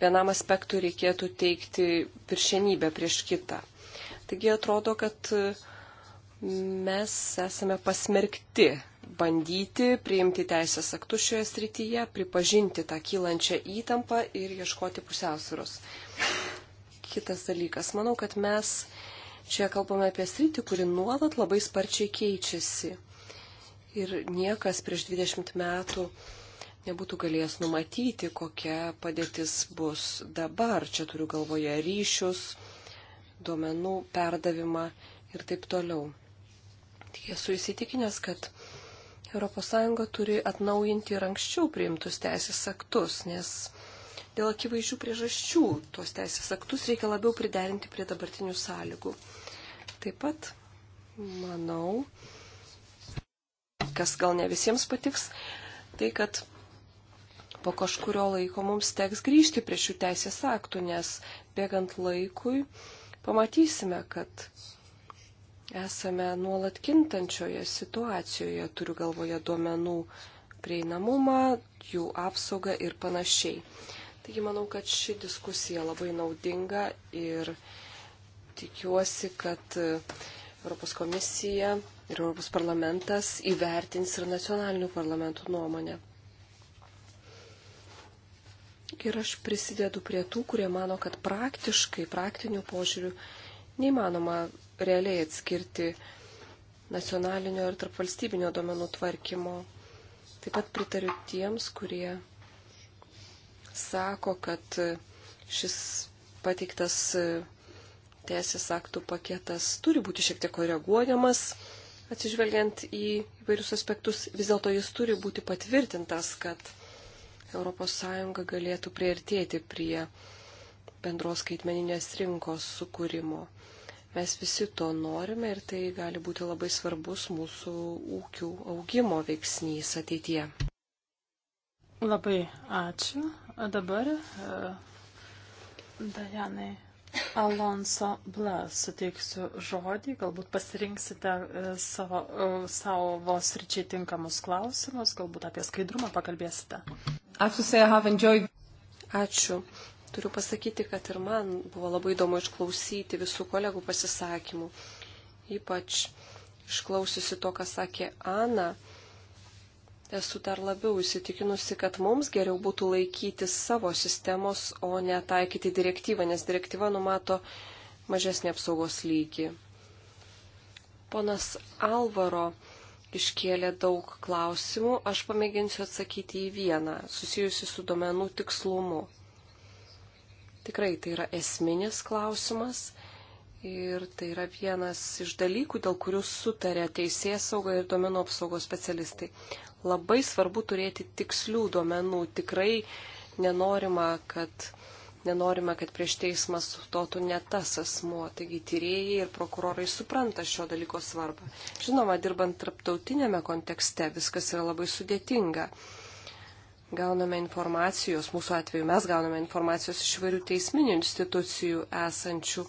vienam aspektui reikėtų teikti piršenybę prieš kitą. Taigi atrodo, kad mm, mes esame pasmerkti bandyti priimti teisės aktus šioje srityje, pripažinti tą kylančią įtampą ir ieškoti pusiausvėros. Kitas dalykas, manau, kad mes čia kalbame apie sritį, kuri nuolat labai sparčiai keičiasi ir niekas prieš 20 metų nebūtų galėjęs numatyti, kokia padėtis bus dabar. Čia turiu galvoje ryšius, duomenų perdavimą ir taip toliau. Tik esu įsitikinęs, kad ES turi atnaujinti ir anksčiau priimtus teisės aktus, nes dėl akivaizdžių priežasčių tuos teisės aktus reikia labiau priderinti prie dabartinių sąlygų. Taip pat manau, kas gal ne visiems patiks, tai kad po kažkurio laiko mums teks grįžti prie šių teisės aktų, nes bėgant laikui pamatysime, kad esame nuolat kintančioje situacijoje, turiu galvoje duomenų prieinamumą, jų apsaugą ir panašiai. Taigi manau, kad ši diskusija labai naudinga ir tikiuosi, kad Europos komisija ir Europos parlamentas įvertins ir nacionalinių parlamentų nuomonę. Ir aš prisidedu prie tų, kurie mano, kad praktiškai, praktiniu požiūriu neįmanoma realiai atskirti nacionalinio ir tarpvalstybinio domenų tvarkymo. Taip pat pritariu tiems, kurie sako, kad šis pateiktas teisės aktų paketas turi būti šiek tiek koreguojamas, atsižvelgiant į vairius aspektus, vis dėlto jis turi būti patvirtintas, kad ES galėtų prieartėti prie bendros skaitmeninės rinkos sukūrimo. Mes visi to norime ir tai gali būti labai svarbus mūsų ūkių augimo veiksnys ateityje. Labai ačiū. O dabar uh, Dajanai Alonso Bla suteiksiu žodį, galbūt pasirinksite e, savo, e, savo sričiai tinkamus klausimus, galbūt apie skaidrumą pakalbėsite. Ačiū. Turiu pasakyti, kad ir man buvo labai įdomu išklausyti visų kolegų pasisakymų. Ypač išklausiusi to, ką sakė Ana, esu dar labiau įsitikinusi, kad mums geriau būtų laikytis savo sistemos, o ne taikyti direktyvą, nes direktyva numato mažesnį apsaugos lygį. Ponas Alvaro iškėlė daug klausimų, aš pamėginsiu atsakyti į vieną, susijusi su domenų tikslumu. Tikrai tai yra esminis klausimas. Ir tai yra vienas iš dalykų, dėl kurių sutarė teisės sauga ir domenų apsaugos specialistai labai svarbu turėti tikslių duomenų. Tikrai nenorima, kad, nenorima, kad prieš teismą sustotų ne tas asmuo. Taigi tyrėjai ir prokurorai supranta šio dalyko svarbą. Žinoma, dirbant tarptautinėme kontekste viskas yra labai sudėtinga. Gauname informacijos, mūsų atveju mes gauname informacijos iš vairių teisminių institucijų esančių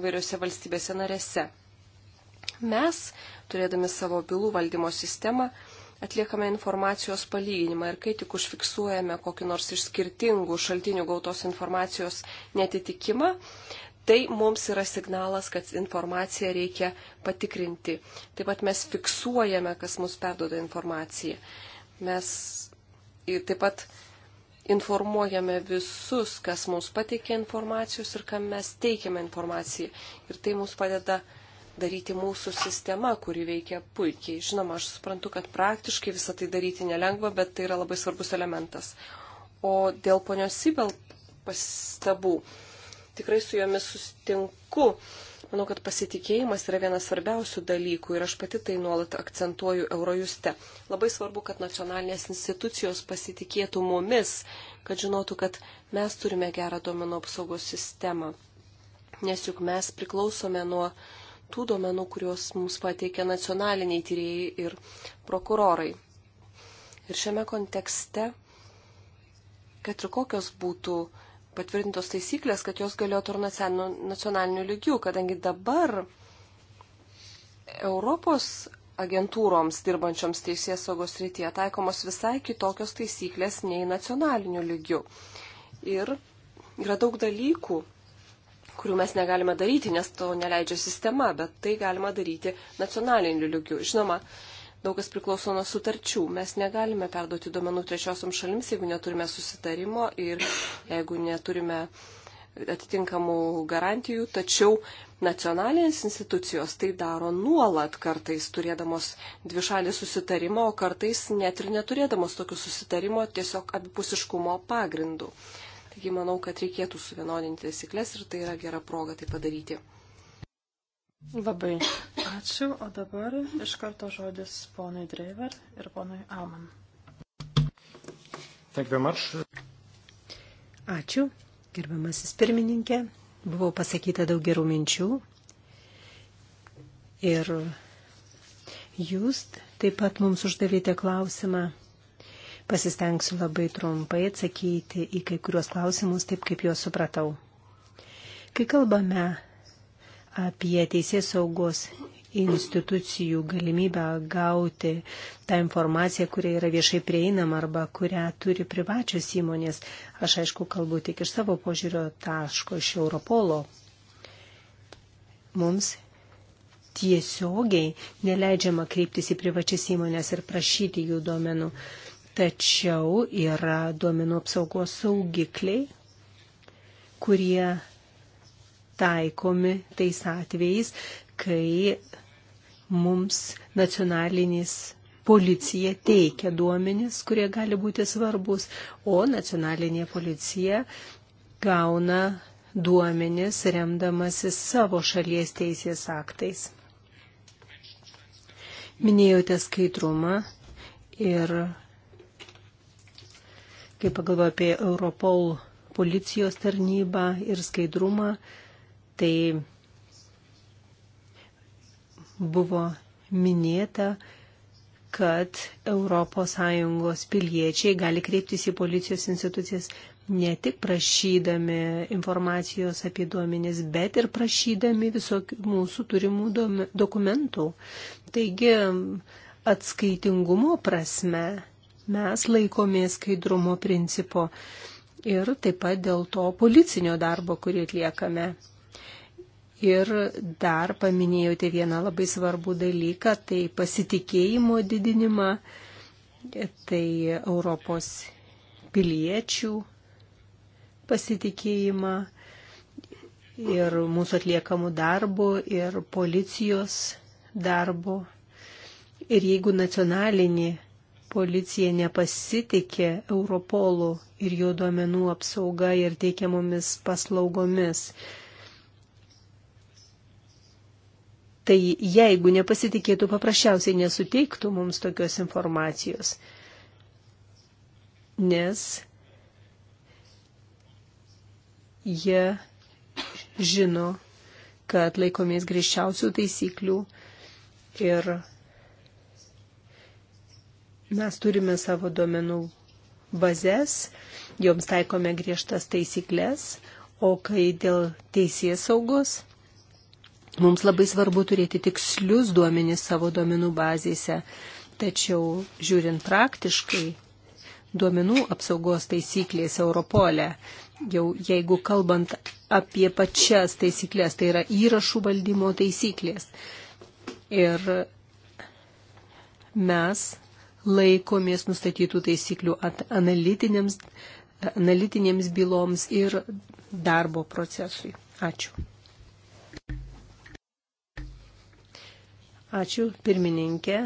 įvairiose valstybėse narėse. Mes, turėdami savo bylų valdymo sistemą, atliekame informacijos palyginimą ir kai tik užfiksuojame kokį nors iš skirtingų šaltinių gautos informacijos netitikimą, tai mums yra signalas, kad informaciją reikia patikrinti. Taip pat mes fiksuojame, kas mums perdoda informaciją. Mes taip pat informuojame visus, kas mums pateikia informacijos ir kam mes teikiame informaciją. Ir tai mums padeda uh, daryti mūsų sistema, kuri veikia puikiai. Žinoma, aš suprantu, kad praktiškai visą tai daryti nelengva, bet tai yra labai svarbus elementas. O dėl ponios Sibel pastabų, tikrai su jomis sustinku. Manau, kad pasitikėjimas yra vienas svarbiausių dalykų ir aš pati tai nuolat akcentuoju Eurojuste. Labai svarbu, kad nacionalinės institucijos pasitikėtų mumis, kad žinotų, kad mes turime gerą domino apsaugos sistemą. Nes juk mes priklausome nuo uh, tų duomenų, kuriuos mums pateikia nacionaliniai tyrėjai ir prokurorai. Ir šiame kontekste, kad ir kokios būtų patvirtintos taisyklės, kad jos galėtų ir nacionaliniu lygiu, kadangi dabar Europos agentūroms dirbančioms teisės saugos rytyje taikomos visai kitokios taisyklės nei nacionaliniu lygiu. Ir yra daug dalykų, kurių mes negalime daryti, nes to neleidžia sistema, bet tai galima daryti nacionaliniu lygiu. Žinoma, daug kas priklauso nuo sutarčių. Mes negalime perduoti duomenų trečiosiam šalims, jeigu neturime susitarimo ir jeigu neturime atitinkamų garantijų, tačiau nacionalinės institucijos tai daro nuolat kartais turėdamos dvišalį susitarimą, o kartais net ir neturėdamos tokių susitarimo tiesiog abipusiškumo pagrindų. Taigi manau, kad reikėtų suvienodinti taisyklės ir tai yra gera proga tai padaryti. Labai ačiū, o dabar iš karto žodis ponui Dreiver ir ponui Aman. Ačiū, gerbiamasis pirmininkė. Buvo pasakyta daug gerų minčių. Ir jūs taip pat mums uždavėte klausimą Pasistengsiu labai trumpai atsakyti į kai kuriuos klausimus taip, kaip juos supratau. Kai kalbame apie teisės saugos institucijų galimybę gauti tą informaciją, kuria yra viešai prieinama arba kurią turi privačios įmonės. Aš aišku kalbu tik iš savo požiūrio taško, iš Europolo. Mums tiesiogiai neleidžiama kreiptis į privačias įmonės ir prašyti jų duomenų tačiau yra duomenų apsaugos saugikliai, kurie taikomi tais atvejais, kai mums nacionalinis policija teikia duomenis, kurie gali būti svarbus, o nacionalinė policija gauna duomenis remdamasi savo šalies teisės aktais. Minėjote skaidrumą ir kai pagalvoju apie Europol policijos tarnybą ir skaidrumą, tai buvo minėta, kad ES piliečiai gali kreiptis į policijos institucijas ne tik prašydami informacijos apie duomenis, bet ir prašydami visokių mūsų turimų dokumentų. Taigi atskaitingumo prasme mes laikomės skaidrumo principo ir taip pat dėl to policinio darbo, kurį atliekame. Ir dar paminėjote vieną labai svarbų dalyką, tai pasitikėjimo didinimą, tai Europos piliečių pasitikėjimą ir mūsų atliekamų darbų ir policijos darbų. Ir jeigu nacionalinį policija nepasitikė Europolų ir jo duomenų apsauga ir teikiamomis paslaugomis. Tai jeigu nepasitikėtų, paprasčiausiai nesuteiktų mums tokios informacijos. Nes jie žino, kad laikomės grįžčiausių taisyklių ir Mes turime savo duomenų bazės, joms taikome griežtas taisyklės, o kai dėl teisės saugos, mums labai svarbu turėti tikslius duomenys savo duomenų bazėse. Tačiau žiūrint praktiškai, duomenų apsaugos taisyklės Europolė, jau jeigu kalbant apie pačias taisyklės, tai yra įrašų valdymo taisyklės. Ir mes laikomės nustatytų taisyklių analitinėms, analitinėms byloms ir darbo procesui. Ačiū. Ačiū pirmininkė,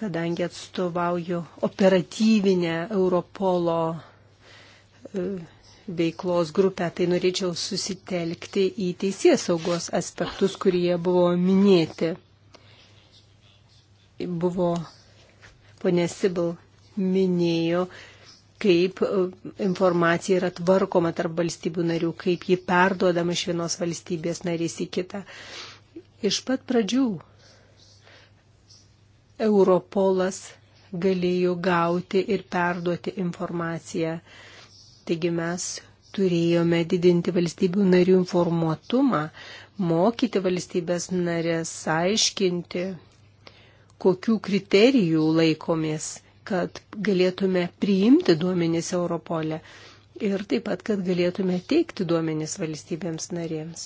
kadangi atstovauju operatyvinę Europolo e, veiklos grupę, tai norėčiau susitelkti į teisės saugos aspektus, kurie buvo minėti buvo, ponė Sibal minėjo, kaip e, informacija yra tvarkoma tarp valstybių narių, kaip ji perduodama iš vienos valstybės narys į kitą. Iš pat pradžių Europolas galėjo gauti ir perduoti informaciją. Taigi mes turėjome didinti valstybių narių informuotumą, mokyti valstybės narės, aiškinti, kokių kriterijų laikomės, kad galėtume priimti duomenys Europolė ir taip pat, kad galėtume teikti duomenys valstybėms narėms.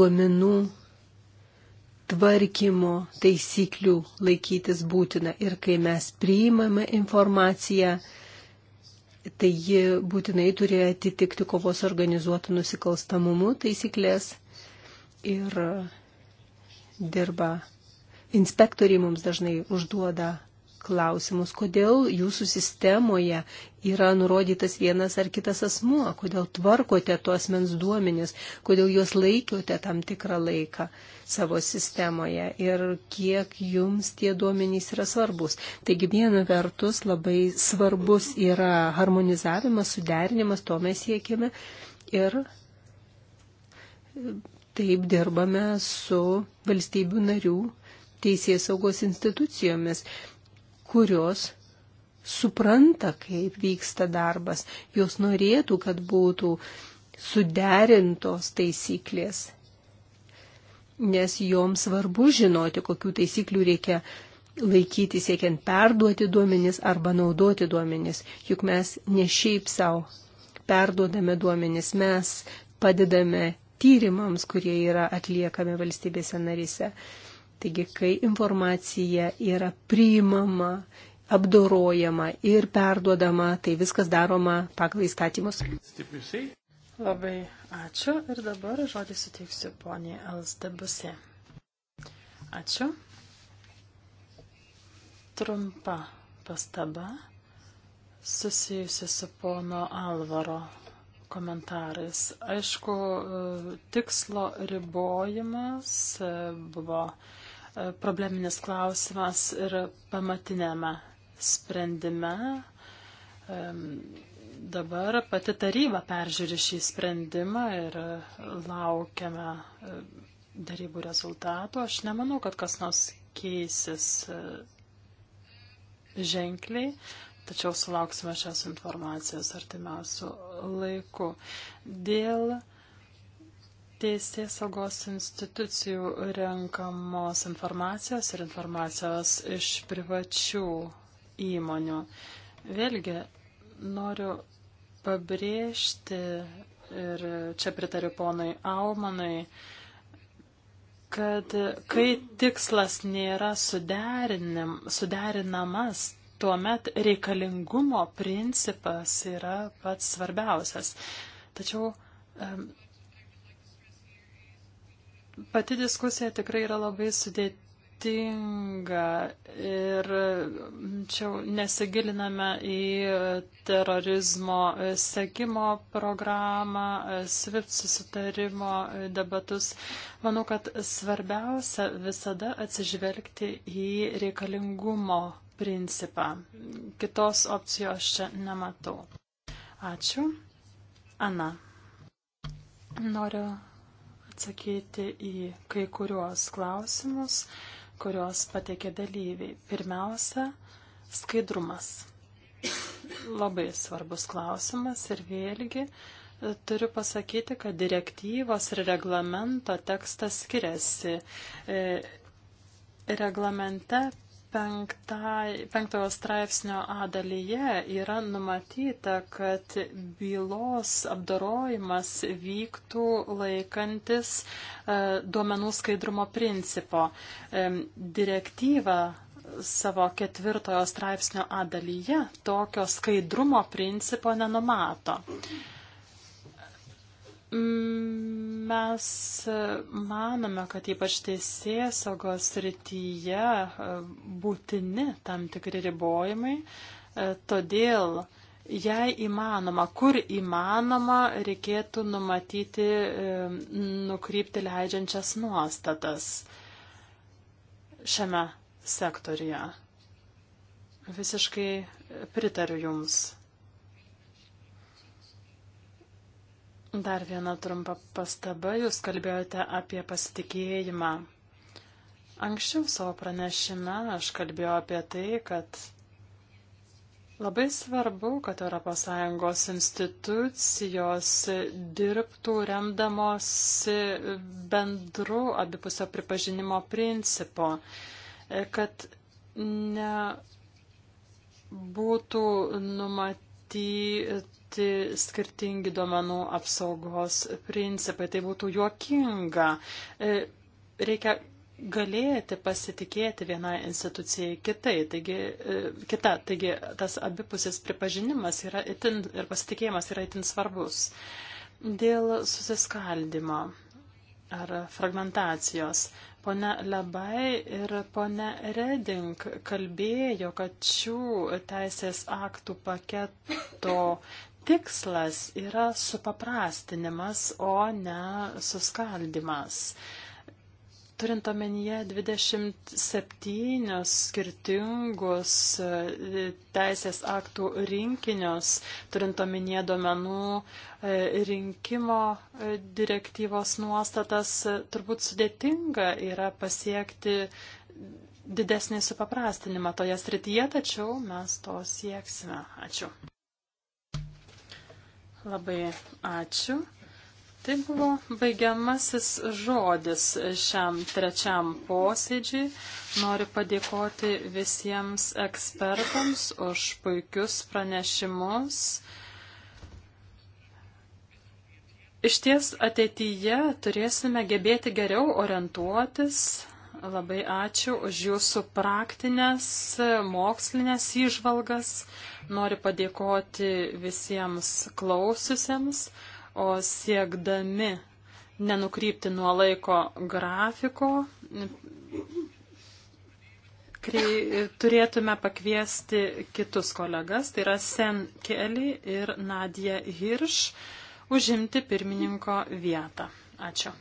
Duomenų tvarkymo taisyklių laikytis būtina ir kai mes priimame informaciją, tai ji būtinai turėjo atitikti kovos organizuotų nusikalstamumų taisyklės ir dirba Inspektoriai mums dažnai užduoda klausimus, kodėl jūsų sistemoje yra nurodytas vienas ar kitas asmuo, kodėl tvarkote tuos mens duomenis, kodėl juos laikiote tam tikrą laiką savo sistemoje ir kiek jums tie duomenys yra svarbus. Taigi viena vertus labai svarbus yra harmonizavimas, suderinimas, to mes siekime ir taip dirbame su valstybių narių teisės saugos institucijomis, kurios supranta, kaip vyksta darbas, jos norėtų, kad būtų suderintos taisyklės, nes joms svarbu žinoti, kokių taisyklių reikia laikyti siekiant perduoti duomenis arba naudoti duomenis, juk mes ne šiaip savo perduodame duomenis, mes padedame tyrimams, kurie yra atliekami valstybėse narise. Taigi, kai informacija yra priimama, apdorojama ir perduodama, tai viskas daroma pagal įstatymus. Labai ačiū ir dabar žodį suteiksiu poniai Elsdebusė. Ačiū. Trumpa pastaba susijusi su pono Alvaro komentarais. Aišku, tikslo ribojimas buvo probleminis klausimas ir pamatinėme sprendime. Dabar pati taryba peržiūri šį sprendimą ir laukiame e, darybų rezultatų. Aš nemanau, kad kas nors keisis e, ženkliai, tačiau sulauksime šios informacijos artimiausių laikų. Dėl Teisės saugos institucijų renkamos informacijos ir informacijos iš privačių įmonių. Vėlgi noriu pabrėžti ir čia pritariu ponui Almanui, kad kai tikslas nėra suderinamas, tuomet reikalingumo principas yra pats svarbiausias. Tačiau Pati diskusija tikrai yra labai sudėtinga ir mm, čia nesigiliname į terorizmo e, sekimo programą, e, SWIFT susitarimo e, debatus. Manau, kad svarbiausia visada atsižvelgti į reikalingumo principą. Kitos opcijos čia nematau. Ačiū. Ana. Noriu atsakyti į kai kuriuos klausimus, kuriuos pateikė dalyviai. Pirmiausia, skaidrumas. Labai svarbus klausimas ir vėlgi e, turiu pasakyti, kad direktyvos ir reglamento tekstas skiriasi. E, reglamente penktai, penktojo straipsnio A dalyje yra numatyta, kad bylos apdarojimas vyktų laikantis e, duomenų skaidrumo principo. E, direktyva savo ketvirtojo straipsnio A dalyje tokio skaidrumo principo nenumato. E, Mes manome, kad ypač teisėsaugos rytyje e, būtini tam tikri ribojimai, e, todėl, jei įmanoma, kur įmanoma, reikėtų numatyti e, nukrypti leidžiančias nuostatas šiame sektorija. Visiškai pritariu Jums. Dar viena trumpa pastaba. Jūs kalbėjote apie pasitikėjimą. Anksčiau savo pranešime aš kalbėjau apie tai, kad Labai svarbu, kad ES institucijos dirbtų remdamosi bendru abipusio pripažinimo principu, kad nebūtų numatyti nustatyti skirtingi duomenų apsaugos principai. Tai būtų juokinga. E, reikia galėti pasitikėti vienai institucijai kitai, taigi, e, kita. Taigi tas abipusis pripažinimas yra itin, ir pasitikėjimas yra itin svarbus. Dėl susiskaldimo ar fragmentacijos. Pone Labai ir pone Reding kalbėjo, kad šių teisės aktų paketo tikslas yra supaprastinimas, o ne suskaldimas turint omenyje 27 skirtingus e, teisės aktų rinkinius, turint omenyje duomenų e, rinkimo e, direktyvos nuostatas, turbūt sudėtinga yra pasiekti didesnį supaprastinimą toje srityje, tačiau mes to sieksime. Ačiū. Labai ačiū. Tai buvo baigiamasis žodis šiam trečiam posėdžiui. Noriu padėkoti visiems ekspertams už puikius pranešimus. Iš ties ateityje turėsime gebėti geriau orientuotis. Labai ačiū už jūsų praktinės, mokslinės įžvalgas. Noriu padėkoti visiems klausiusiems o siekdami nenukrypti nuo laiko grafiko, turėtume pakviesti kitus kolegas, tai yra Sen Kelly ir Nadia Hirš, užimti pirmininko vietą. Ačiū.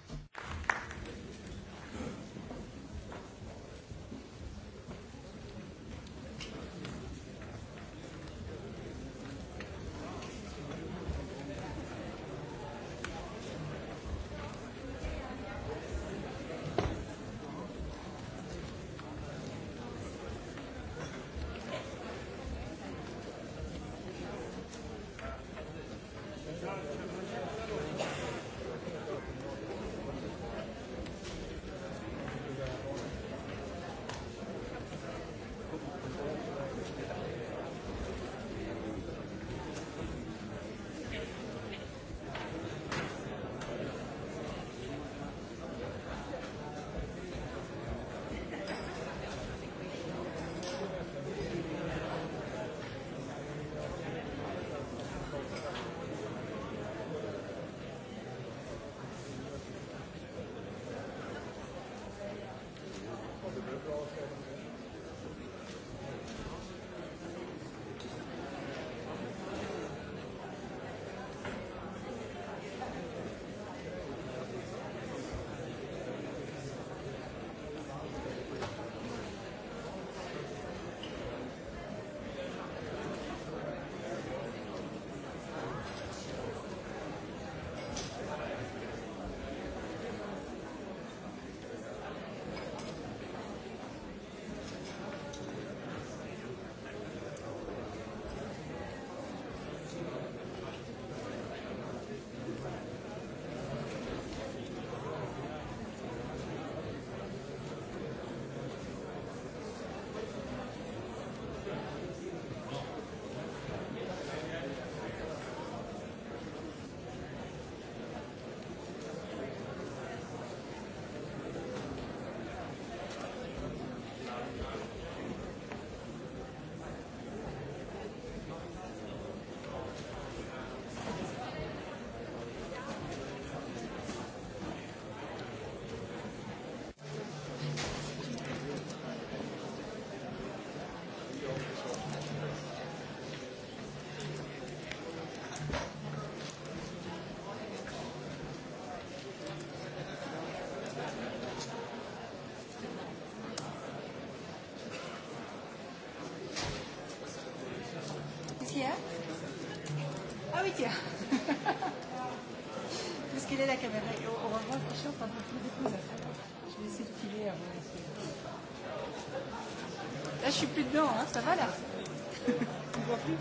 Je vais essayer de filer avant. Là, je suis plus dedans, hein. ça va là On ne voit plus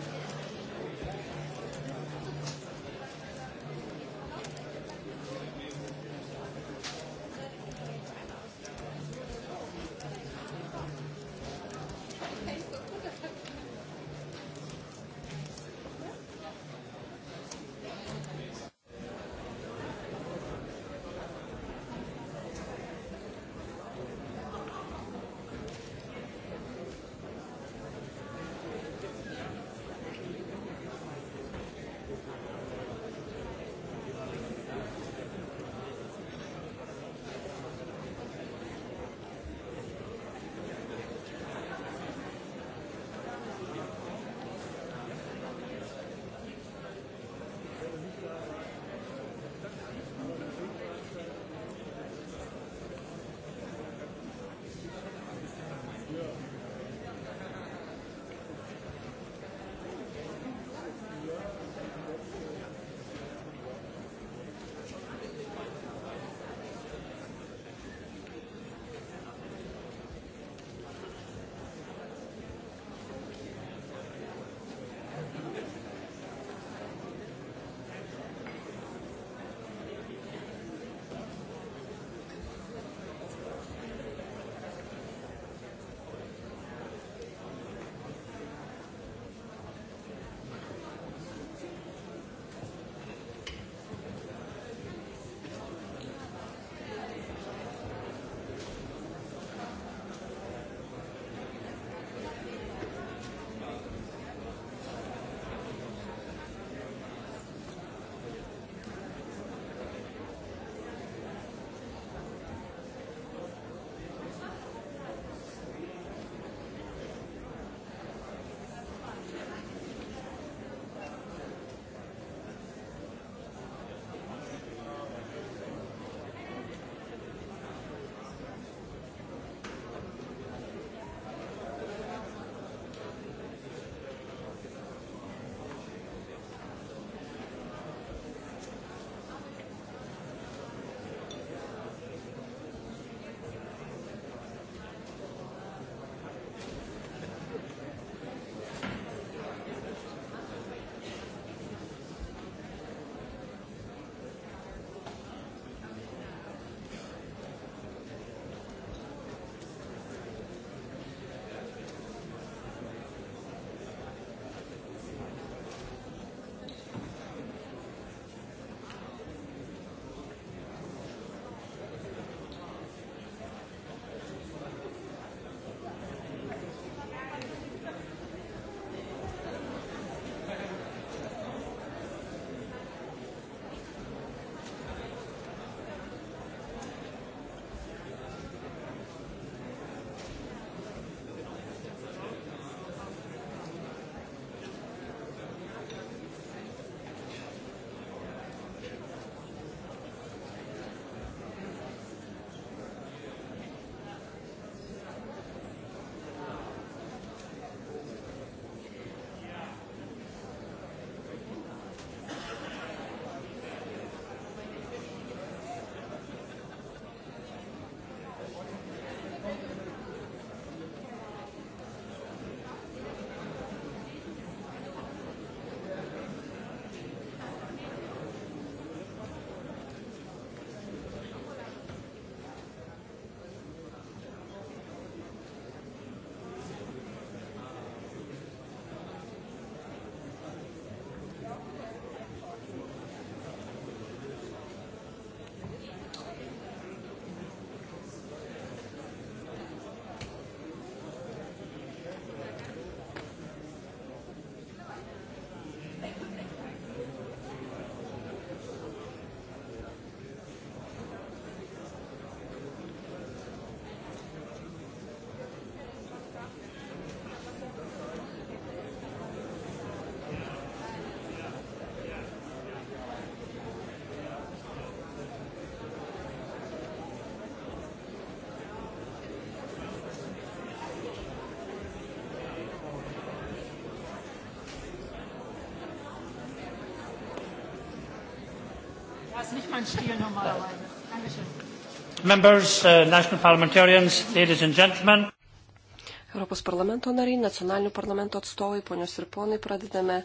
ist nicht mein Stil normalerweise. Dankeschön. Members, uh, national parliamentarians, ladies and gentlemen. Europos parlamento nariai, nacionalinių parlamento atstovai, ponios ir ponai, pradedame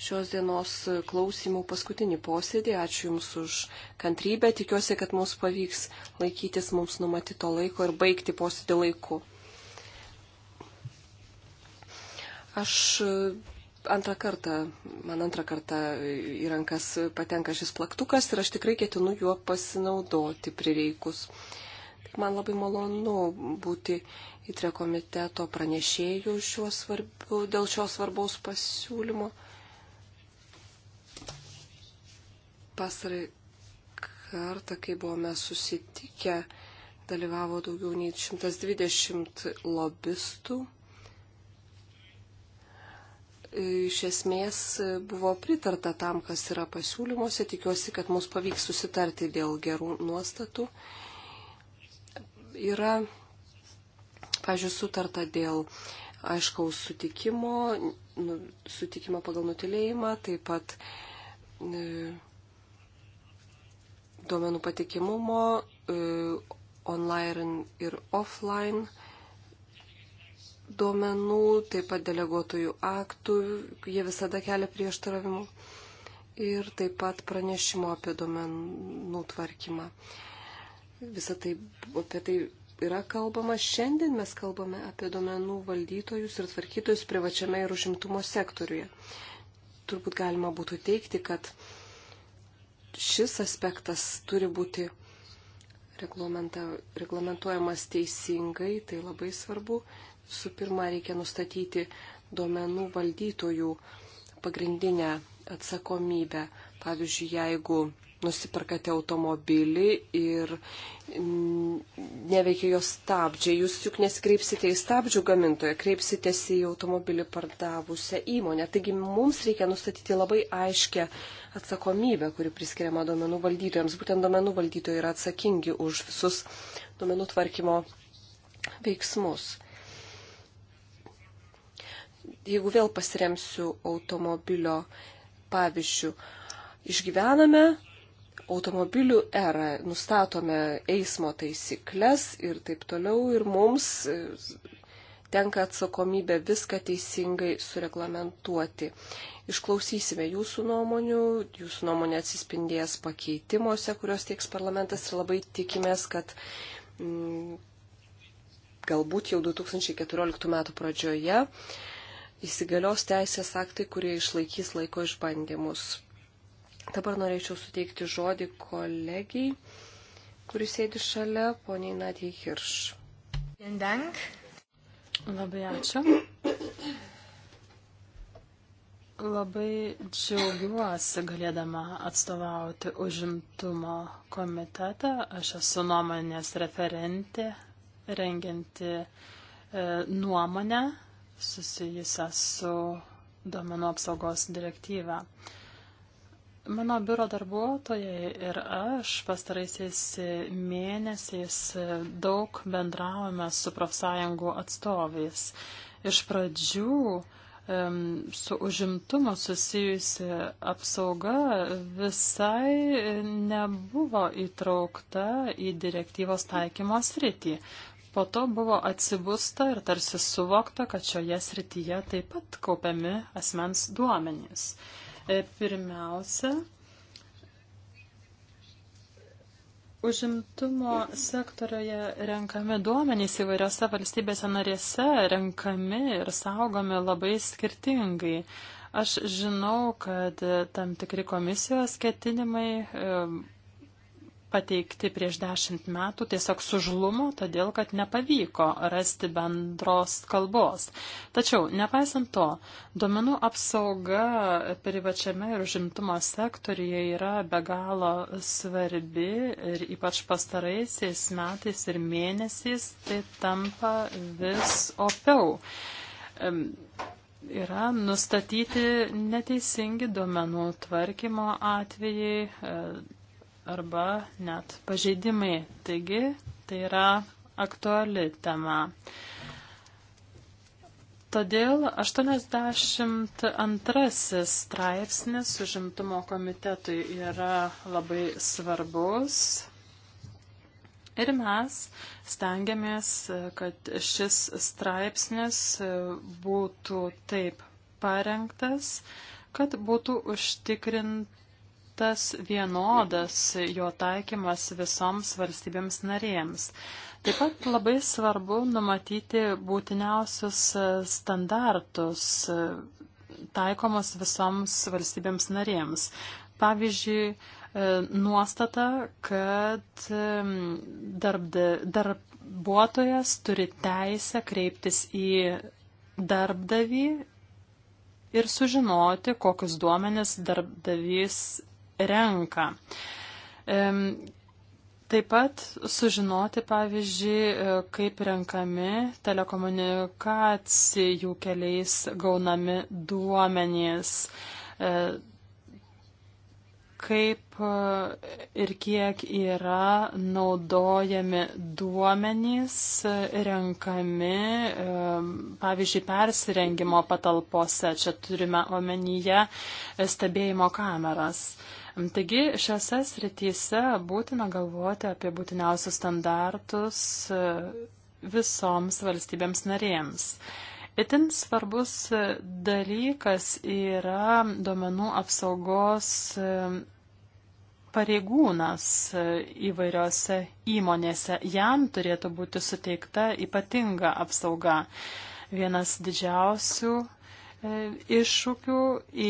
šios dienos klausimų paskutinį posėdį. Ačiū Jums už kantrybę. Tikiuosi, kad mums pavyks laikytis mums numatyto laiko ir baigti posėdį laiku. Aš uh, antrą kartą man antrą kartą į rankas patenka šis plaktukas ir aš tikrai ketinu juo pasinaudoti prireikus. Tai man labai malonu būti įtre komiteto pranešėjų svarbiu, dėl šio svarbaus pasiūlymo. Pasarai kartą, kai buvome susitikę, dalyvavo daugiau nei 120 lobistų iš esmės buvo pritarta tam, kas yra pasiūlymuose. Tikiuosi, kad mums pavyks susitarti dėl gerų nuostatų. Yra, pažiūrėjau, sutarta dėl aiškaus sutikimo, nu, sutikimo pagal nutilėjimą, taip pat e, duomenų patikimumo e, online ir offline duomenų, taip pat deleguotojų aktų, jie visada kelia prieštaravimų ir taip pat pranešimo apie duomenų tvarkymą. Visą tai apie tai yra kalbama. Šiandien mes kalbame apie duomenų valdytojus ir tvarkytojus privačiame ir užimtumo sektoriuje. Turbūt galima būtų teikti, kad šis aspektas turi būti reglamentuojamas teisingai, tai labai svarbu. Visų pirma, reikia nustatyti duomenų valdytojų pagrindinę atsakomybę. Pavyzdžiui, jeigu nusiperkate automobilį ir neveikia jos stabdžiai, jūs juk neskreipsite į stabdžių gamintoją, kreipsitės į automobilį pardavusią įmonę. Taigi mums reikia nustatyti labai aiškę atsakomybę, kuri priskiriama duomenų valdytojams. Būtent duomenų valdytojai yra atsakingi už visus duomenų tvarkymo veiksmus jeigu vėl pasiremsiu automobilio pavyzdžių, išgyvename automobilių erą, nustatome eismo taisyklės ir taip toliau ir mums e, tenka atsakomybė viską teisingai sureglamentuoti. Išklausysime jūsų nuomonių, jūsų nuomonė atsispindės pakeitimuose, kuriuos tieks parlamentas ir labai tikimės, kad mm, galbūt jau 2014 metų pradžioje įsigalios teisės aktai, kurie išlaikys laiko išbandymus. Dabar norėčiau suteikti žodį kolegijai, kuris sėdi šalia, poniai Nadijai Hirš. Dank. Labai ačiū. Labai džiaugiuosi galėdama atstovauti užimtumo komitetą. Aš esu nuomonės referentė, rengianti e, nuomonę susijusią su duomenų apsaugos direktyva. Mano biuro darbuotojai ir aš pastaraisiais mėnesiais daug bendravome su profsąjungų atstovais. Iš pradžių su užimtumu susijusi apsauga visai nebuvo įtraukta į direktyvos taikymos rytį. Po to buvo atsibusta ir tarsi suvokta, kad šioje srityje taip pat kaupiami asmens duomenys. E, pirmiausia, Užimtumo sektorioje renkami duomenys įvairiose valstybėse narėse renkami ir saugomi labai skirtingai. Aš žinau, kad tam tikri komisijos ketinimai e, pateikti prieš dešimt metų tiesiog sužlumo, todėl kad nepavyko rasti bendros kalbos. Tačiau, nepaisant to, duomenų apsauga privačiame ir žimtumo sektoriuje yra be galo svarbi ir ypač pastaraisiais metais ir mėnesiais tai tampa vis opiau yra nustatyti neteisingi duomenų tvarkymo atvejai, e, arba net pažeidimai. Taigi, tai yra aktuali tema. Todėl 82 straipsnis užimtumo komitetui yra labai svarbus. Ir mes stengiamės, kad šis straipsnis būtų taip parengtas, kad būtų užtikrinta numatytas vienodas jo taikymas visoms valstybėms narėms. Taip pat labai svarbu numatyti būtiniausius standartus taikomus visoms valstybėms narėms. Pavyzdžiui, e, nuostata, kad darbuotojas turi teisę kreiptis į darbdavį ir sužinoti, kokius duomenis darbdavys renka. Taip pat sužinoti, pavyzdžiui, kaip renkami telekomunikacijų keliais gaunami duomenys, e, kaip e, ir kiek yra naudojami duomenys renkami, e, pavyzdžiui, persirengimo patalpose, čia turime omenyje stebėjimo kameras. Taigi šiose srityse būtina galvoti apie būtiniausius standartus e, visoms valstybėms narėms. Itin svarbus e, dalykas yra duomenų apsaugos e, pareigūnas įvairiose įmonėse, jam turėtų būti suteikta ypatinga apsauga. Vienas didžiausių iššūkių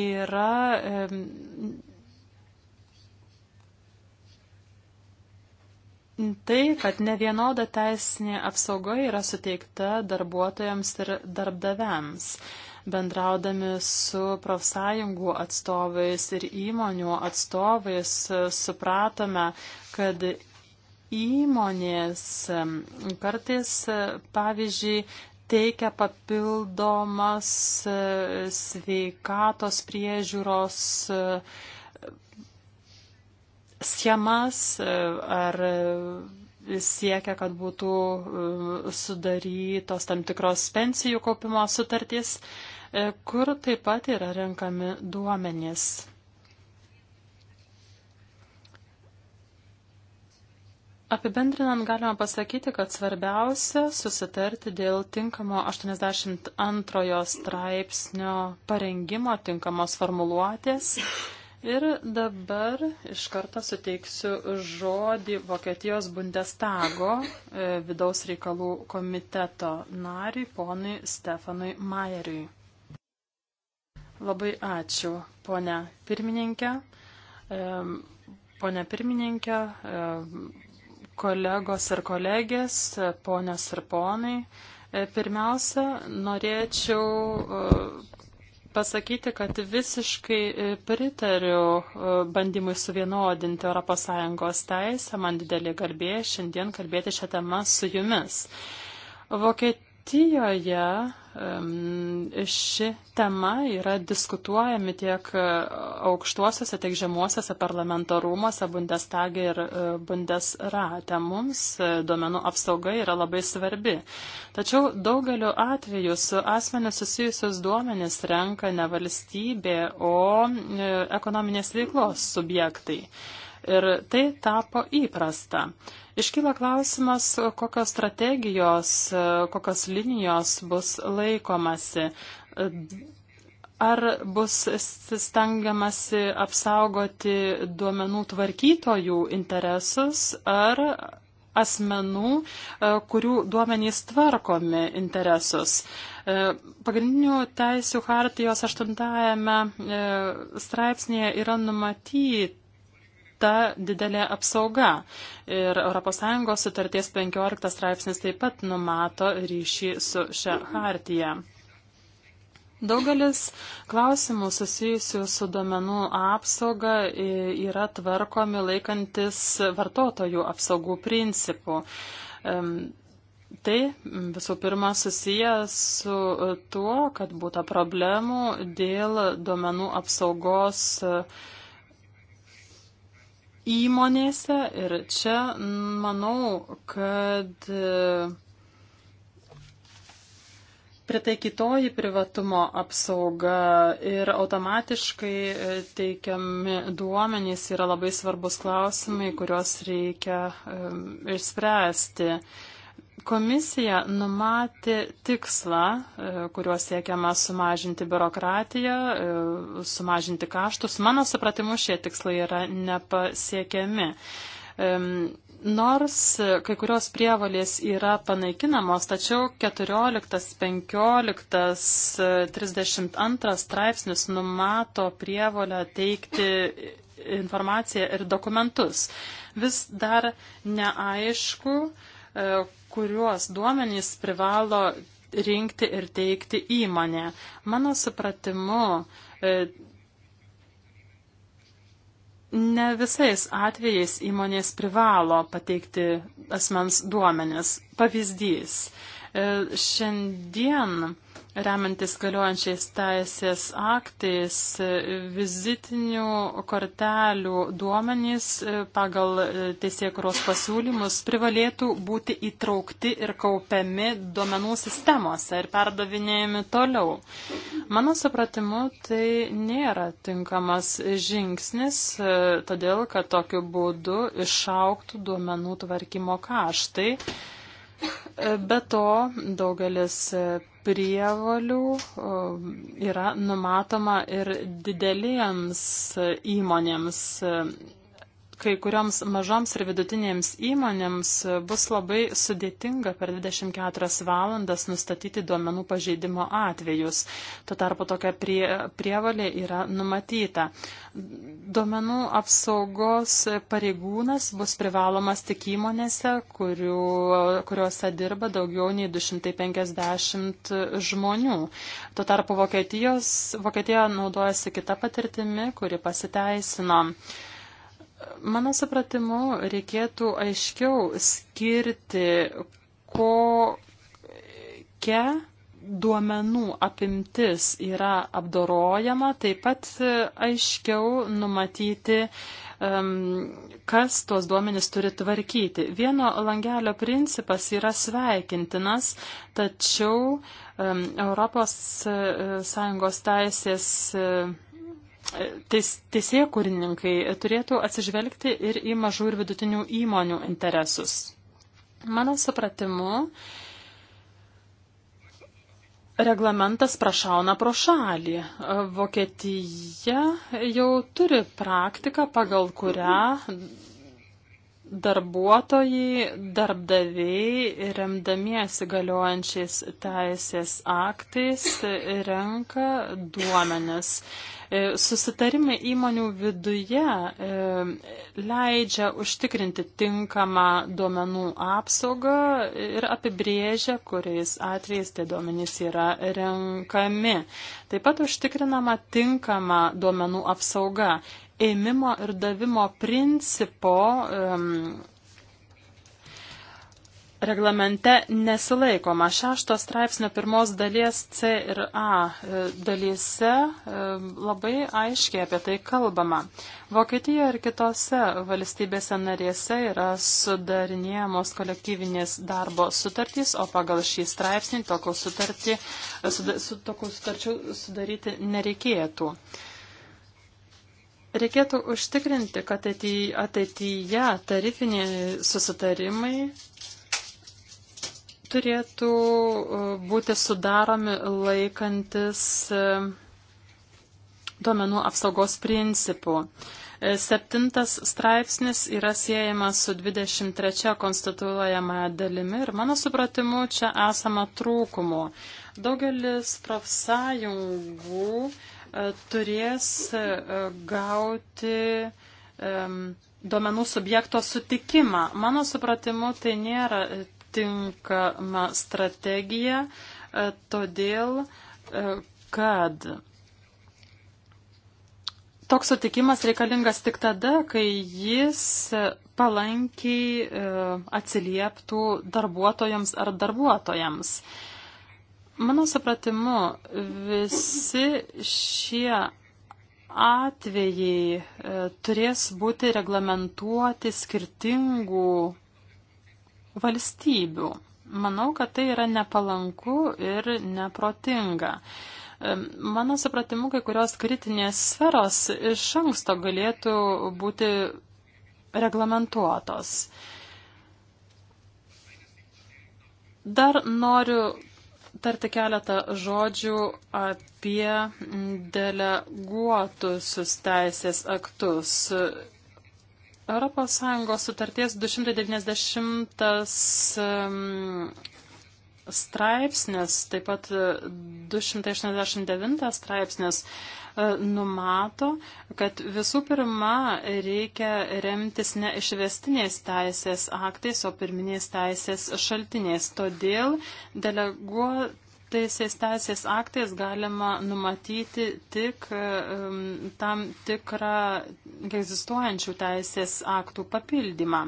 yra tai, kad ne vienoda teisinė apsauga yra suteikta darbuotojams ir darbdaviams bendraudami su profsąjungų atstovais ir įmonių atstovais e, supratome, kad įmonės e, kartais, e, pavyzdžiui, teikia papildomas sveikatos priežiūros schemas e, ar e, siekia, kad būtų e, sudarytos tam tikros pensijų kaupimo sutartys, kur taip pat yra renkami duomenys. Apibendrinant galima pasakyti, kad svarbiausia susitarti dėl tinkamo 82 straipsnio parengimo, tinkamos formuluotės Ir dabar iš karto suteiksiu žodį Vokietijos Bundestago e, vidaus reikalų komiteto nariui, ponui Stefanui Mayeriui. Labai ačiū, ponia pirmininkė. E, Pone pirmininkė, e, kolegos ir kolegės, ponios ir ponai. Pirmiausia, norėčiau pasakyti, kad visiškai e, pritariu e, bandymui suvienodinti ES teisę. Man didelė garbė šiandien kalbėti šią temą su jumis. Vokietija Vokietijoje ši tema yra diskutuojami tiek e, aukštuosiuose, tiek žemuosiuose parlamento rūmuose, Bundestage ir e, Bundesrate. Mums e, duomenų apsauga yra labai svarbi. Tačiau daugeliu atveju su asmenė susijusius duomenis renka ne valstybė, o ekonominės veiklos subjektai. Ir tai tapo įprasta. Iškyla klausimas, kokios strategijos, kokios linijos bus laikomasi. Ar bus stengiamasi apsaugoti duomenų tvarkytojų interesus, ar asmenų, kurių duomenys tvarkomi interesus. Pagrindinių teisų hartijos 8 e, straipsnėje yra numatyta, ta didelė apsauga. Ir ES sutarties 15 straipsnis taip pat numato ryšį su šia hartija. Daugelis klausimų susijusių su domenų apsauga e, yra tvarkomi laikantis vartotojų apsaugų principų. Tai visų pirma susiję su tuo, kad būtų problemų dėl domenų apsaugos uh, įmonėse ir čia manau, kad e, pritaikytoji privatumo apsauga ir automatiškai e, teikiami duomenys yra labai svarbus klausimai, kuriuos reikia e, išspręsti. Um, Komisija numatė tikslą, e, kuriuo siekiama sumažinti biurokratiją, e, sumažinti kaštus. Mano supratimu, šie tikslai yra nepasiekiami. Nors kai kurios prievalės yra panaikinamos, tačiau 14, 15, 32 straipsnis numato prievalę teikti informaciją ir dokumentus. Vis dar neaišku, e, kuriuos duomenys privalo rinkti ir teikti įmonė. Mano supratimu, e, ne visais atvejais įmonės privalo pateikti asmens duomenis. Pavyzdys. E, šiandien remiantis galiojančiais teisės aktais, vizitinių kortelių duomenys e, pagal e, teisėkuros pasiūlymus privalėtų būti įtraukti ir kaupiami duomenų sistemose ir perdavinėjami toliau. Mano supratimu, tai nėra tinkamas žingsnis, e, todėl kad tokiu būdu išauktų duomenų tvarkymo kaštai. Be to, daugelis prievalių yra numatoma ir didelėms įmonėms kai kurioms mažoms ir vidutinėms įmonėms e, bus labai sudėtinga per 24 valandas nustatyti duomenų pažeidimo atvejus. Tuo tarpu tokia prie, prievalė yra numatyta. Duomenų apsaugos pareigūnas bus privalomas tik įmonėse, kurių, kuriuose dirba daugiau nei 250 žmonių. Tuo tarpu Vokietijos, Vokietija naudojasi kita patirtimi, kuri pasiteisino. Mano supratimu, reikėtų aiškiau skirti, kokia duomenų apimtis yra apdorojama, taip pat aiškiau numatyti, kas tuos duomenys turi tvarkyti. Vieno langelio principas yra sveikintinas, tačiau ES e, teisės e, teis, teisėkurininkai turėtų atsižvelgti ir į mažų ir vidutinių įmonių interesus. Mano supratimu, reglamentas prašauna pro šalį. Vokietija jau turi praktiką, pagal kurią darbuotojai, darbdaviai, remdamiesi galiojančiais teisės aktais, renka duomenis. E, susitarimai įmonių viduje e, leidžia užtikrinti tinkamą duomenų apsaugą ir apibrėžia, kuriais atvejais tie duomenys yra renkami. Taip pat užtikrinama tinkama duomenų apsauga. Ėmimo ir davimo principo um, reglamente nesilaikoma. Šešto straipsnio pirmos dalies C ir A e, dalyse e, labai aiškiai apie tai kalbama. Vokietijoje ir kitose valstybėse narėse yra sudarinėjamos kolektyvinės darbo sutartys, o pagal šį straipsnį tokių sutartį, su, tokių sutarčių sudaryti nereikėtų. Reikėtų užtikrinti, kad ateityje tarifiniai susitarimai turėtų e, būti sudaromi laikantis e, duomenų apsaugos principų. E, septintas straipsnis yra siejamas su 23 konstituojamąją dalimi ir mano supratimu čia esama trūkumų. Daugelis profsąjungų turės gauti duomenų subjekto sutikimą. Mano supratimu, tai nėra tinkama strategija, e, todėl, e, kad toks sutikimas reikalingas tik tada, kai jis palankiai e, atsilieptų darbuotojams ar darbuotojams. Mano supratimu, visi šie atvejai turės būti reglamentuoti skirtingų valstybių. Manau, kad tai yra nepalanku ir neprotinga. Mano supratimu, kai kurios kritinės sferos iš anksto galėtų būti reglamentuotos. Dar noriu tarti keletą žodžių apie deleguotusius teisės aktus. ES sutarties 290 straipsnis, taip pat 289 straipsnis e, numato, kad visų pirma reikia remtis ne išvestiniais teisės aktais, o pirminiais teisės šaltiniais. Todėl deleguot taisiais teisės aktais galima numatyti tik tam tikrą egzistuojančių teisės aktų papildymą.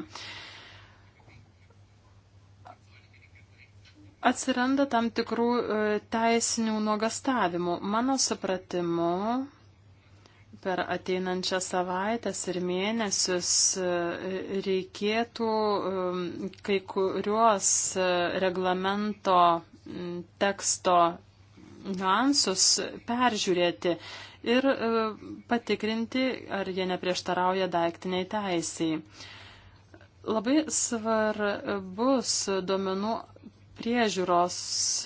Atsiranda tam tikrų e, teisinių nuogastavimų. Mano supratimu, per ateinančią savaitęs ir mėnesius e, reikėtų kai kuriuos e, reglamento Mm, teksto niuansus peržiūrėti ir e, patikrinti, ar jie neprieštarauja daiktiniai teisiai. Labai svarbus duomenų priežiūros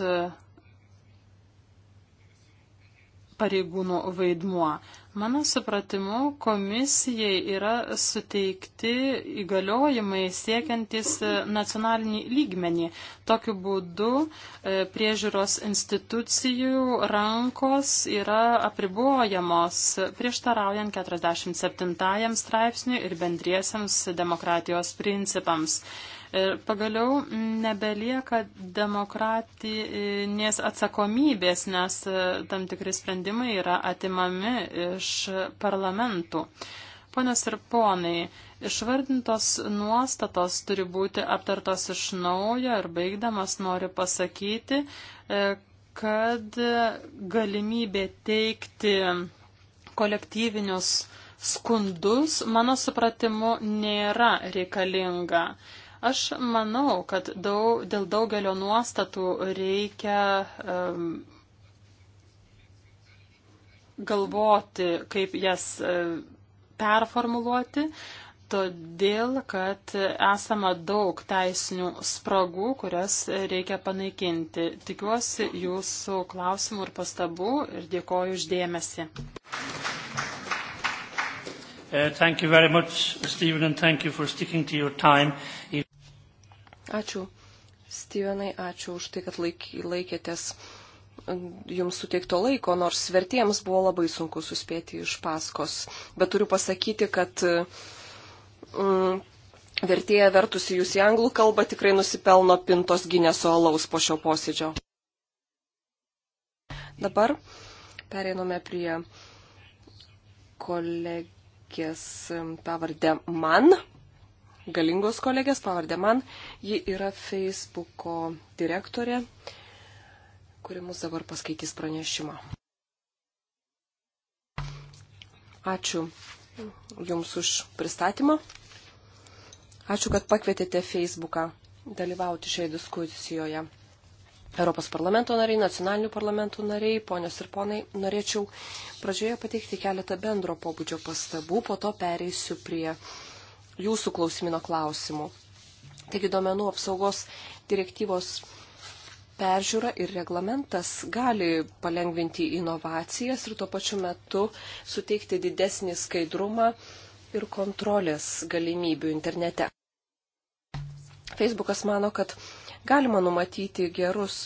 e, pareigūnų vaidmuo. Mano supratimu, komisijai yra suteikti įgaliojimai siekiantis e, nacionalinį lygmenį. Tokiu būdu e, priežiūros institucijų rankos yra apribojamos prieštaraujant 47 straipsniui ir bendriesiams demokratijos principams. Ir pagaliau nebelieka demokratinės atsakomybės, nes e, tam tikri sprendimai yra atimami iš parlamentų. Ponios ir ponai, išvardintos nuostatos turi būti aptartos iš naujo ir baigdamas noriu pasakyti, e, kad galimybė teikti kolektyvinius skundus, mano supratimu, nėra reikalinga. Aš manau, kad daug, dėl daugelio nuostatų reikia um, galvoti, kaip jas um, performuluoti, todėl, kad esama daug teisinių spragų, kurias reikia panaikinti. Tikiuosi jūsų klausimų ir pastabų ir dėkoju uždėmesi. Uh, thank you very much, Stephen, and thank you for sticking to your time. Ačiū, Stevenai, ačiū už tai, kad laik, laikėtės um, jums suteikto laiko, nors vertėjams buvo labai sunku suspėti iš paskos. Bet turiu pasakyti, kad mm, vertėja vertusi jūs į anglų kalbą tikrai nusipelno pintos gineso alaus po šio posėdžio. Dabar pereiname prie kolegės um, pavardę man, galingos kolegės pavardė man. Ji yra Facebooko direktorė, kuri mus dabar paskaitys pranešimą. Ačiū Jums už pristatymą. Ačiū, kad pakvietėte Facebooką dalyvauti šioje diskusijoje. Europos parlamento nariai, nacionalinių parlamentų nariai, ponios ir ponai, norėčiau pradžioje pateikti keletą bendro pobūdžio pastabų, po to pereisiu prie jūsų klausimino klausimų. Taigi duomenų apsaugos direktyvos peržiūra ir reglamentas gali palengvinti inovacijas ir tuo pačiu metu suteikti didesnį skaidrumą ir kontrolės galimybių internete. Facebookas mano, kad galima numatyti gerus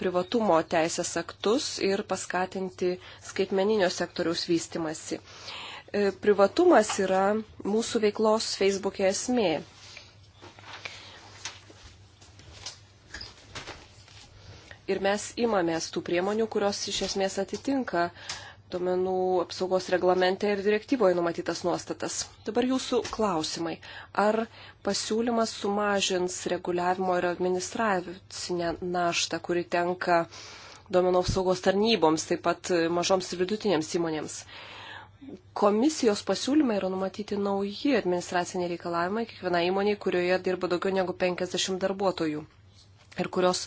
privatumo teisės aktus ir paskatinti skaitmeninio sektoriaus vystimasi. E, privatumas yra mūsų veiklos Facebook'e esmė. Ir mes imamės tų priemonių, kurios iš esmės atitinka duomenų apsaugos reglamente ir direktyvoje numatytas nuostatas. Dabar jūsų klausimai. Ar pasiūlymas sumažins reguliavimo ir administracinę naštą, kuri tenka duomenų apsaugos tarnyboms, taip pat mažoms ir vidutinėms įmonėms? komisijos pasiūlyme yra numatyti nauji administraciniai reikalavimai kiekvienai įmoniai, kurioje dirba daugiau negu 50 darbuotojų ir kurios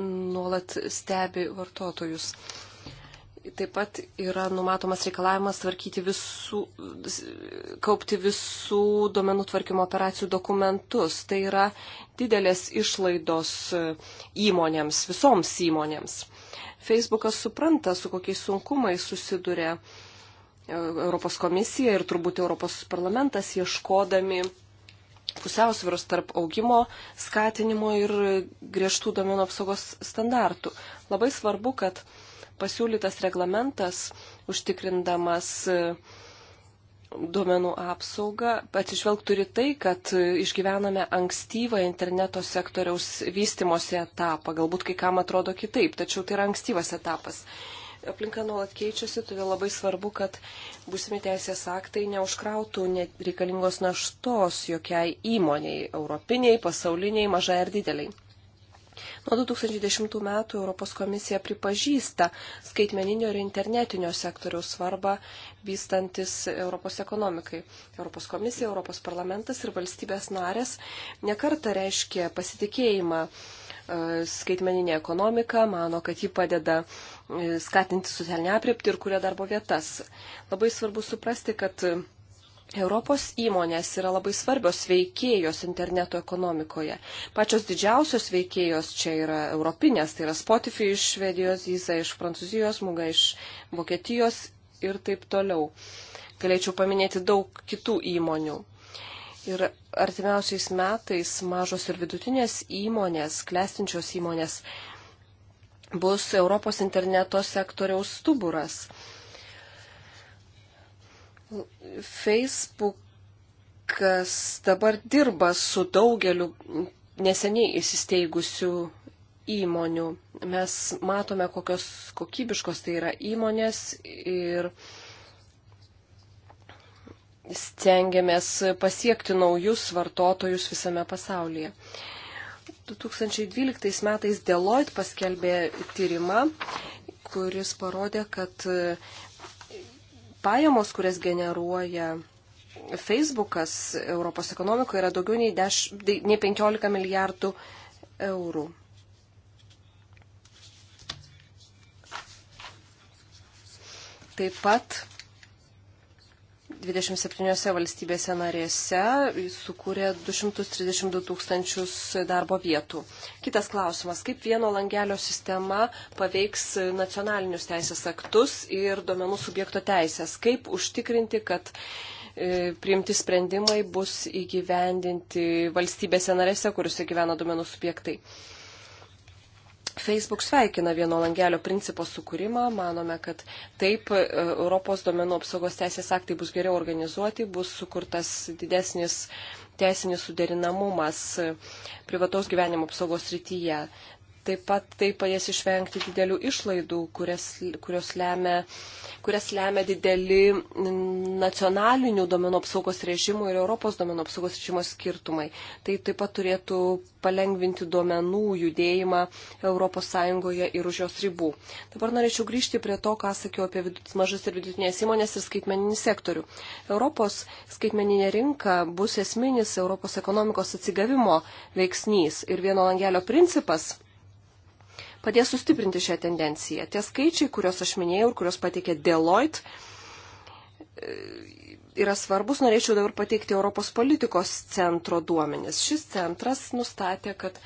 nuolat stebi vartotojus. Taip pat yra numatomas reikalavimas tvarkyti visų, kaupti visų duomenų tvarkymo operacijų dokumentus. Tai yra didelės išlaidos įmonėms, visoms įmonėms. Facebookas supranta, su kokiais sunkumais susiduria uh, Europos komisija ir turbūt Europos parlamentas ieškodami pusiausvėros tarp augimo, skatinimo ir griežtų domenų apsaugos standartų. Labai svarbu, kad pasiūlytas reglamentas užtikrindamas e, duomenų apsaugą, atsižvelgtų ir tai, kad išgyvename ankstyvą interneto sektoriaus vystimosi etapą. Galbūt kai kam atrodo kitaip, tačiau tai yra ankstyvas etapas aplinka nuolat keičiasi, todėl labai svarbu, kad būsimi teisės aktai neužkrautų reikalingos naštos jokiai įmoniai - europiniai, pasauliniai, mažai ar dideliai. Nuo 2010 metų Europos komisija pripažįsta skaitmeninio ir internetinio sektoriaus svarbą vystantis Europos ekonomikai. Europos komisija, Europos parlamentas ir valstybės narės nekarta reiškia pasitikėjimą E, skaitmeninė ekonomika, mano, kad ji padeda e, skatinti socialinę aprepti ir kuria darbo vietas. Labai svarbu suprasti, kad Europos įmonės yra labai svarbios veikėjos interneto ekonomikoje. Pačios didžiausios veikėjos čia yra europinės, tai yra Spotify iš Švedijos, Iza iš Prancūzijos, Muga iš Vokietijos ir taip toliau. Galėčiau paminėti daug kitų įmonių. Ir artimiausiais metais mažos ir vidutinės įmonės, klestinčios įmonės bus Europos interneto sektoriaus stuburas. Facebookas dabar dirba su daugeliu neseniai įsisteigusių įmonių. Mes matome, kokios kokybiškos tai yra įmonės ir stengiamės pasiekti naujus vartotojus visame pasaulyje. 2012 metais Deloitte paskelbė tyrimą, kuris parodė, kad pajamos, kurias generuoja Facebookas Europos ekonomikoje, yra daugiau nei, 10, nei 15 milijardų eurų. Taip pat 27 valstybėse narėse sukūrė 232 tūkstančius darbo vietų. Kitas klausimas, kaip vieno langelio sistema paveiks nacionalinius teisės aktus ir duomenų subjekto teisės? Kaip užtikrinti, kad priimti sprendimai bus įgyvendinti valstybėse narėse, kuriuose gyvena duomenų subjektai? Facebook sveikina vieno langelio principo sukūrimą, manome, kad taip e, Europos domenų apsaugos teisės aktai bus geriau organizuoti, bus sukurtas didesnis teisinis suderinamumas e, privataus gyvenimo apsaugos rytyje. Taip pat tai padės išvengti didelių išlaidų, kurias, kurios lemia, kurias lemia dideli nacionalinių domenų apsaugos režimų ir Europos domenų apsaugos režimo skirtumai. Tai taip pat turėtų palengvinti domenų judėjimą ES ir už jos ribų. Dabar norėčiau grįžti prie to, ką sakiau apie vidut, mažas ir vidutinės įmonės ir skaitmeninį sektorių. Europos skaitmeninė rinka bus esminis Europos ekonomikos atsigavimo veiksnys ir vieno langelio principas padės sustiprinti šią tendenciją. Tie skaičiai, kuriuos aš minėjau ir kuriuos pateikė Deloitte, e, yra svarbus. Norėčiau dabar pateikti Europos politikos centro duomenis. Šis centras nustatė, kad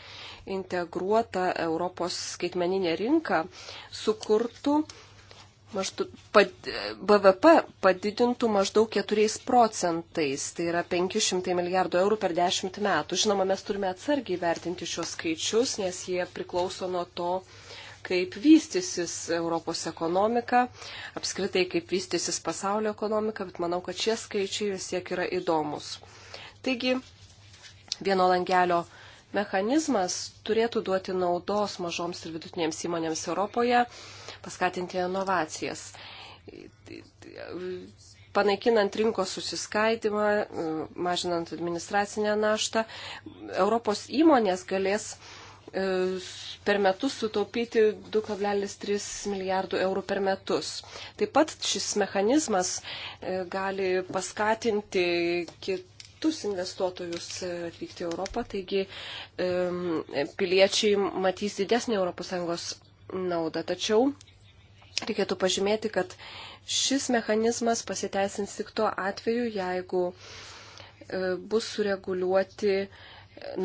integruota Europos skaitmeninė rinka sukurtų maždaug, pad, BVP padidintų maždaug 4 procentais, tai yra 500 milijardų eurų per 10 metų. Žinoma, mes turime atsargiai vertinti šios skaičius, nes jie priklauso nuo to, kaip vystysis Europos ekonomika, apskritai kaip vystysis pasaulio ekonomika, bet manau, kad šie skaičiai vis tiek yra įdomus. Taigi, vieno langelio mechanizmas turėtų duoti naudos mažoms ir vidutinėms įmonėms Europoje paskatinti inovacijas. Panaikinant rinkos susiskaidimą, mažinant administracinę naštą, Europos įmonės galės e, per metus sutaupyti 2,3 milijardų eurų per metus. Taip pat šis mechanizmas e, gali paskatinti kitus investuotojus e, atvykti į Europą, taigi piliečiai matys didesnį ES naudą. Tačiau Reikėtų pažymėti, kad šis mechanizmas pasiteisins tik tuo atveju, jeigu e, bus sureguliuoti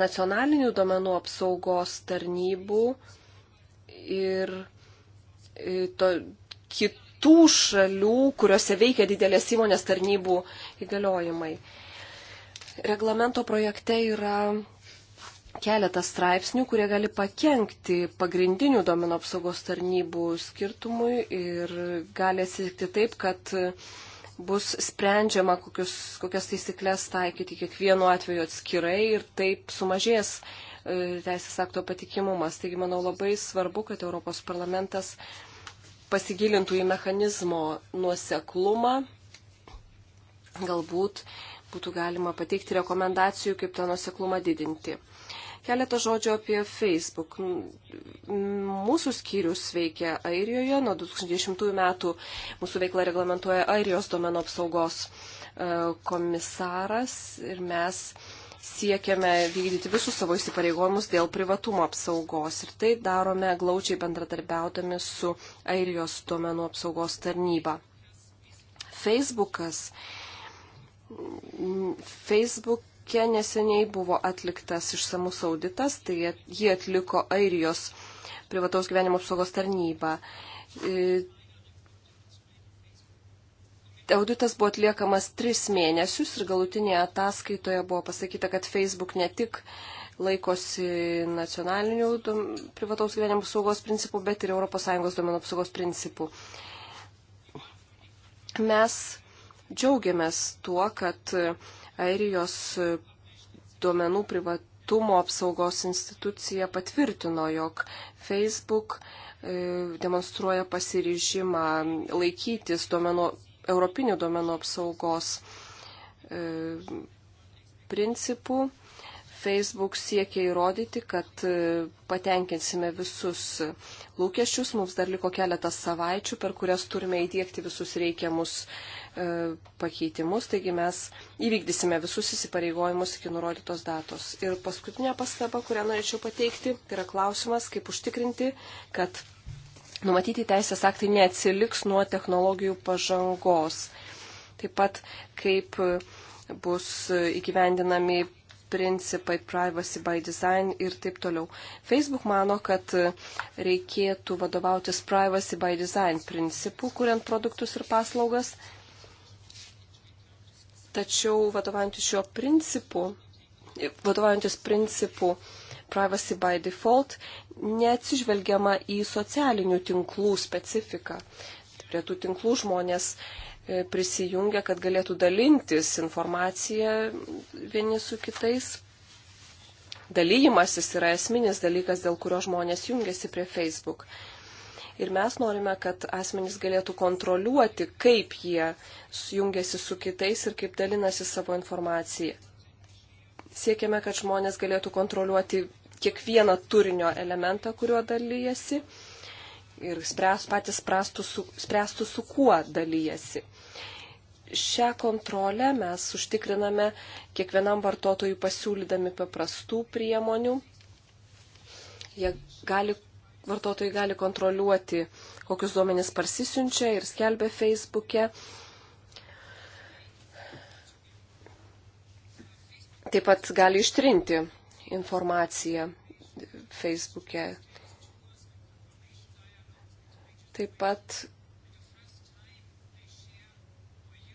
nacionalinių domenų apsaugos tarnybų ir e, to, kitų šalių, kuriuose veikia didelės įmonės tarnybų įgaliojimai. Reglamento projekte yra keletą straipsnių, kurie gali pakengti pagrindinių domino apsaugos tarnybų skirtumui ir gali atsitikti taip, kad bus sprendžiama, kokius, kokias taisyklės taikyti kiekvienu atveju atskirai ir taip sumažės e, teisės akto patikimumas. Taigi, manau, labai svarbu, kad Europos parlamentas pasigilintų į mechanizmo nuoseklumą. Galbūt būtų galima pateikti rekomendacijų, kaip tą nuoseklumą didinti. Keletą žodžių apie Facebook. Mūsų skyrius veikia Airijoje. Nuo 2010 metų mūsų veiklą reglamentuoja Airijos domenų apsaugos e, komisaras ir mes siekiame vykdyti visus savo įsipareigojimus dėl privatumo apsaugos ir tai darome glaučiai bendradarbiaudami su Airijos duomenų apsaugos tarnyba. Facebookas. Facebook banke neseniai buvo atliktas išsamus auditas, tai jį atliko Airijos privataus gyvenimo apsaugos tarnyba. E, auditas buvo atliekamas tris mėnesius ir galutinėje ataskaitoje buvo pasakyta, kad Facebook ne tik laikosi nacionalinių privataus gyvenimo apsaugos principų, bet ir ES duomenų apsaugos principų. Mes džiaugiamės tuo, kad Airijos e, duomenų privatumo apsaugos institucija patvirtino, jog Facebook e, demonstruoja pasiryžimą laikytis duomenų, europinių duomenų apsaugos e, principų. Facebook siekia įrodyti, kad patenkinsime visus lūkesčius. Mums dar liko keletas savaičių, per kurias turime įdėkti visus reikiamus E, pakeitimus, taigi mes įvykdysime visus įsipareigojimus iki nurodytos datos. Ir paskutinė pastaba, kurią norėčiau pateikti, tai yra klausimas, kaip užtikrinti, kad numatyti teisės aktai neatsiliks nuo technologijų pažangos. Taip pat, kaip bus įgyvendinami principai privacy by design ir taip toliau. Facebook mano, kad reikėtų vadovautis privacy by design principų, kuriant produktus ir paslaugas. Tačiau vadovantis šiuo principu, vadovantis principu privacy by default, neatsižvelgiama į socialinių tinklų specifiką. Prie tų tinklų žmonės e, prisijungia, kad galėtų dalintis informaciją vieni su kitais. Dalyjimasis yra esminis dalykas, dėl kurio žmonės jungiasi prie Facebook. Ir mes norime, kad asmenys galėtų kontroliuoti, kaip jie jungiasi su kitais ir kaip dalinasi savo informaciją. Siekiame, kad žmonės galėtų kontroliuoti kiekvieną turinio elementą, kuriuo dalyjasi ir spręs, patys prastų su, spręstų, su kuo dalyjasi. Šią kontrolę mes užtikriname kiekvienam vartotojui pasiūlydami paprastų priemonių. Jie gali vartotojai gali kontroliuoti, kokius duomenys parsisiunčia ir skelbia Facebook'e. Taip pat gali ištrinti informaciją Facebook'e. Taip pat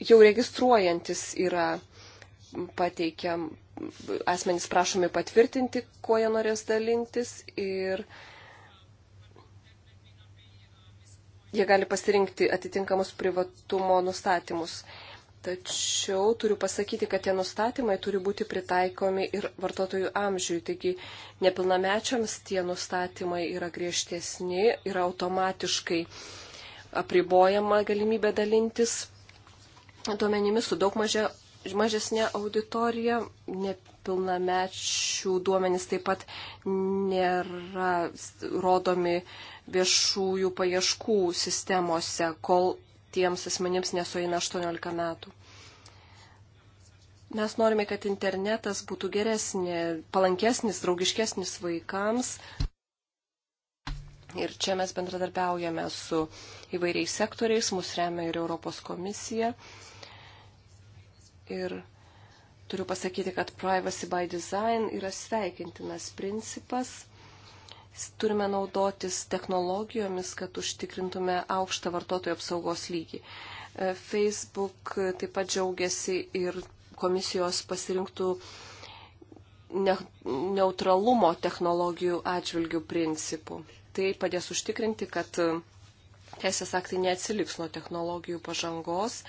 jau registruojantis yra pateikiam, asmenys prašomi patvirtinti, kuo jie norės dalintis ir jie gali pasirinkti atitinkamus privatumo nustatymus. Tačiau turiu pasakyti, kad tie nustatymai turi būti pritaikomi ir vartotojų amžiui. Taigi nepilnamečiams tie nustatymai yra griežtesni, yra automatiškai apribojama galimybė dalintis duomenimis su daug mažia, mažesnė auditorija. Ne, nepilnamečių duomenys taip pat nėra rodomi viešųjų paieškų sistemose, kol tiems asmenims nesueina 18 metų. Mes norime, kad internetas būtų geresnė, palankesnis, draugiškesnis vaikams. Ir čia mes bendradarbiaujame su įvairiais sektoriais, mus remia ir Europos komisija. Ir turiu pasakyti, kad privacy by design yra sveikintinas principas. Turime naudotis technologijomis, kad užtikrintume aukštą vartotojų apsaugos lygį. E, Facebook taip pat džiaugiasi ir komisijos pasirinktų ne, neutralumo technologijų atžvilgių principų. Tai padės užtikrinti, kad teisės aktai neatsiliks nuo technologijų pažangos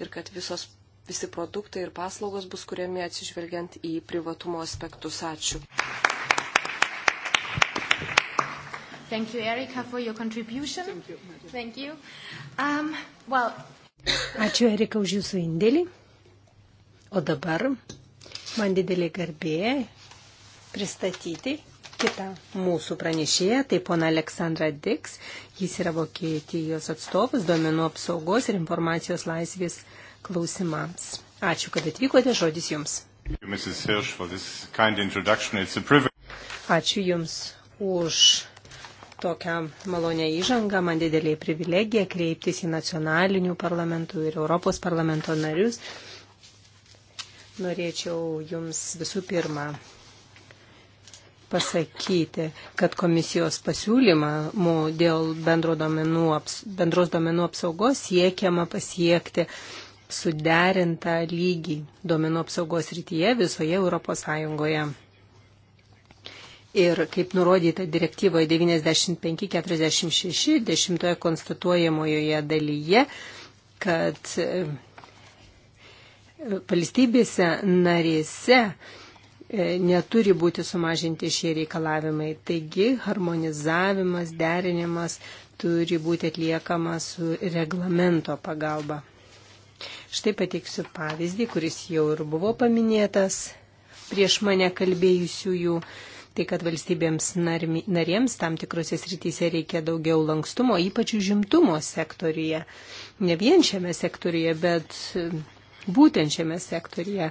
ir kad visos visi produktai ir paslaugos bus kuriami atsižvelgiant į privatumo aspektus. Ačiū. Thank you, Erika, for your contribution. Thank you. Thank you. Um, well... Ačiū, Erika, už jūsų indėlį. O dabar man didelė garbė pristatyti kitą mūsų pranešėją, tai pona Aleksandra Diks. Jis yra Vokietijos atstovas duomenų apsaugos ir informacijos laisvės klausimams. Ačiū, kad atvykote, žodis Jums. Ačiū Jums už tokią malonę įžangą. Man didelė privilegija kreiptis į nacionalinių parlamentų ir Europos parlamento narius. Norėčiau Jums visų pirma pasakyti, kad komisijos pasiūlymą dėl bendro domenų, bendros domenų apsaugos siekiama pasiekti suderintą lygį duomenų apsaugos rytyje visoje Europos Sąjungoje. Ir kaip nurodyta direktyvoje 95-46 dešimtoje konstatuojamojoje dalyje, kad e, valstybėse narėse e, neturi būti sumažinti šie reikalavimai. Taigi harmonizavimas, derinimas turi būti atliekamas su reglamento pagalba. Štai pateiksiu pavyzdį, kuris jau ir buvo paminėtas prieš mane kalbėjusiųjų. Tai, kad valstybėms narėms tam tikrose srityse reikia daugiau lankstumo, ypač užimtumo sektorija. Ne vien šiame sektorija, bet e, būtent šiame sektorija.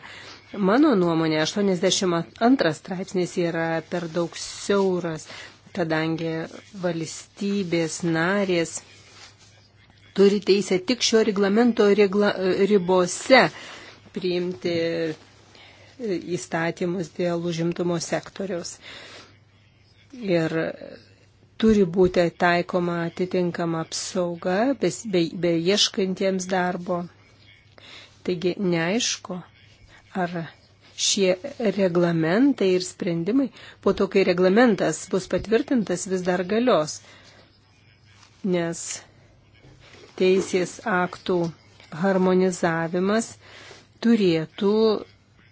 Mano nuomonė, 82 straipsnis yra per daug siauras, kadangi valstybės narės turi teisę tik šio reglamento regla, ribose priimti įstatymus dėl užimtumo sektoriaus. Ir turi būti taikoma atitinkama apsauga, beieškantiems be, be darbo. Taigi neaišku, ar šie reglamentai ir sprendimai po to, kai reglamentas bus patvirtintas, vis dar galios. Nes teisės aktų harmonizavimas turėtų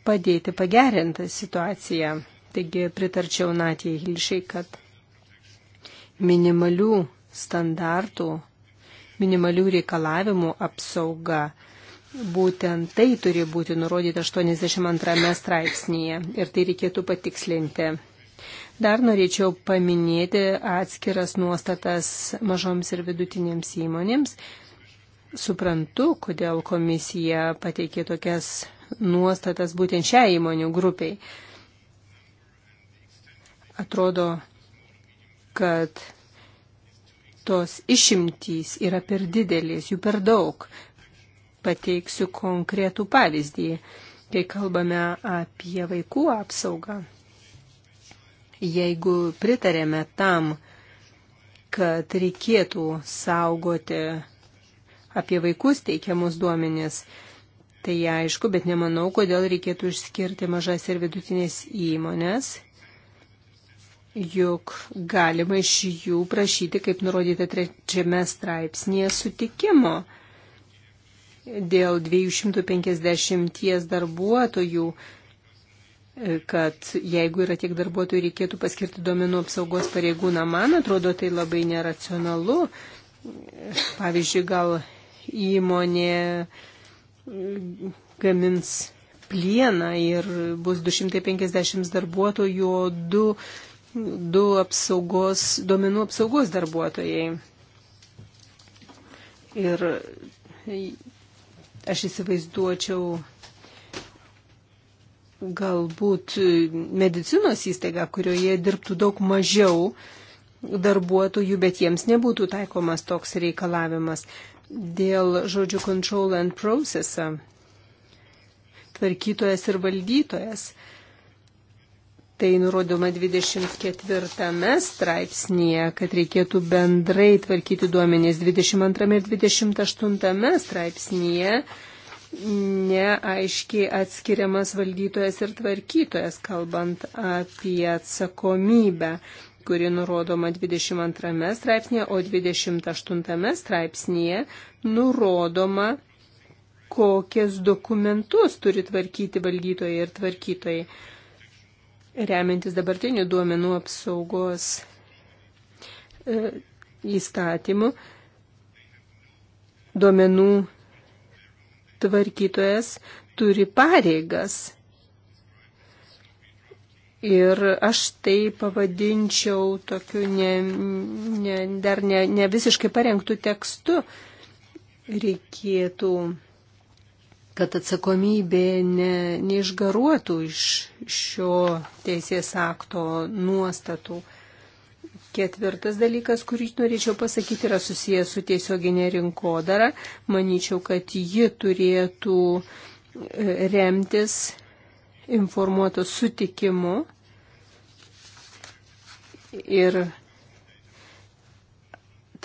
padėti pagerinti situaciją. Taigi pritarčiau Natijai Hilšiai, kad minimalių standartų, minimalių reikalavimų apsauga būtent tai turi būti nurodyta 82 straipsnėje ir tai reikėtų patikslinti. Dar norėčiau paminėti atskiras nuostatas mažoms ir vidutinėms įmonėms. Suprantu, kodėl komisija pateikė tokias nuostatas būtent šią įmonių grupiai. Atrodo, kad tos išimtys yra per didelės, jų per daug. Pateiksiu konkretų pavyzdį, kai kalbame apie vaikų apsaugą. Jeigu pritarėme tam, kad reikėtų saugoti apie vaikus teikiamus duomenis, tai aišku, bet nemanau, kodėl reikėtų išskirti mažas ir vidutinės įmonės, juk galima iš jų prašyti, kaip nurodyta trečiame straipsnėje, sutikimo dėl 250 darbuotojų kad jeigu yra tiek darbuotojų, reikėtų paskirti duomenų apsaugos pareigūną. Man atrodo, tai labai neracionalu. Pavyzdžiui, gal įmonė gamins plieną ir bus 250 darbuotojų, o du, du apsaugos, duomenų apsaugos darbuotojai. Ir aš įsivaizduočiau galbūt medicinos įstaiga, kurioje dirbtų daug mažiau darbuotojų, bet jiems nebūtų taikomas toks reikalavimas. Dėl žodžių control and processą, tvarkytojas ir valdytojas, tai nurodoma 24 straipsnėje, kad reikėtų bendrai tvarkyti duomenys 22 ir 28 straipsnėje neaiškiai atskiriamas valdytojas ir tvarkytojas, kalbant apie atsakomybę, kuri nurodoma 22 straipsnėje, o 28 straipsnėje nurodoma, kokias dokumentus turi tvarkyti valdytojai ir tvarkytojai. Remiantis dabartinių duomenų apsaugos e, įstatymų, duomenų tvarkytojas turi pareigas. Ir aš tai pavadinčiau tokiu ne, ne, dar ne, ne visiškai parengtų tekstu. Reikėtų, kad atsakomybė ne, neišgaruotų iš šio teisės akto nuostatų. Ketvirtas dalykas, kurį norėčiau pasakyti, yra susijęs su tiesioginė rinkodara. Manyčiau, kad ji turėtų e, remtis informuoto sutikimu ir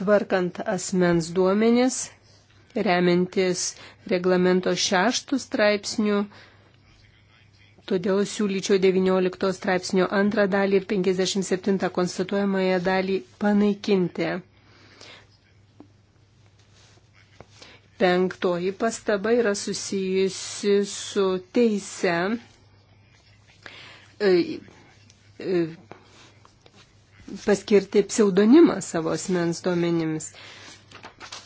tvarkant asmens duomenis, remiantis reglamento šeštų straipsnių Todėl siūlyčiau 19 straipsnio antrą dalį ir 57 konstatuojamąją dalį panaikinti. Penktoji pastaba yra susijusi su teise e, e, paskirti pseudonimą savo asmens duomenims.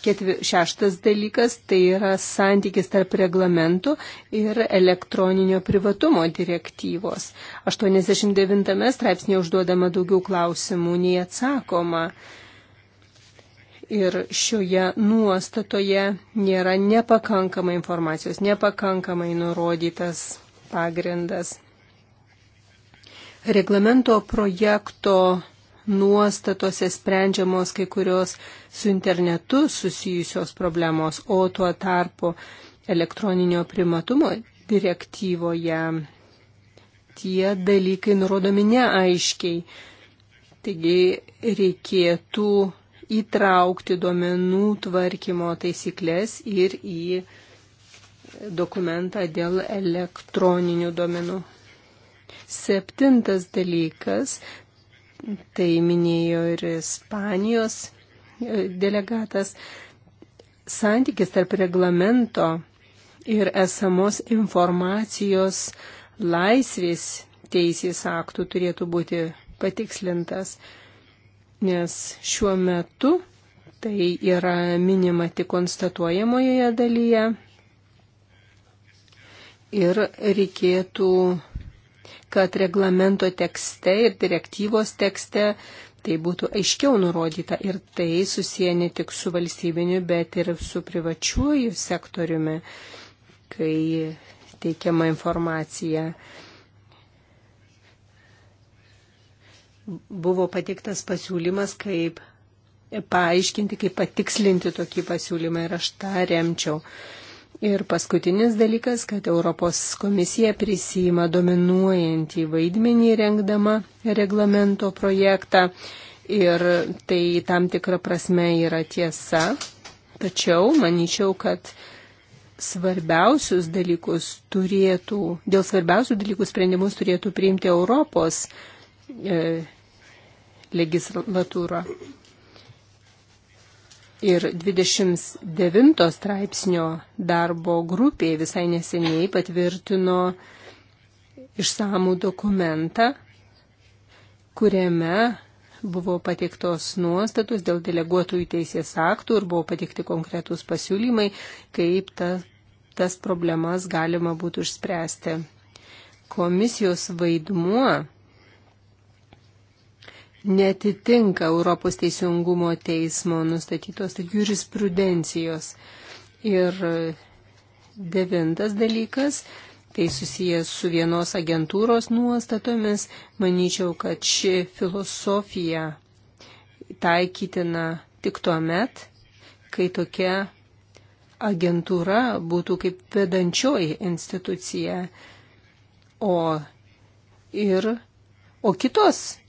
Ketvi, šeštas dalykas tai yra santykis tarp reglamentų ir elektroninio privatumo direktyvos. 89 straipsnėje užduodama daugiau klausimų nei atsakoma. Ir šioje nuostatoje nėra nepakankamai informacijos, nepakankamai nurodytas pagrindas. Reglamento projekto nuostatose sprendžiamos kai kurios su internetu susijusios problemos, o tuo tarpu elektroninio primatumo direktyvoje tie dalykai nurodomi neaiškiai. Taigi reikėtų įtraukti duomenų tvarkymo taisyklės ir į dokumentą dėl elektroninių duomenų. Septintas dalykas tai minėjo ir Ispanijos e, delegatas, santykis tarp reglamento ir esamos informacijos laisvės teisės aktų turėtų būti patikslintas, nes šiuo metu tai yra minima tik konstatuojamojoje dalyje ir reikėtų kad reglamento tekste ir direktyvos tekste tai būtų aiškiau nurodyta ir tai susiję ne tik su valstybiniu, bet ir su privačiuoju sektoriumi, kai teikiama informacija. Buvo pateiktas pasiūlymas, kaip paaiškinti, kaip patikslinti tokį pasiūlymą ir aš tą remčiau. Ir paskutinis dalykas, kad Europos komisija prisima dominuojantį vaidmenį rengdama reglamento projektą. Ir tai tam tikra prasme yra tiesa. Tačiau manyčiau, kad svarbiausius dalykus turėtų, dėl svarbiausių dalykų sprendimus turėtų priimti Europos e, legislatūra ir 29 straipsnio darbo grupė visai neseniai patvirtino išsamų dokumentą, kuriame buvo pateiktos nuostatos dėl deleguotųjų teisės aktų ir buvo pateikti konkretūs pasiūlymai, kaip ta, tas problemas galima būtų išspręsti. Komisijos vaidmuo netitinka Europos teisingumo teismo nustatytos jurisprudencijos. Ir devintas dalykas, tai susijęs su vienos agentūros nuostatomis, manyčiau, kad ši filosofija taikytina tik tuo met, kai tokia agentūra būtų kaip vedančioji institucija, o ir O kitos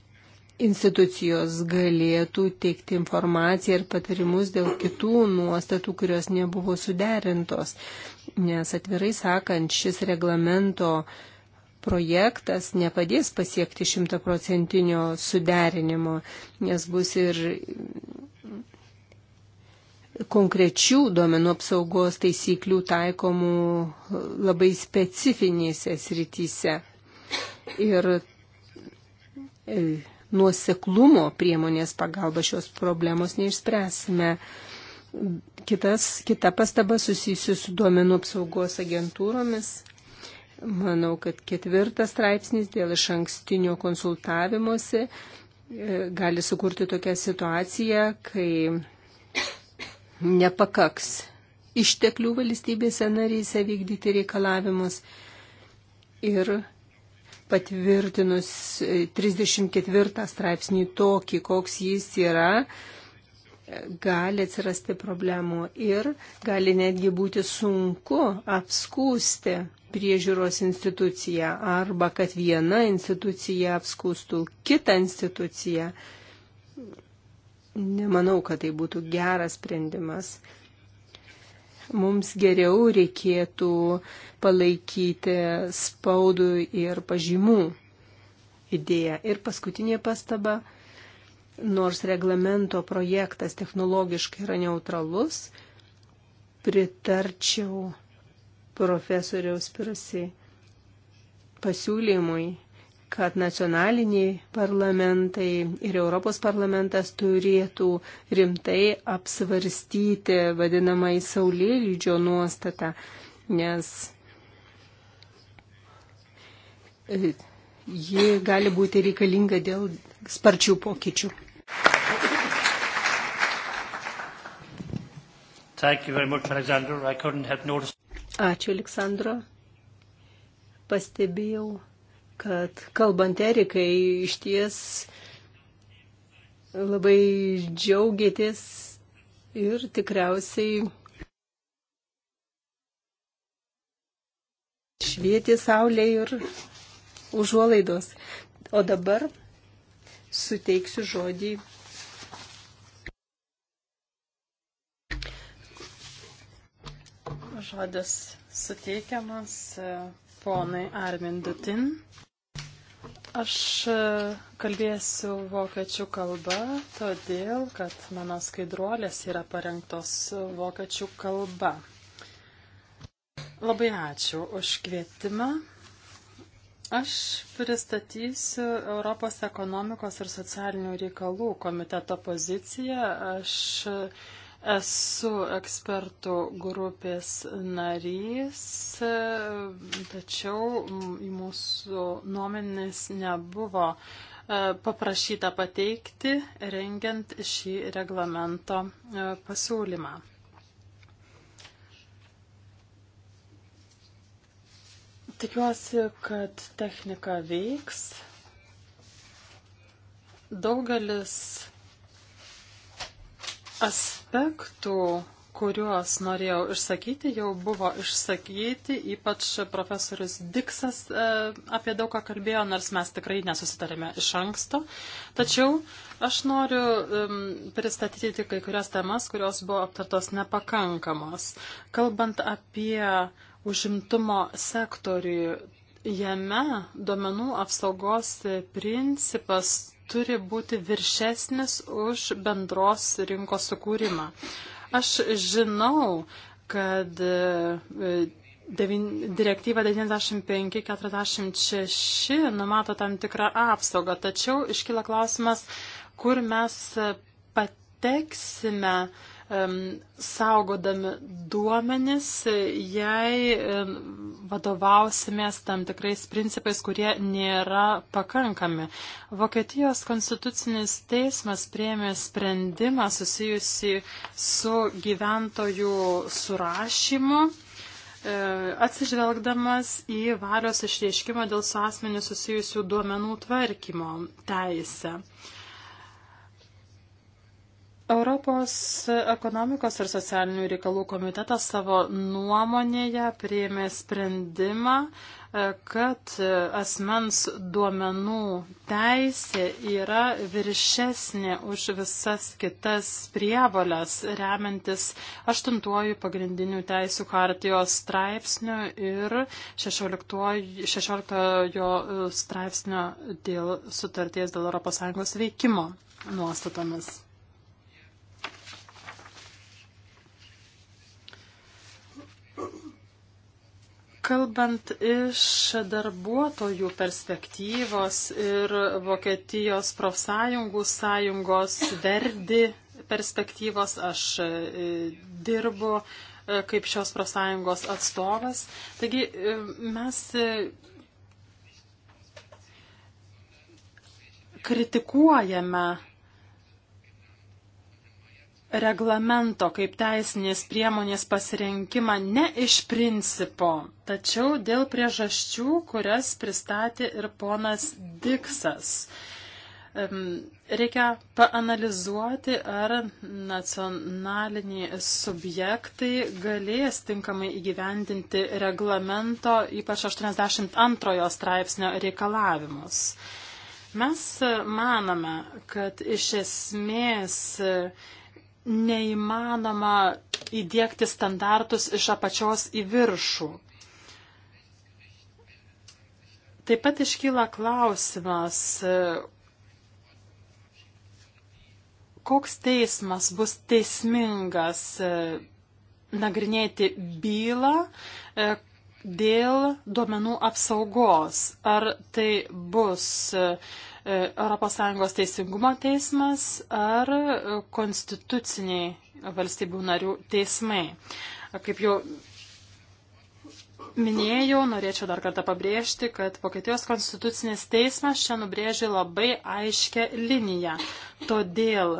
institucijos galėtų teikti informaciją ir patarimus dėl kitų nuostatų, kurios nebuvo suderintos. Nes atvirai sakant, šis reglamento projektas nepadės pasiekti šimtaprocentinio suderinimo, nes bus ir konkrečių duomenų apsaugos taisyklių taikomų labai specifinėse srityse. Ir e, nuoseklumo priemonės pagalba šios problemos neišspręsime. Kitas, kita pastaba susijusi su duomenų apsaugos agentūromis. Manau, kad ketvirtas straipsnis dėl iš ankstinio konsultavimuose e, gali sukurti tokią situaciją, kai nepakaks išteklių valstybėse narėse vykdyti reikalavimus ir patvirtinus 34 straipsnį tokį, koks jis yra, gali atsirasti problemų ir gali netgi būti sunku apskūsti priežiūros instituciją arba kad viena institucija apskūstų kitą instituciją. Nemanau, kad tai būtų geras sprendimas mums geriau reikėtų palaikyti spaudų ir pažymų idėją. Ir paskutinė pastaba, nors reglamento projektas technologiškai yra neutralus, pritarčiau profesoriaus pirasi pasiūlymui kad nacionaliniai parlamentai ir Europos parlamentas turėtų rimtai apsvarstyti vadinamai saulėlydžio nuostatą, nes e, ji gali būti reikalinga dėl sparčių pokyčių. Much, Ačiū, Aleksandro. Pastebėjau kad kalbant Erikai iš ties labai džiaugiatės ir tikriausiai švieti saulė ir užuolaidos. O dabar suteiksiu žodį žodis suteikiamas e, ponai Armin Dutin. Aš e, kalbėsiu vokiečių kalba, todėl, kad mano skaidruolės yra parengtos vokiečių kalba. Labai ačiū už kvietimą. Aš pristatysiu Europos ekonomikos ir socialinių reikalų komiteto poziciją. Aš Esu ekspertų grupės narys, tačiau į mūsų nuomenės nebuvo e, paprašyta pateikti, rengiant šį reglamento e, pasiūlymą. Tikiuosi, kad technika veiks. Daugelis aspektų, kuriuos norėjau išsakyti, jau buvo išsakyti, ypač profesorius Diksas e, apie daug ką kalbėjo, nors mes tikrai nesusitarėme iš anksto. Tačiau aš noriu e, pristatyti kai kurias temas, kurios buvo aptartos nepakankamos. Kalbant apie užimtumo sektorių, jame duomenų apsaugos principas turi būti viršesnis už bendros rinkos sukūrimą. Aš žinau, kad e, direktyva 95-46 numato tam tikrą apsaugą, tačiau iškyla klausimas, kur mes pateksime uh, saugodami duomenis, jei vadovausimės tam tikrais principais, kurie nėra pakankami. Vokietijos konstitucinis teismas priemė sprendimą susijusi su gyventojų surašymu e, atsižvelgdamas į valios išreiškimą dėl su asmenį susijusių duomenų tvarkymo teisę. Europos ekonomikos ir socialinių reikalų komitetas savo nuomonėje prieimė sprendimą, e, kad asmens duomenų teisė yra viršesnė už visas kitas prievalės, remiantis aštuntuoju pagrindinių teisų kartijos straipsniu ir šešioliktojo e, straipsnio dėl sutarties dėl ES veikimo nuostatomis. Kalbant iš darbuotojų perspektyvos ir Vokietijos profsąjungų sąjungos verdi perspektyvos, aš e, dirbu e, kaip šios profsąjungos atstovas. Taigi e, mes kritikuojame reglamento kaip teisinės priemonės pasirinkimą ne iš principo, tačiau dėl priežasčių, kurias pristatė ir ponas Diksas. Reikia paanalizuoti, ar nacionaliniai subjektai galės tinkamai įgyvendinti reglamento, ypač 82 straipsnio reikalavimus. Mes manome, kad iš esmės neįmanoma įdėkti standartus iš apačios į viršų. Taip pat iškyla klausimas, koks teismas bus teismingas e, nagrinėti bylą e, dėl duomenų apsaugos. Ar tai bus uh, ES teisingumo teismas ar konstituciniai valstybių narių teismai. Kaip jau minėjau, norėčiau dar kartą pabrėžti, kad Vokietijos konstitucinis teismas čia nubrėžė labai aiškę liniją. Todėl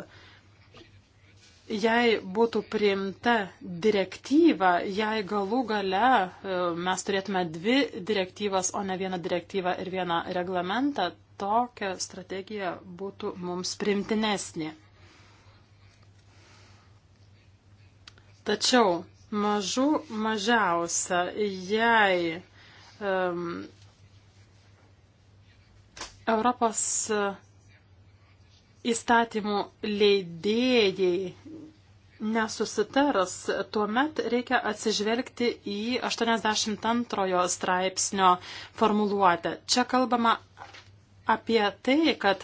jei būtų priimta direktyva, jei galų gale e, mes turėtume dvi direktyvas, o ne vieną direktyvą ir vieną reglamentą, tokia strategija būtų mums primtinesnė. Tačiau mažų mažiausia, jei um, Europos e, įstatymų leidėjai nesusitars, tuomet reikia atsižvelgti į 82 straipsnio formuluotę. Čia kalbama apie tai, kad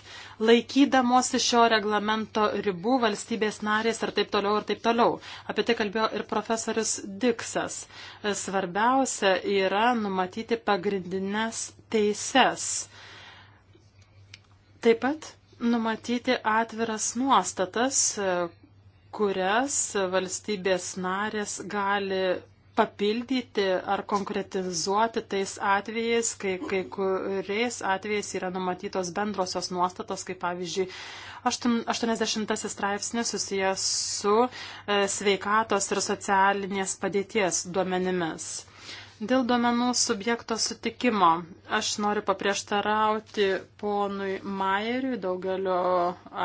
laikydamosi šio reglamento ribų valstybės narės ir taip toliau ir taip toliau. Apie tai kalbėjo ir profesorius Diksas. Svarbiausia yra numatyti pagrindinės teises. Taip pat numatyti atviras nuostatas, kurias valstybės narės gali papildyti ar konkretizuoti tais atvejais, kai kai kuriais atvejais yra numatytos bendrosios nuostatos, kaip pavyzdžiui 80 straipsnis susijęs su e, sveikatos ir socialinės padėties duomenimis. Dėl duomenų subjekto sutikimo aš noriu paprieštarauti ponui Maieriui, daugelio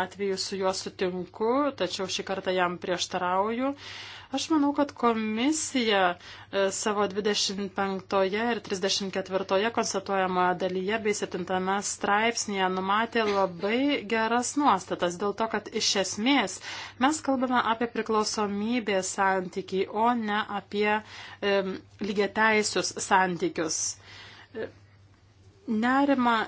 atveju su juo sutinku, tačiau šį kartą jam prieštarauju. Uh, Aš manau, kad komisija e, savo 25 ir 34 konstatuojamoje dalyje bei 7 straipsnėje numatė labai geras nuostatas dėl to, kad iš esmės mes kalbame apie priklausomybės santykį, o ne apie e, lygiateisius santykius. E, nerima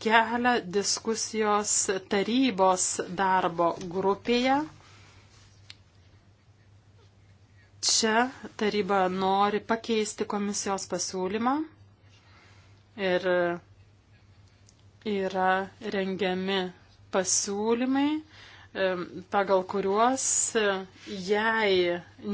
kelia diskusijos tarybos darbo grupėje Čia taryba nori pakeisti komisijos pasiūlymą ir yra rengiami pasiūlymai, pagal kuriuos, jei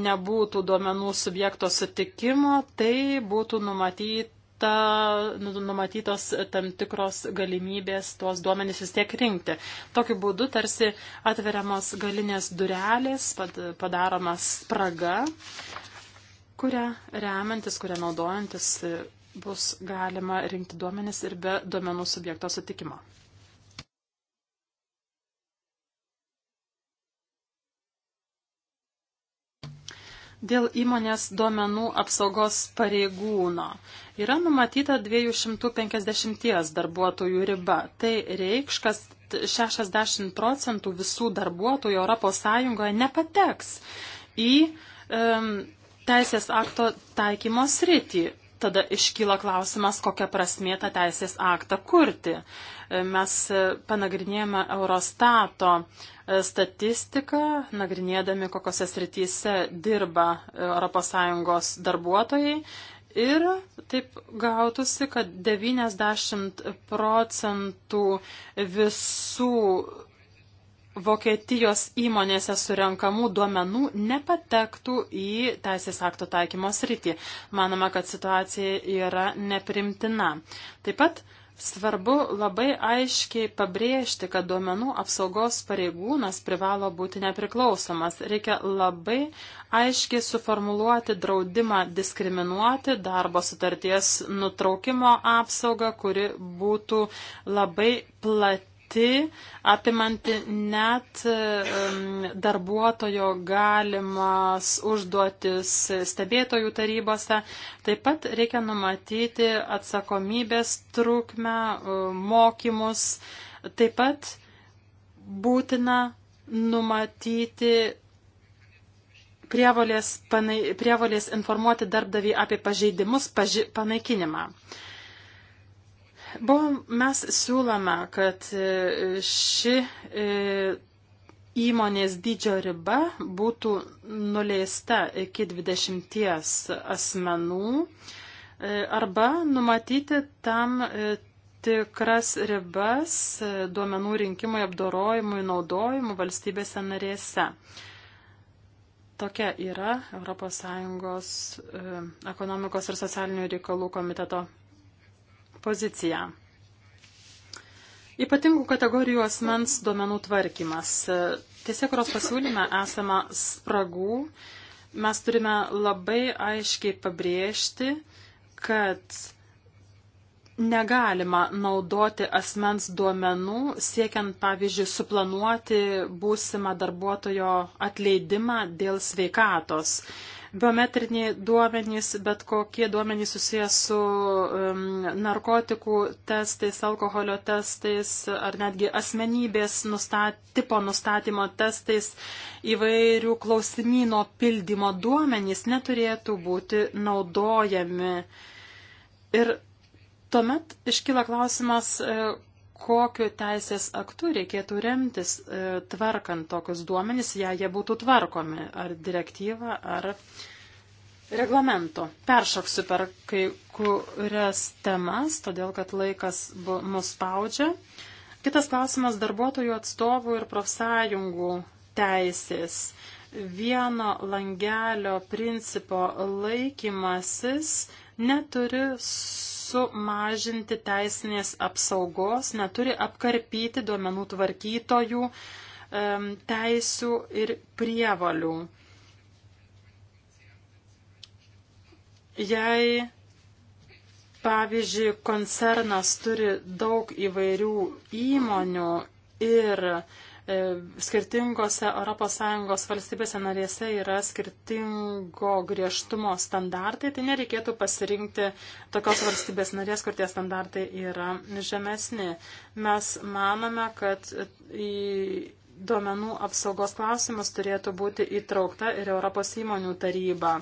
nebūtų duomenų subjekto sutikimo, tai būtų numatyti numatyta, nu, numatytos tam tikros galimybės tuos duomenys vis tiek rinkti. Tokiu būdu tarsi atveriamos galinės durelės, padaromas spraga, kurią remiantis, kurią naudojantis bus galima rinkti duomenis ir be duomenų subjekto sutikimo. Dėl įmonės duomenų apsaugos pareigūno yra numatyta 250 darbuotojų riba. Tai reikš, kad 60 procentų visų darbuotojų ES nepateks į um, teisės akto taikymo sritį. Tada iškyla klausimas, kokia prasmė tą teisės aktą kurti. Mes panagrinėjame Eurostato uh, statistiką, nagrinėdami, kokiose srityse dirba ES darbuotojai. Ir taip gautusi, kad 90 procentų visų Vokietijos įmonėse surenkamų duomenų nepatektų į teisės akto taikymo sritį. Manoma, kad situacija yra neprimtina. Taip pat Svarbu labai aiškiai pabrėžti, kad duomenų apsaugos pareigūnas privalo būti nepriklausomas. Reikia labai aiškiai suformuluoti draudimą diskriminuoti, darbo sutarties nutraukimo apsaugą, kuri būtų labai plati plati, apimanti net darbuotojo galimas užduotis stebėtojų tarybose. Taip pat reikia numatyti atsakomybės trukmę, e, mokymus. Taip pat būtina numatyti prievolės, panai, prievolės informuoti darbdavį apie pažeidimus, paži, panaikinimą. Uh, Buvo, mes siūlome, kad e, ši e, įmonės dydžio riba būtų nuleista iki 20 asmenų e, arba numatyti tam tikras ribas duomenų rinkimui, apdorojimui, naudojimui valstybėse narėse. Tokia yra ES ekonomikos ir socialinių reikalų komiteto poziciją. Ypatingų kategorijų asmens duomenų tvarkymas. Tiesiekuros pasiūlyme esama spragų. Mes turime labai aiškiai pabrėžti, kad negalima naudoti asmens duomenų, siekiant, pavyzdžiui, suplanuoti būsimą darbuotojo atleidimą dėl sveikatos biometriniai duomenys, bet kokie duomenys susijęs su um, narkotikų testais, alkoholio testais ar netgi asmenybės nustat, tipo nustatymo testais, įvairių klausimyno pildymo duomenys neturėtų būti naudojami. Ir tuomet iškyla klausimas, e, kokiu teisės aktu reikėtų remtis e, tvarkant tokius duomenys, jei jie būtų tvarkomi, ar direktyva, ar reglamento. Peršoksiu per kai kurias temas, todėl kad laikas bu, mus spaudžia. Kitas klausimas - darbuotojų atstovų ir profsąjungų teisės. Vieno langelio principo laikymasis neturi su sumažinti teisinės apsaugos, neturi apkarpyti duomenų tvarkytojų teisių ir prievalių. Jei, pavyzdžiui, koncernas turi daug įvairių įmonių ir uh, E, skirtingose ES valstybėse narėse yra skirtingo griežtumo standartai, tai nereikėtų pasirinkti tokios valstybės narės, kur tie standartai yra žemesni. Mes manome, kad į duomenų apsaugos klausimus turėtų būti įtraukta ir Europos įmonių taryba.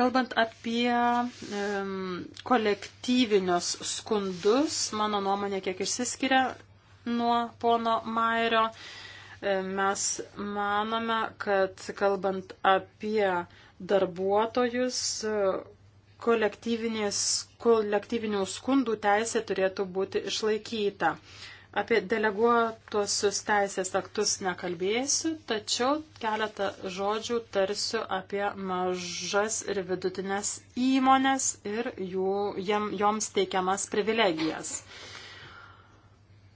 Kalbant apie um, kolektyvinius skundus, mano nuomonė kiek išsiskiria, nuo pono Mairio. E, mes manome, kad kalbant apie darbuotojus, kolektyvinių skundų teisė turėtų būti išlaikyta. Apie deleguotusius teisės aktus nekalbėsiu, tačiau keletą žodžių tarsiu apie mažas ir vidutinės įmonės ir jų, jam, joms teikiamas privilegijas.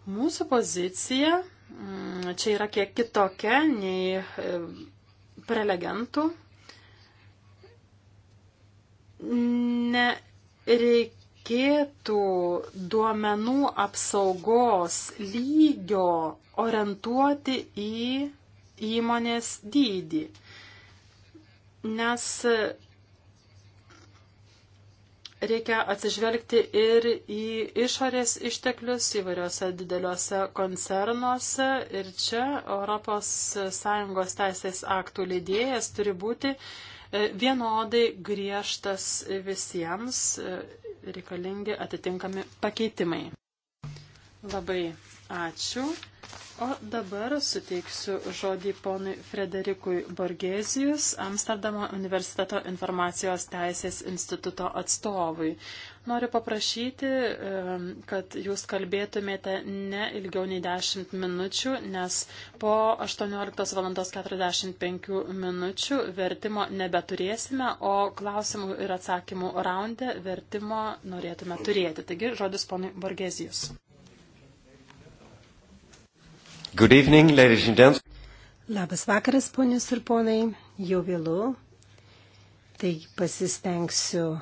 Mūsų pozicija mm, čia yra kiek kitokia nei e, prelegentų. Nereikėtų duomenų apsaugos lygio orientuoti į įmonės dydį, nes reikia atsižvelgti ir į išorės išteklius įvairiuose dideliuose koncernuose. Ir čia ES teisės aktų leidėjas turi būti e, vienodai griežtas visiems e, reikalingi atitinkami pakeitimai. Labai ačiū. O dabar suteiksiu žodį ponui Frederikui Borgezijus, Amsterdamo universiteto informacijos teisės instituto atstovui. Noriu paprašyti, kad jūs kalbėtumėte ne ilgiau nei 10 minučių, nes po 18.45 minučių vertimo nebeturėsime, o klausimų ir atsakymų raunde vertimo norėtume turėti. Taigi žodis ponui Borgezijus. Good evening, ladies and gentlemen. Labas vakaras, ponios ir ponai, jau vėlu, tai pasistengsiu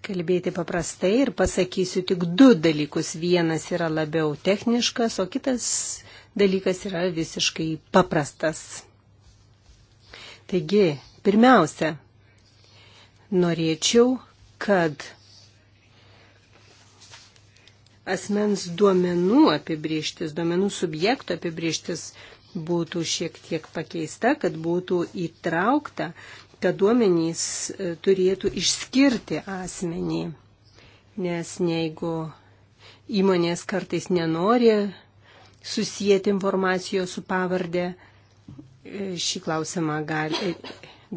kalbėti paprastai ir pasakysiu tik du dalykus. Vienas yra labiau techniškas, o kitas dalykas yra visiškai paprastas. Taigi, pirmiausia, norėčiau, kad asmens duomenų apibrieštis, duomenų subjekto apibrieštis būtų šiek tiek pakeista, kad būtų įtraukta, kad duomenys e, turėtų išskirti asmenį. Nes jeigu įmonės kartais nenori susijęti informacijos su pavardė, e, šį klausimą gal, e,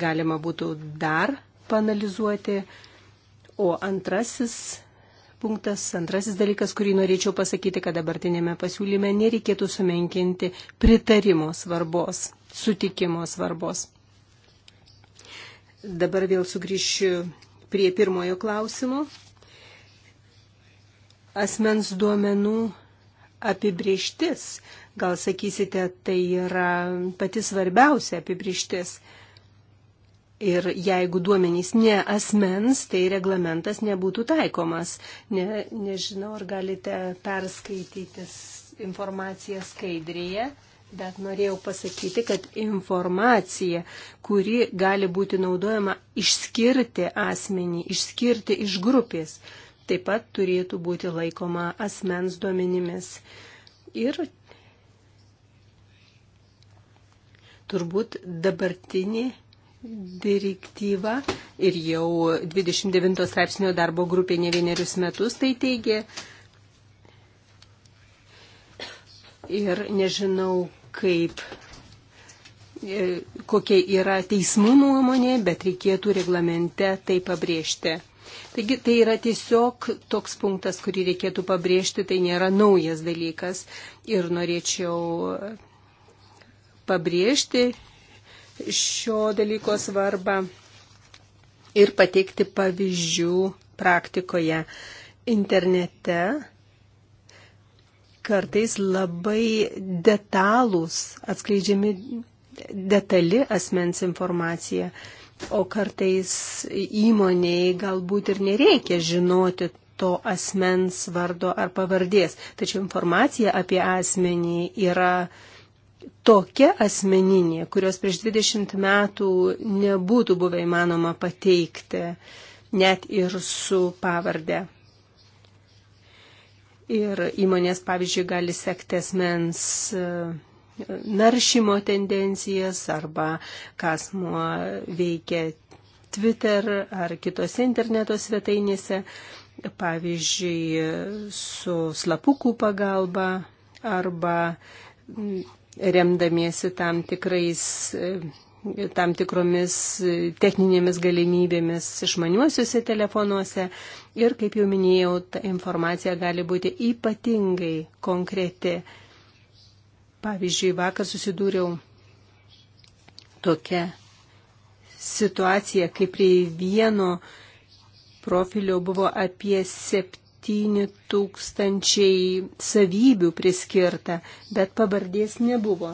galima būtų dar panalizuoti. O antrasis punktas. Antrasis dalykas, kurį norėčiau pasakyti, kad dabartinėme pasiūlyme nereikėtų sumenkinti pritarimo svarbos, sutikimo svarbos. Dabar vėl sugrįšiu prie pirmojo klausimo. Asmens duomenų apibrieštis. Gal sakysite, tai yra pati svarbiausia apibrieštis. Ir jeigu duomenys ne asmens, tai reglamentas nebūtų taikomas. Ne, nežinau, ar galite perskaityti informaciją skaidrėje, bet norėjau pasakyti, kad informacija, kuri gali būti naudojama išskirti asmenį, išskirti iš grupės, taip pat turėtų būti laikoma asmens duomenimis. Ir turbūt dabartinė direktyvą ir jau 29 straipsnio darbo grupė ne vienerius metus tai teigė. Ir nežinau, kaip e, kokia yra teismų nuomonė, bet reikėtų reglamente tai pabrėžti. Taigi tai yra tiesiog toks punktas, kurį reikėtų pabrėžti, tai nėra naujas dalykas ir norėčiau pabrėžti šio dalyko svarbą ir pateikti pavyzdžių praktikoje internete. Kartais labai detalūs atskleidžiami detali asmens informacija, o kartais įmoniai galbūt ir nereikia žinoti to asmens vardo ar pavardės. Tačiau informacija apie asmenį yra uh, tokia asmeninė, kurios prieš 20 metų nebūtų buvę įmanoma pateikti, net ir su pavardė. Ir įmonės, pavyzdžiui, gali sekti asmens e, naršymo tendencijas arba kas muo veikia Twitter ar kitose interneto svetainėse, pavyzdžiui, su slapukų pagalba arba remdamiesi tam tikrais e, tam tikromis e, techninėmis galimybėmis išmaniuosiuose telefonuose. Ir, kaip jau minėjau, ta informacija gali būti ypatingai konkreti. Pavyzdžiui, vakar susidūriau tokia situacija, kai prie vieno profilio buvo apie 7 7 tūkstančiai savybių priskirta, bet pavardės nebuvo.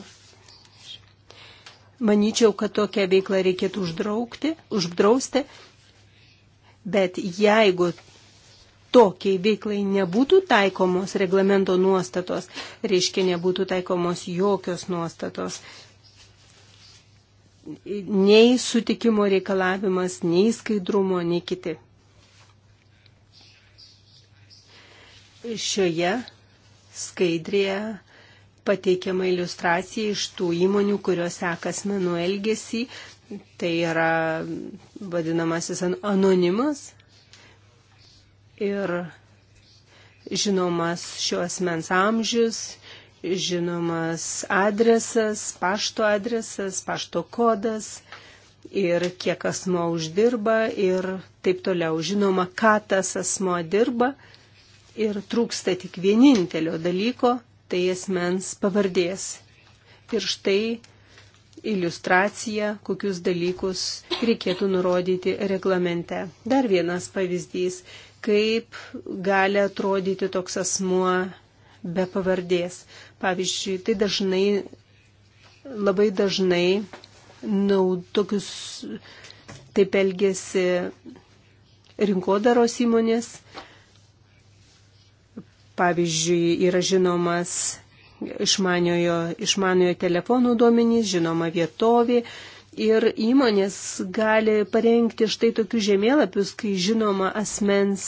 Manyčiau, kad tokią veiklą reikėtų uždraukti, uždrausti, bet jeigu tokiai veiklai nebūtų taikomos reglamento nuostatos, reiškia nebūtų taikomos jokios nuostatos, nei sutikimo reikalavimas, nei skaidrumo, nei kiti. Šioje skaidrėje pateikiama iliustracija iš tų įmonių, kurios seka asmenų elgesį. Tai yra vadinamasis anonimas. Ir žinomas šio asmens amžius, žinomas adresas, pašto adresas, pašto kodas ir kiek asmo uždirba ir taip toliau. Žinoma, ką tas asmo dirba ir trūksta tik vienintelio dalyko, tai esmens pavardės. Ir štai iliustracija, kokius dalykus reikėtų nurodyti reglamente. Dar vienas pavyzdys, kaip gali atrodyti toks asmuo be pavardės. Pavyzdžiui, tai dažnai, labai dažnai, nau, tokius taip elgesi rinkodaros įmonės, Pavyzdžiui, yra žinomas išmaniojo, išmaniojo telefonų duomenys, žinoma vietovė. Ir įmonės gali parengti štai tokius žemėlapius, kai žinoma asmens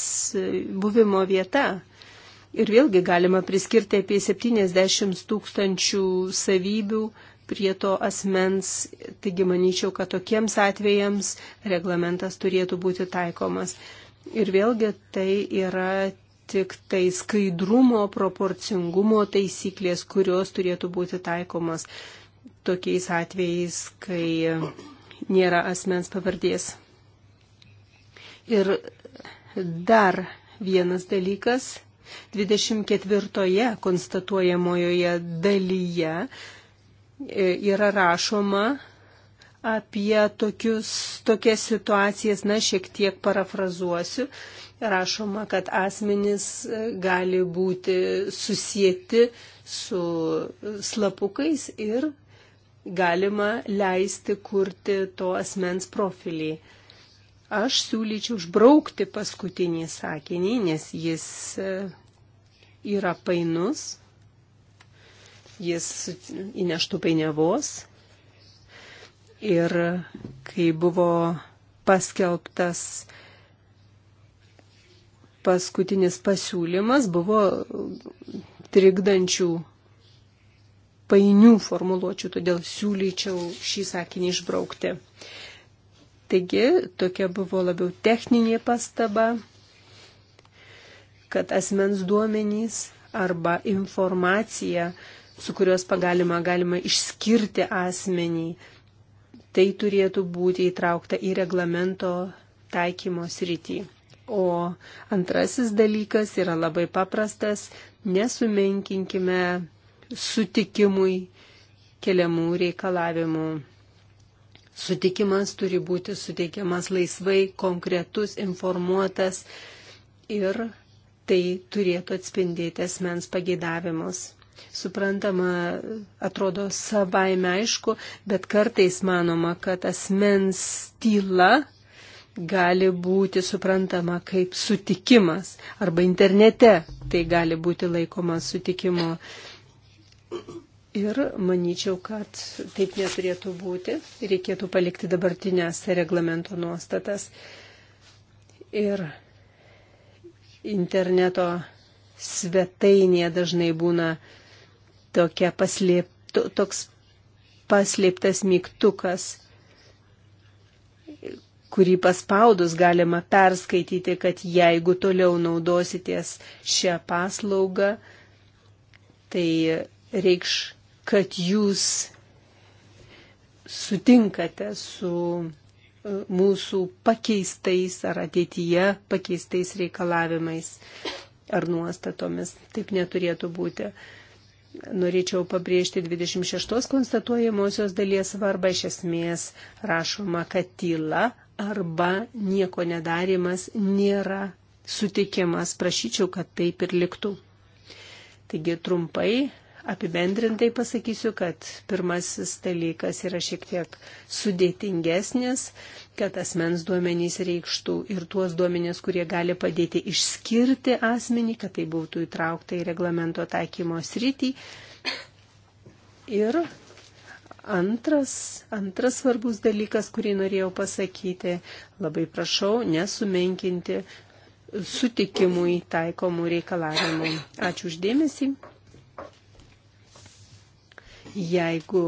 buvimo vieta. Ir vėlgi galima priskirti apie 70 tūkstančių savybių prie to asmens. Taigi manyčiau, kad tokiems atvejams reglamentas turėtų būti taikomas. Ir vėlgi tai yra tik tai skaidrumo, proporcingumo taisyklės, kurios turėtų būti taikomas tokiais atvejais, kai nėra asmens pavardės. Ir dar vienas dalykas. 24 konstatuojamojoje dalyje e, yra rašoma apie tokius, tokias situacijas, na, šiek tiek parafrazuosiu, rašoma, kad asmenys e, gali būti susijęti su slapukais ir galima leisti kurti to asmens profilį. Aš siūlyčiau užbraukti paskutinį sakinį, nes jis e, yra painus, jis įneštų painiavos. Ir kai buvo paskelbtas uh, paskutinis pasiūlymas buvo trikdančių painių formuluočių, todėl siūlyčiau šį sakinį išbraukti. Taigi, tokia buvo labiau techninė pastaba, kad asmens duomenys arba informacija, su kurios pagalima galima išskirti asmenį, tai turėtų būti įtraukta į reglamento taikymo srityje. O antrasis dalykas yra labai paprastas - nesumenkinkime sutikimui keliamų reikalavimų. Sutikimas turi būti suteikiamas laisvai, konkretus, informuotas ir tai turėtų atspindėti asmens pageidavimus. Suprantama, atrodo savaime aišku, bet kartais manoma, kad asmens tyla gali būti suprantama kaip sutikimas arba internete tai gali būti laikoma sutikimo. Ir manyčiau, kad taip neturėtų būti, reikėtų palikti dabartinės reglamento nuostatas. Ir interneto svetainėje dažnai būna tokia paslėp, to, toks paslėptas mygtukas kurį paspaudus galima perskaityti, kad jeigu toliau naudositės šią paslaugą, tai reikš, kad jūs sutinkate su e, mūsų pakeistais ar ateityje pakeistais reikalavimais ar nuostatomis. Taip neturėtų būti. Norėčiau pabrėžti 26 konstatuojamosios dalies svarbą. Iš esmės rašoma, kad tyla arba nieko nedarimas nėra sutikimas. Prašyčiau, kad taip ir liktų. Taigi trumpai, apibendrintai pasakysiu, kad pirmasis dalykas yra šiek tiek sudėtingesnis, kad asmens duomenys reikštų ir tuos duomenys, kurie gali padėti išskirti asmenį, kad tai būtų įtraukta į reglamento taikymo sritį. Ir Antras, antras svarbus dalykas, kurį norėjau pasakyti, labai prašau nesumenkinti sutikimui taikomų reikalavimų. Ačiū uždėmesį. Jeigu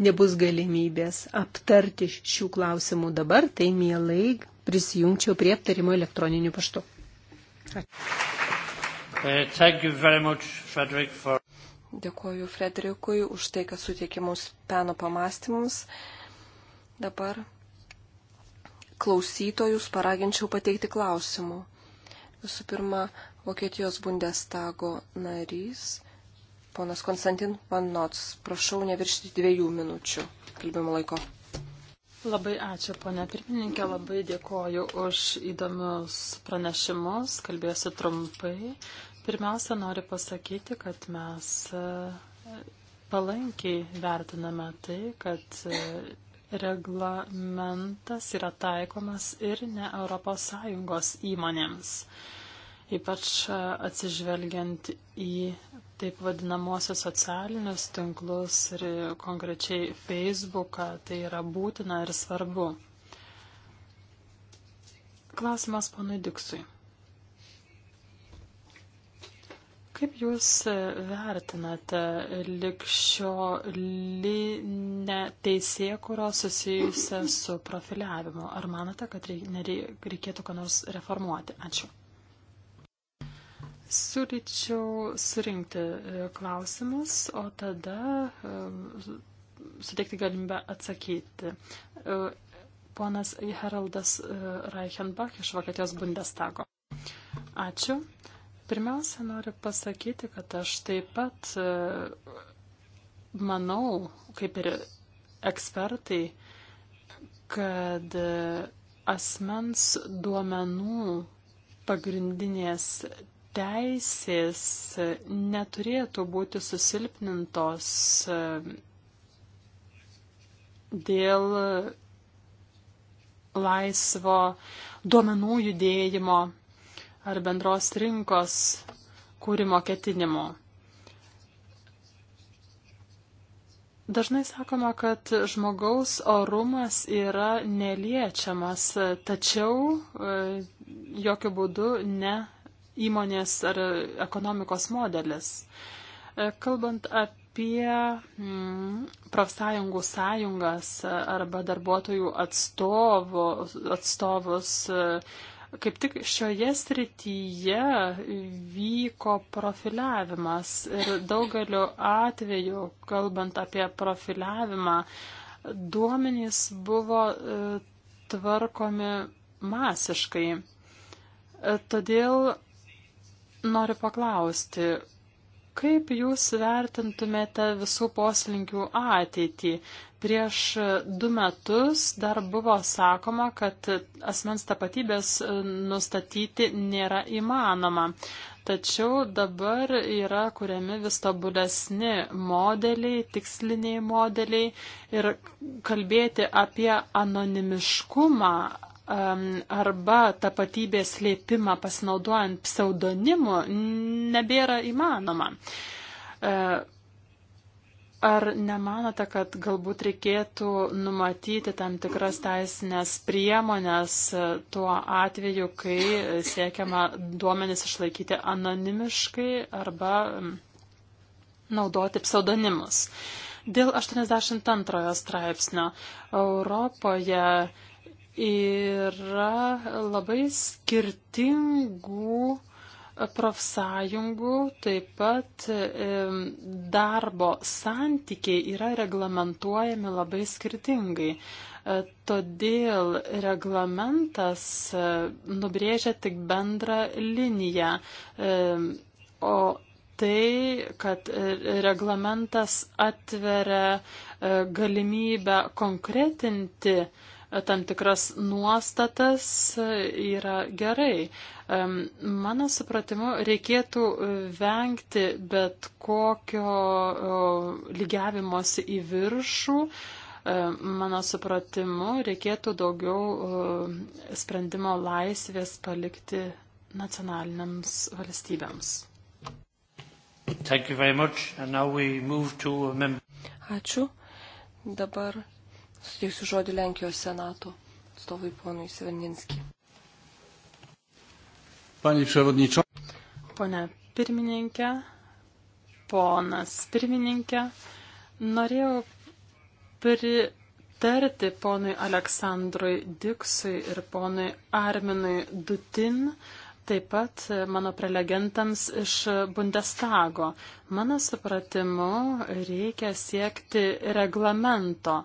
nebus galimybės aptarti šių klausimų dabar, tai mielai prisijungčiau prie aptarimo elektroniniu paštu. Ačiū. Uh, thank you very much, Frederick, for Dėkuoju Frederikui už tai, kad suteikė mums peno pamastymams. Dabar klausytojus paraginčiau pateikti klausimų. Visų pirma, Vokietijos Bundestago narys, ponas Konstantin Vannots, prašau neviršti dviejų minučių kalbimo laiko. Labai ačiū, ponė pirmininkė, labai dėkoju už įdomius pranešimus, kalbėsiu trumpai. Pirmiausia, noriu pasakyti, kad mes e, palankiai vertiname tai, kad e, reglamentas yra taikomas ir ne ES įmonėms, ypač e, atsižvelgiant į taip vadinamosios socialinius tinklus ir konkrečiai Facebooką, tai yra būtina ir svarbu. Klausimas ponui Diksui. Kaip Jūs e, vertinate likščio linę teisėkurą susijusią su profiliavimu? Ar manote, kad reikėtų ką nors reformuoti? Ačiū. Siūlyčiau surinkti e, klausimus, o tada e, suteikti galimybę atsakyti. Ponas Heraldas Reichenbach iš Vokietijos Bundestago. Ačiū. Pirmiausia, noriu pasakyti, kad aš taip pat e, manau, kaip ir ekspertai, kad e, asmens duomenų pagrindinės teisės neturėtų būti susilpnintos e, dėl laisvo duomenų judėjimo ar bendros rinkos kūrimo ketinimo. Dažnai sakoma, kad žmogaus orumas yra neliečiamas, tačiau e, jokių būdų ne įmonės ar ekonomikos modelis. E, kalbant apie mm, profsąjungų sąjungas arba darbuotojų atstovų, atstovus, e, Kaip tik šioje srityje vyko profiliavimas ir daugeliu atveju, kalbant apie profiliavimą, duomenys buvo e, tvarkomi masiškai. E, todėl noriu paklausti, kaip jūs vertintumėte visų poslinkių ateitį? Prieš du metus dar buvo sakoma, kad asmens tapatybės nustatyti nėra įmanoma. Tačiau dabar yra kuriami vis tobulesni modeliai, tiksliniai modeliai ir kalbėti apie anonimiškumą arba tapatybės slėpimą pasinaudojant pseudonimu nebėra įmanoma. E, Ar nemanote, kad galbūt reikėtų numatyti tam tikras teisinės priemonės tuo atveju, kai siekiama duomenis išlaikyti anonimiškai arba mm, naudoti pseudonimus? Dėl 82 straipsnio Europoje yra labai skirtingų profsąjungų taip pat darbo santykiai yra reglamentuojami labai skirtingai. E, todėl reglamentas e, nubrėžia tik bendrą liniją, o tai, kad e, reglamentas atveria galimybę konkretinti tam tikras nuostatas, yra gerai. Mano supratimu, reikėtų e, vengti bet kokio lygiavimosi į viršų. E, mano supratimu, reikėtų daugiau sprendimo laisvės palikti nacionaliniams valstybėms. Ačiū. Dabar suteiksiu žodį Lenkijos senato atstovui ponui Seveninskijui. Pani Przewodnicząca. Pone pirmininkė, ponas pirmininkė, norėjau pritarti ponui Aleksandrui Diksui ir ponui Arminui Dutin, taip pat mano prelegentams iš Bundestago. Mano supratimu, reikia siekti reglamento,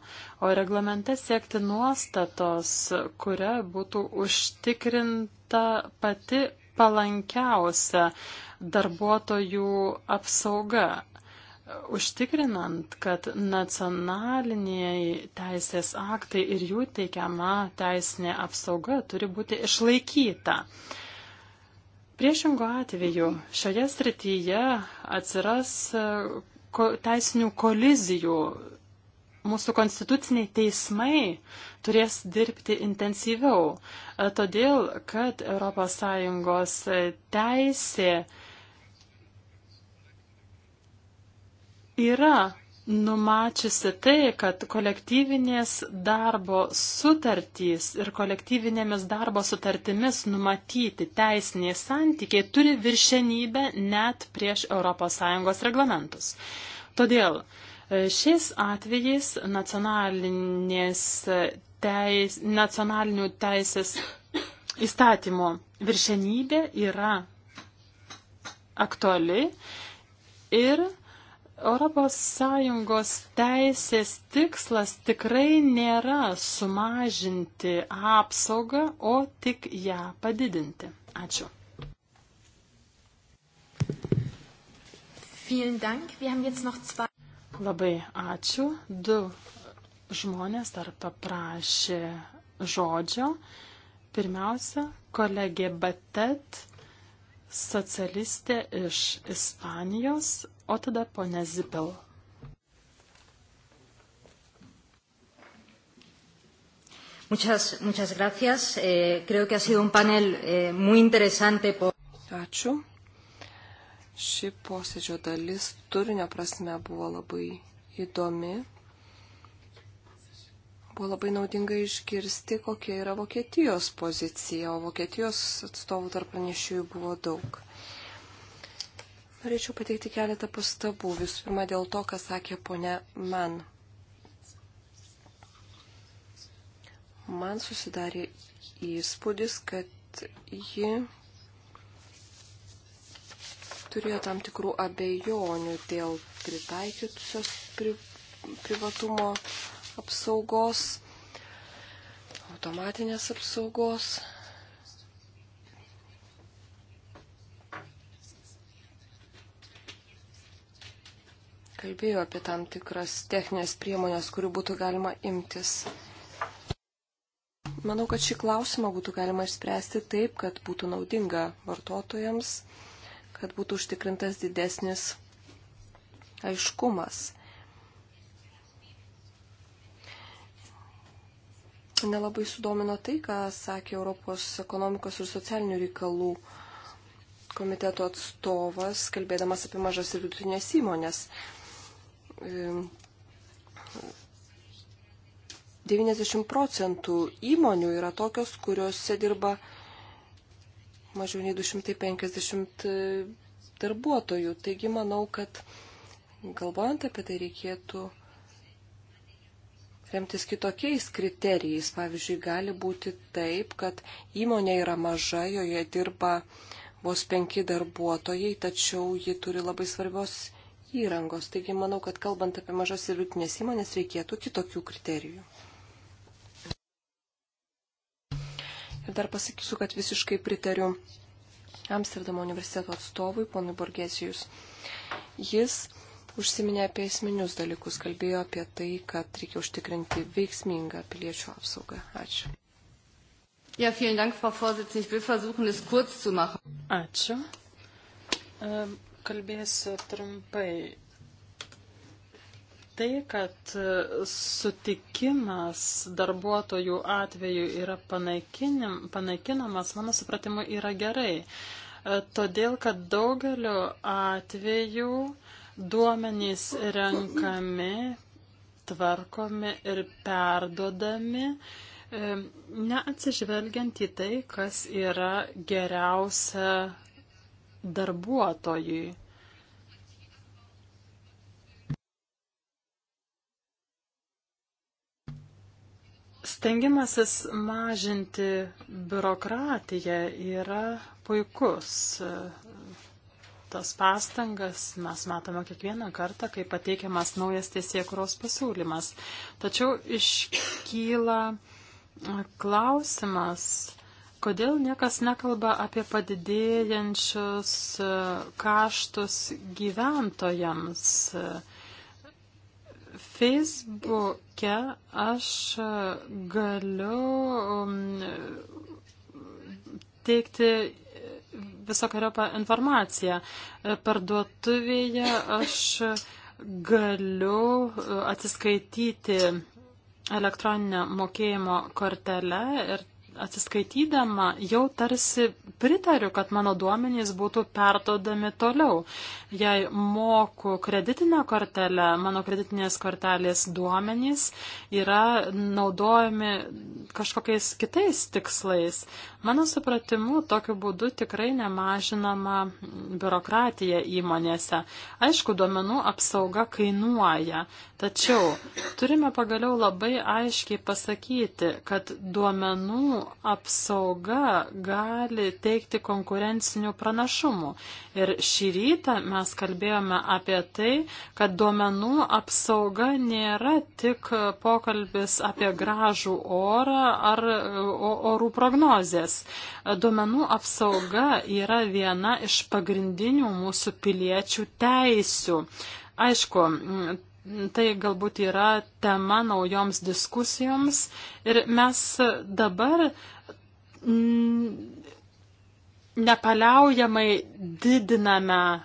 o reglamente siekti nuostatos, kuria būtų užtikrinta pati palankiausia darbuotojų apsauga, užtikrinant, kad nacionaliniai teisės aktai ir jų teikiama teisinė apsauga turi būti išlaikyta. Priešingų atveju šioje srityje atsiras teisinių kolizijų mūsų konstituciniai teismai turės dirbti intensyviau, e, todėl kad ES teisė yra numačiusi tai, kad kolektyvinės darbo sutartys ir kolektyvinėmis darbo sutartimis numatyti teisiniai santykiai turi viršenybę net prieš ES reglamentus. Todėl Šiais atvejais teis, nacionalinių teisės įstatymo viršenybė yra aktuali ir ES teisės tikslas tikrai nėra sumažinti apsaugą, o tik ją padidinti. Ačiū. Vielen Dank. Wir haben jetzt noch zwei. Labai ačiū. Du žmonės dar paprašė žodžio. Pirmiausia, kolegė Batet, socialistė iš Ispanijos, o tada ponė Zipel. Muchas, muchas gracias. Eh, creo que ha sido un panel eh, muy interesante. Por... Ačiū. Ši posėdžio dalis turinio prasme buvo labai įdomi. Buvo labai naudinga išgirsti, kokia yra Vokietijos pozicija, o Vokietijos atstovų tarp pranešėjų buvo daug. Norėčiau pateikti keletą pastabų. Visų pirma, dėl to, ką sakė ponia man. Man susidarė įspūdis, kad ji turėjo tam tikrų abejonių dėl pritaikytusios pri, privatumo apsaugos, automatinės apsaugos. Kalbėjau apie tam tikras techninės priemonės, kurių būtų galima imtis. Manau, kad šį klausimą būtų galima išspręsti taip, kad būtų naudinga vartotojams kad būtų užtikrintas didesnis aiškumas. Nelabai sudomino tai, ką sakė Europos ekonomikos ir socialinių reikalų komiteto atstovas, kalbėdamas apie mažas ir vidutinės įmonės. 90 procentų įmonių yra tokios, kuriuose dirba mažiau nei 250 e, darbuotojų. Taigi manau, kad galvojant apie tai reikėtų remtis kitokiais kriterijais. Pavyzdžiui, gali būti taip, kad įmonė yra maža, joje dirba vos penki darbuotojai, tačiau ji turi labai svarbios įrangos. Taigi manau, kad kalbant apie mažas ir vidutinės įmonės reikėtų kitokių kriterijų. dar pasakysiu, kad visiškai pritariu Amsterdamo universiteto atstovui, ponui Borgesijus. Jis užsiminė apie esminius dalykus, kalbėjo apie tai, kad reikia užtikrinti veiksmingą piliečių apsaugą. Ačiū. Ja, vielen Dank, Frau Vorsitzende. Ich will versuchen, es kurz zu machen. Ačiū. Ehm, kalbėsiu trumpai tai, kad sutikimas darbuotojų atveju yra panaikinamas, mano supratimu, yra gerai. E, todėl, kad daugeliu atveju duomenys renkami, tvarkomi ir perduodami, e, neatsižvelgiant į tai, kas yra geriausia darbuotojui. Stengimasis mažinti biurokratiją yra puikus. Tas pastangas mes matome kiekvieną kartą, kai pateikiamas naujas tiesiekros pasiūlymas. Tačiau iškyla klausimas, kodėl niekas nekalba apie padidėjančius kaštus gyventojams. Uh, Facebook'e aš e, galiu um, teikti visokariopą informaciją. E, parduotuvėje aš galiu e, atsiskaityti elektroninę mokėjimo kortelę ir atsiskaitydama jau tarsi pritariu, kad mano duomenys būtų perdodami toliau. Jei moku kreditinę kortelę, mano kreditinės kortelės duomenys yra naudojami kažkokiais kitais tikslais. Mano supratimu, tokiu būdu tikrai nemažinama biurokratija įmonėse. Aišku, duomenų apsauga kainuoja, tačiau turime pagaliau labai aiškiai pasakyti, kad duomenų apsauga gali teikti konkurencinių pranašumų. Ir šį rytą mes kalbėjome apie tai, kad duomenų apsauga nėra tik pokalbis apie gražų orą ar orų prognozės. Duomenų apsauga yra viena iš pagrindinių mūsų piliečių teisių. Aišku, Tai galbūt yra tema naujoms diskusijoms ir mes dabar mm, nepaliaujamai didiname e,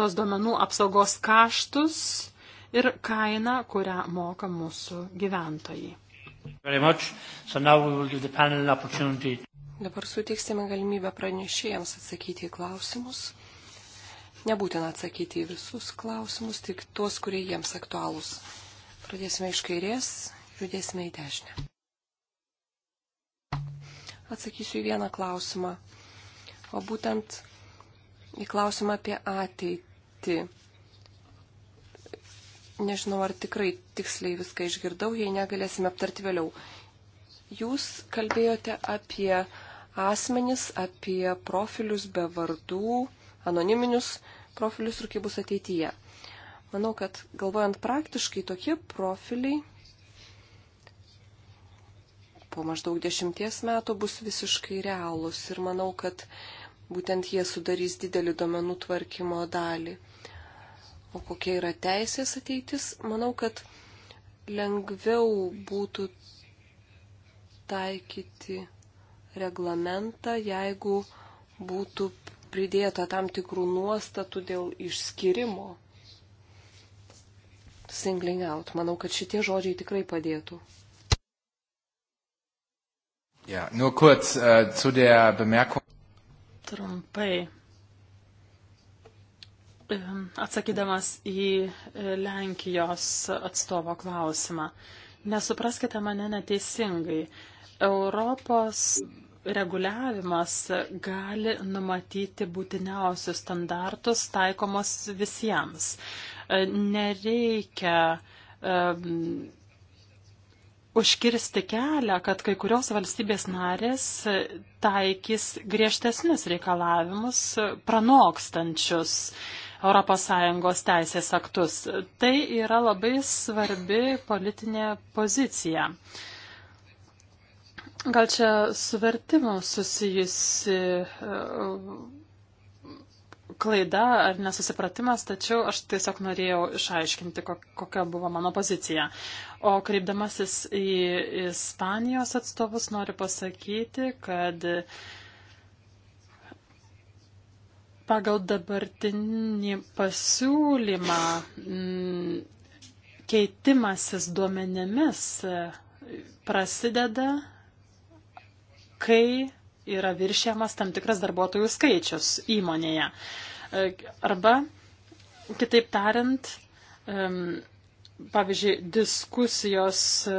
tos duomenų apsaugos kaštus ir kainą, kurią moka mūsų gyventojai. So Dabar suteiksime galimybę pranešėjams atsakyti į klausimus. Nebūtina atsakyti į visus klausimus, tik tuos, kurie jiems aktualūs. Pradėsime iš kairės, judėsime į dešinę. Atsakysiu į vieną klausimą, o būtent į klausimą apie ateitį. Nežinau, ar tikrai tiksliai viską išgirdau, jei negalėsime aptarti vėliau. Jūs kalbėjote apie asmenis, apie profilius be vardų, anoniminius profilius ir kaip bus ateityje. Manau, kad galvojant praktiškai, tokie profiliai po maždaug dešimties metų bus visiškai realūs ir manau, kad būtent jie sudarys didelį domenų tvarkymo dalį. O kokia yra teisės ateitis, manau, kad lengviau būtų taikyti reglamentą, jeigu būtų pridėta tam tikrų nuostatų dėl išskirimo. Singling out. Manau, kad šitie žodžiai tikrai padėtų. Ja, nur kurz äh, zu der Bemerkung. Trumpai. Ähm, atsakydamas į äh, Lenkijos atstovo klausimą. Nesupraskite mane neteisingai. Europos reguliavimas gali numatyti būtiniausius standartus taikomus visiems. E, nereikia um, užkirsti kelią, kad kai kurios valstybės narės taikys griežtesnius reikalavimus, pranokstančius ES teisės aktus. Tai yra labai svarbi politinė pozicija. Uh, Gal čia su vertimu susijusi e, klaida ar nesusipratimas, tačiau aš tiesiog norėjau išaiškinti, kokia buvo mano pozicija. O kreipdamasis į Ispanijos atstovus noriu pasakyti, kad pagal dabartinį pasiūlymą keitimasis duomenėmis e, prasideda kai yra viršiamas tam tikras darbuotojų skaičius įmonėje. E, arba, kitaip tariant, pavyzdžiui, diskusijos e,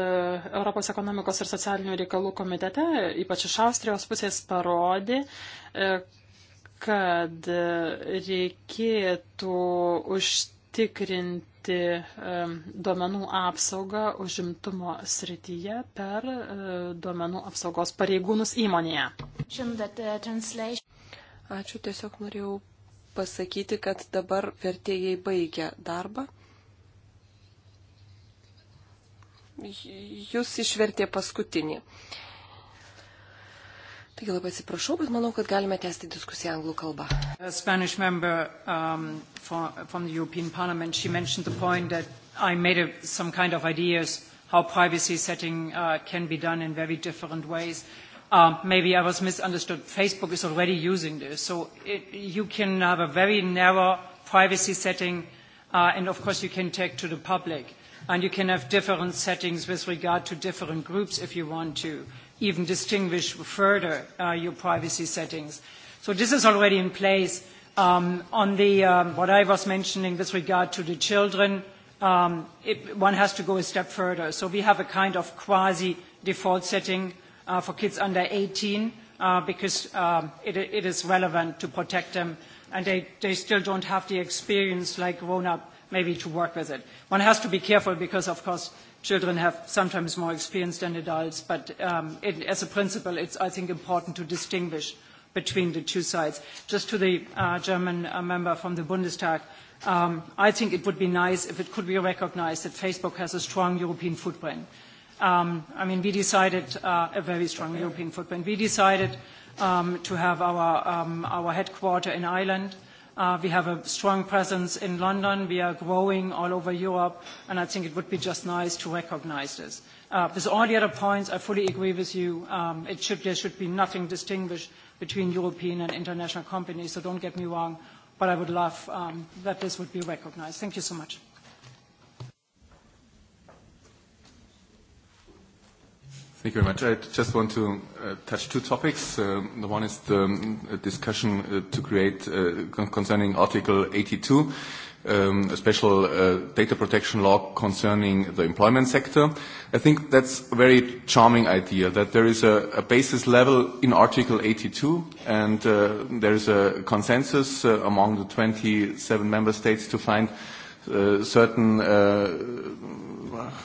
Europos ekonomikos ir socialinių reikalų komitete, ypač iš Austrijos pusės, parodė, e, kad reikėtų užtikrinti užtikrinti duomenų apsaugą užimtumo srityje per e, duomenų apsaugos pareigūnus įmonėje. Uh, Ačiū, tiesiog norėjau pasakyti, kad dabar vertėjai baigia darbą. Jūs išvertė paskutinį. Uh, Taigi labai atsiprašau, bet manau, kad galime tęsti diskusiją anglų kalbą. Member, um, for, from the European Parliament, she mentioned the point that I made a, some kind of ideas how privacy setting uh, can be done in very different ways. Um, maybe I was misunderstood. Facebook is already using this. So it, you can have a very narrow privacy setting, uh, and of course you can take to the public. And you can have different settings with regard to different groups if you want to even distinguish further uh, your privacy settings. So this is already in place. Um, on the, um, what I was mentioning with regard to the children, um, it, one has to go a step further. So we have a kind of quasi-default setting uh, for kids under 18 uh, because um, it, it is relevant to protect them and they, they still don't have the experience like grown up maybe to work with it. One has to be careful because, of course, children have sometimes more experience than adults, but um, it, as a principle, it's, I think, important to distinguish between the two sides. Just to the uh, German uh, member from the Bundestag, um, I think it would be nice if it could be recognized that Facebook has a strong European footprint. Um, I mean, we decided uh, a very strong European footprint. We decided um, to have our, um, our headquarter in Ireland Uh, we have a strong presence in London. We are growing all over Europe, and I think it would be just nice to recognize this. Uh, with all the other points, I fully agree with you. Um, it should, there should be nothing distinguished between European and international companies, so don't get me wrong, but I would love um, that this would be recognized. Thank you so much. Thank you very much. I just want to uh, touch two topics. Um, the one is the um, discussion uh, to create uh, concerning Article 82, um, a special uh, data protection law concerning the employment sector. I think that's a very charming idea that there is a, a basis level in Article 82 and uh, there is a consensus uh, among the 27 member states to find uh, uh, certain uh,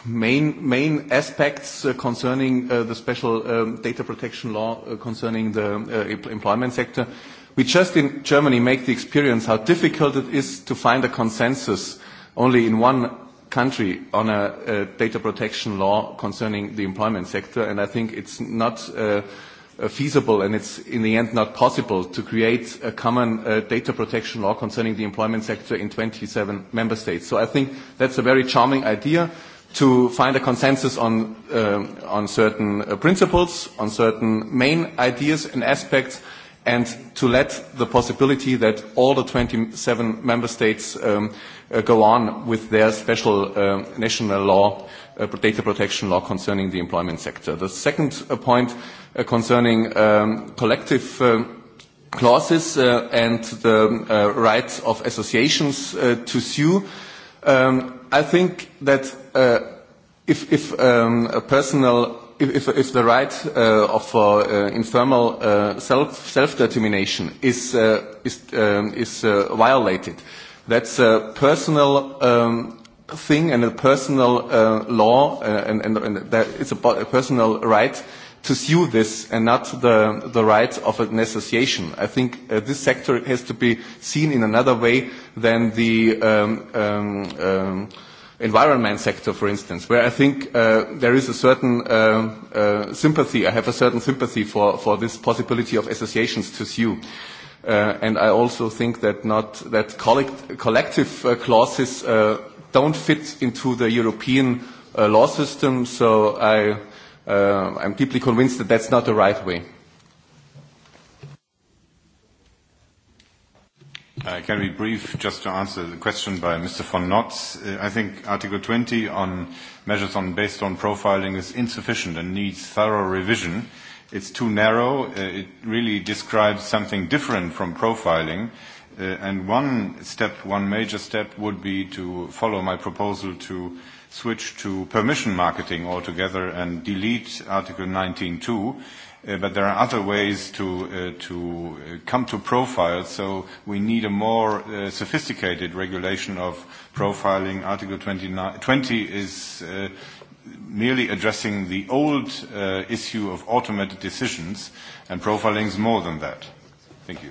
main, main aspects uh, concerning uh, the special um, data protection law uh, concerning the uh, employment sector. We just in Germany make the experience how difficult it is to find a consensus only in one country on a, a data protection law concerning the employment sector, and I think it's not uh, uh, feasible and it's in the end not possible to create a common uh, data protection law concerning the employment sector in 27 member states. So I think that's a very charming idea to find a consensus on, um, on certain uh, principles, on certain main ideas and aspects, and to let the possibility that all the 27 member states um, uh, go on with their special um, national law, uh, data protection law concerning the employment sector. The second uh, point uh, concerning um, collective uh, clauses uh, and the uh, rights of associations uh, to sue, um, I think that uh, if, if um, a personal if, if the right uh, of uh, uh informal uh, self self determination is uh, is um, is uh, violated, that's a personal um, thing and a personal uh, law, uh, and, and, and that it's a, a personal right to sue this and not the the right of an association. I think uh, this sector has to be seen in another way than the. Um, um, um, environment sector, for instance, where I think uh, there is a certain uh, uh, sympathy, I have a certain sympathy for, for this possibility of associations to sue. Uh, and I also think that not that collect, collective uh, clauses uh, don't fit into the European uh, law system. So I, uh, I'm deeply convinced that that's not the right way. I uh, can be brief just to answer the question by Mr. von Notz. Uh, I think Article 20 on measures on based on profiling is insufficient and needs thorough revision. It's too narrow. Uh, it really describes something different from profiling. Uh, and one step, one major step would be to follow my proposal to switch to permission marketing altogether and delete Article 19.2 Uh, but there are other ways to, uh, to uh, come to profiles, so we need a more uh, sophisticated regulation of profiling. Article 29, 20 is uh, merely addressing the old uh, issue of automated decisions, and profiling is more than that. Thank you.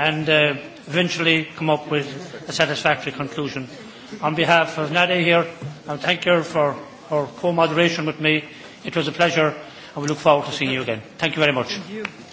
and uh, eventually come up with a satisfactory conclusion. On behalf of Nadia here, I thank her for her co-moderation with me. It was a pleasure and we look forward to seeing you again. Thank you very much. Thank you.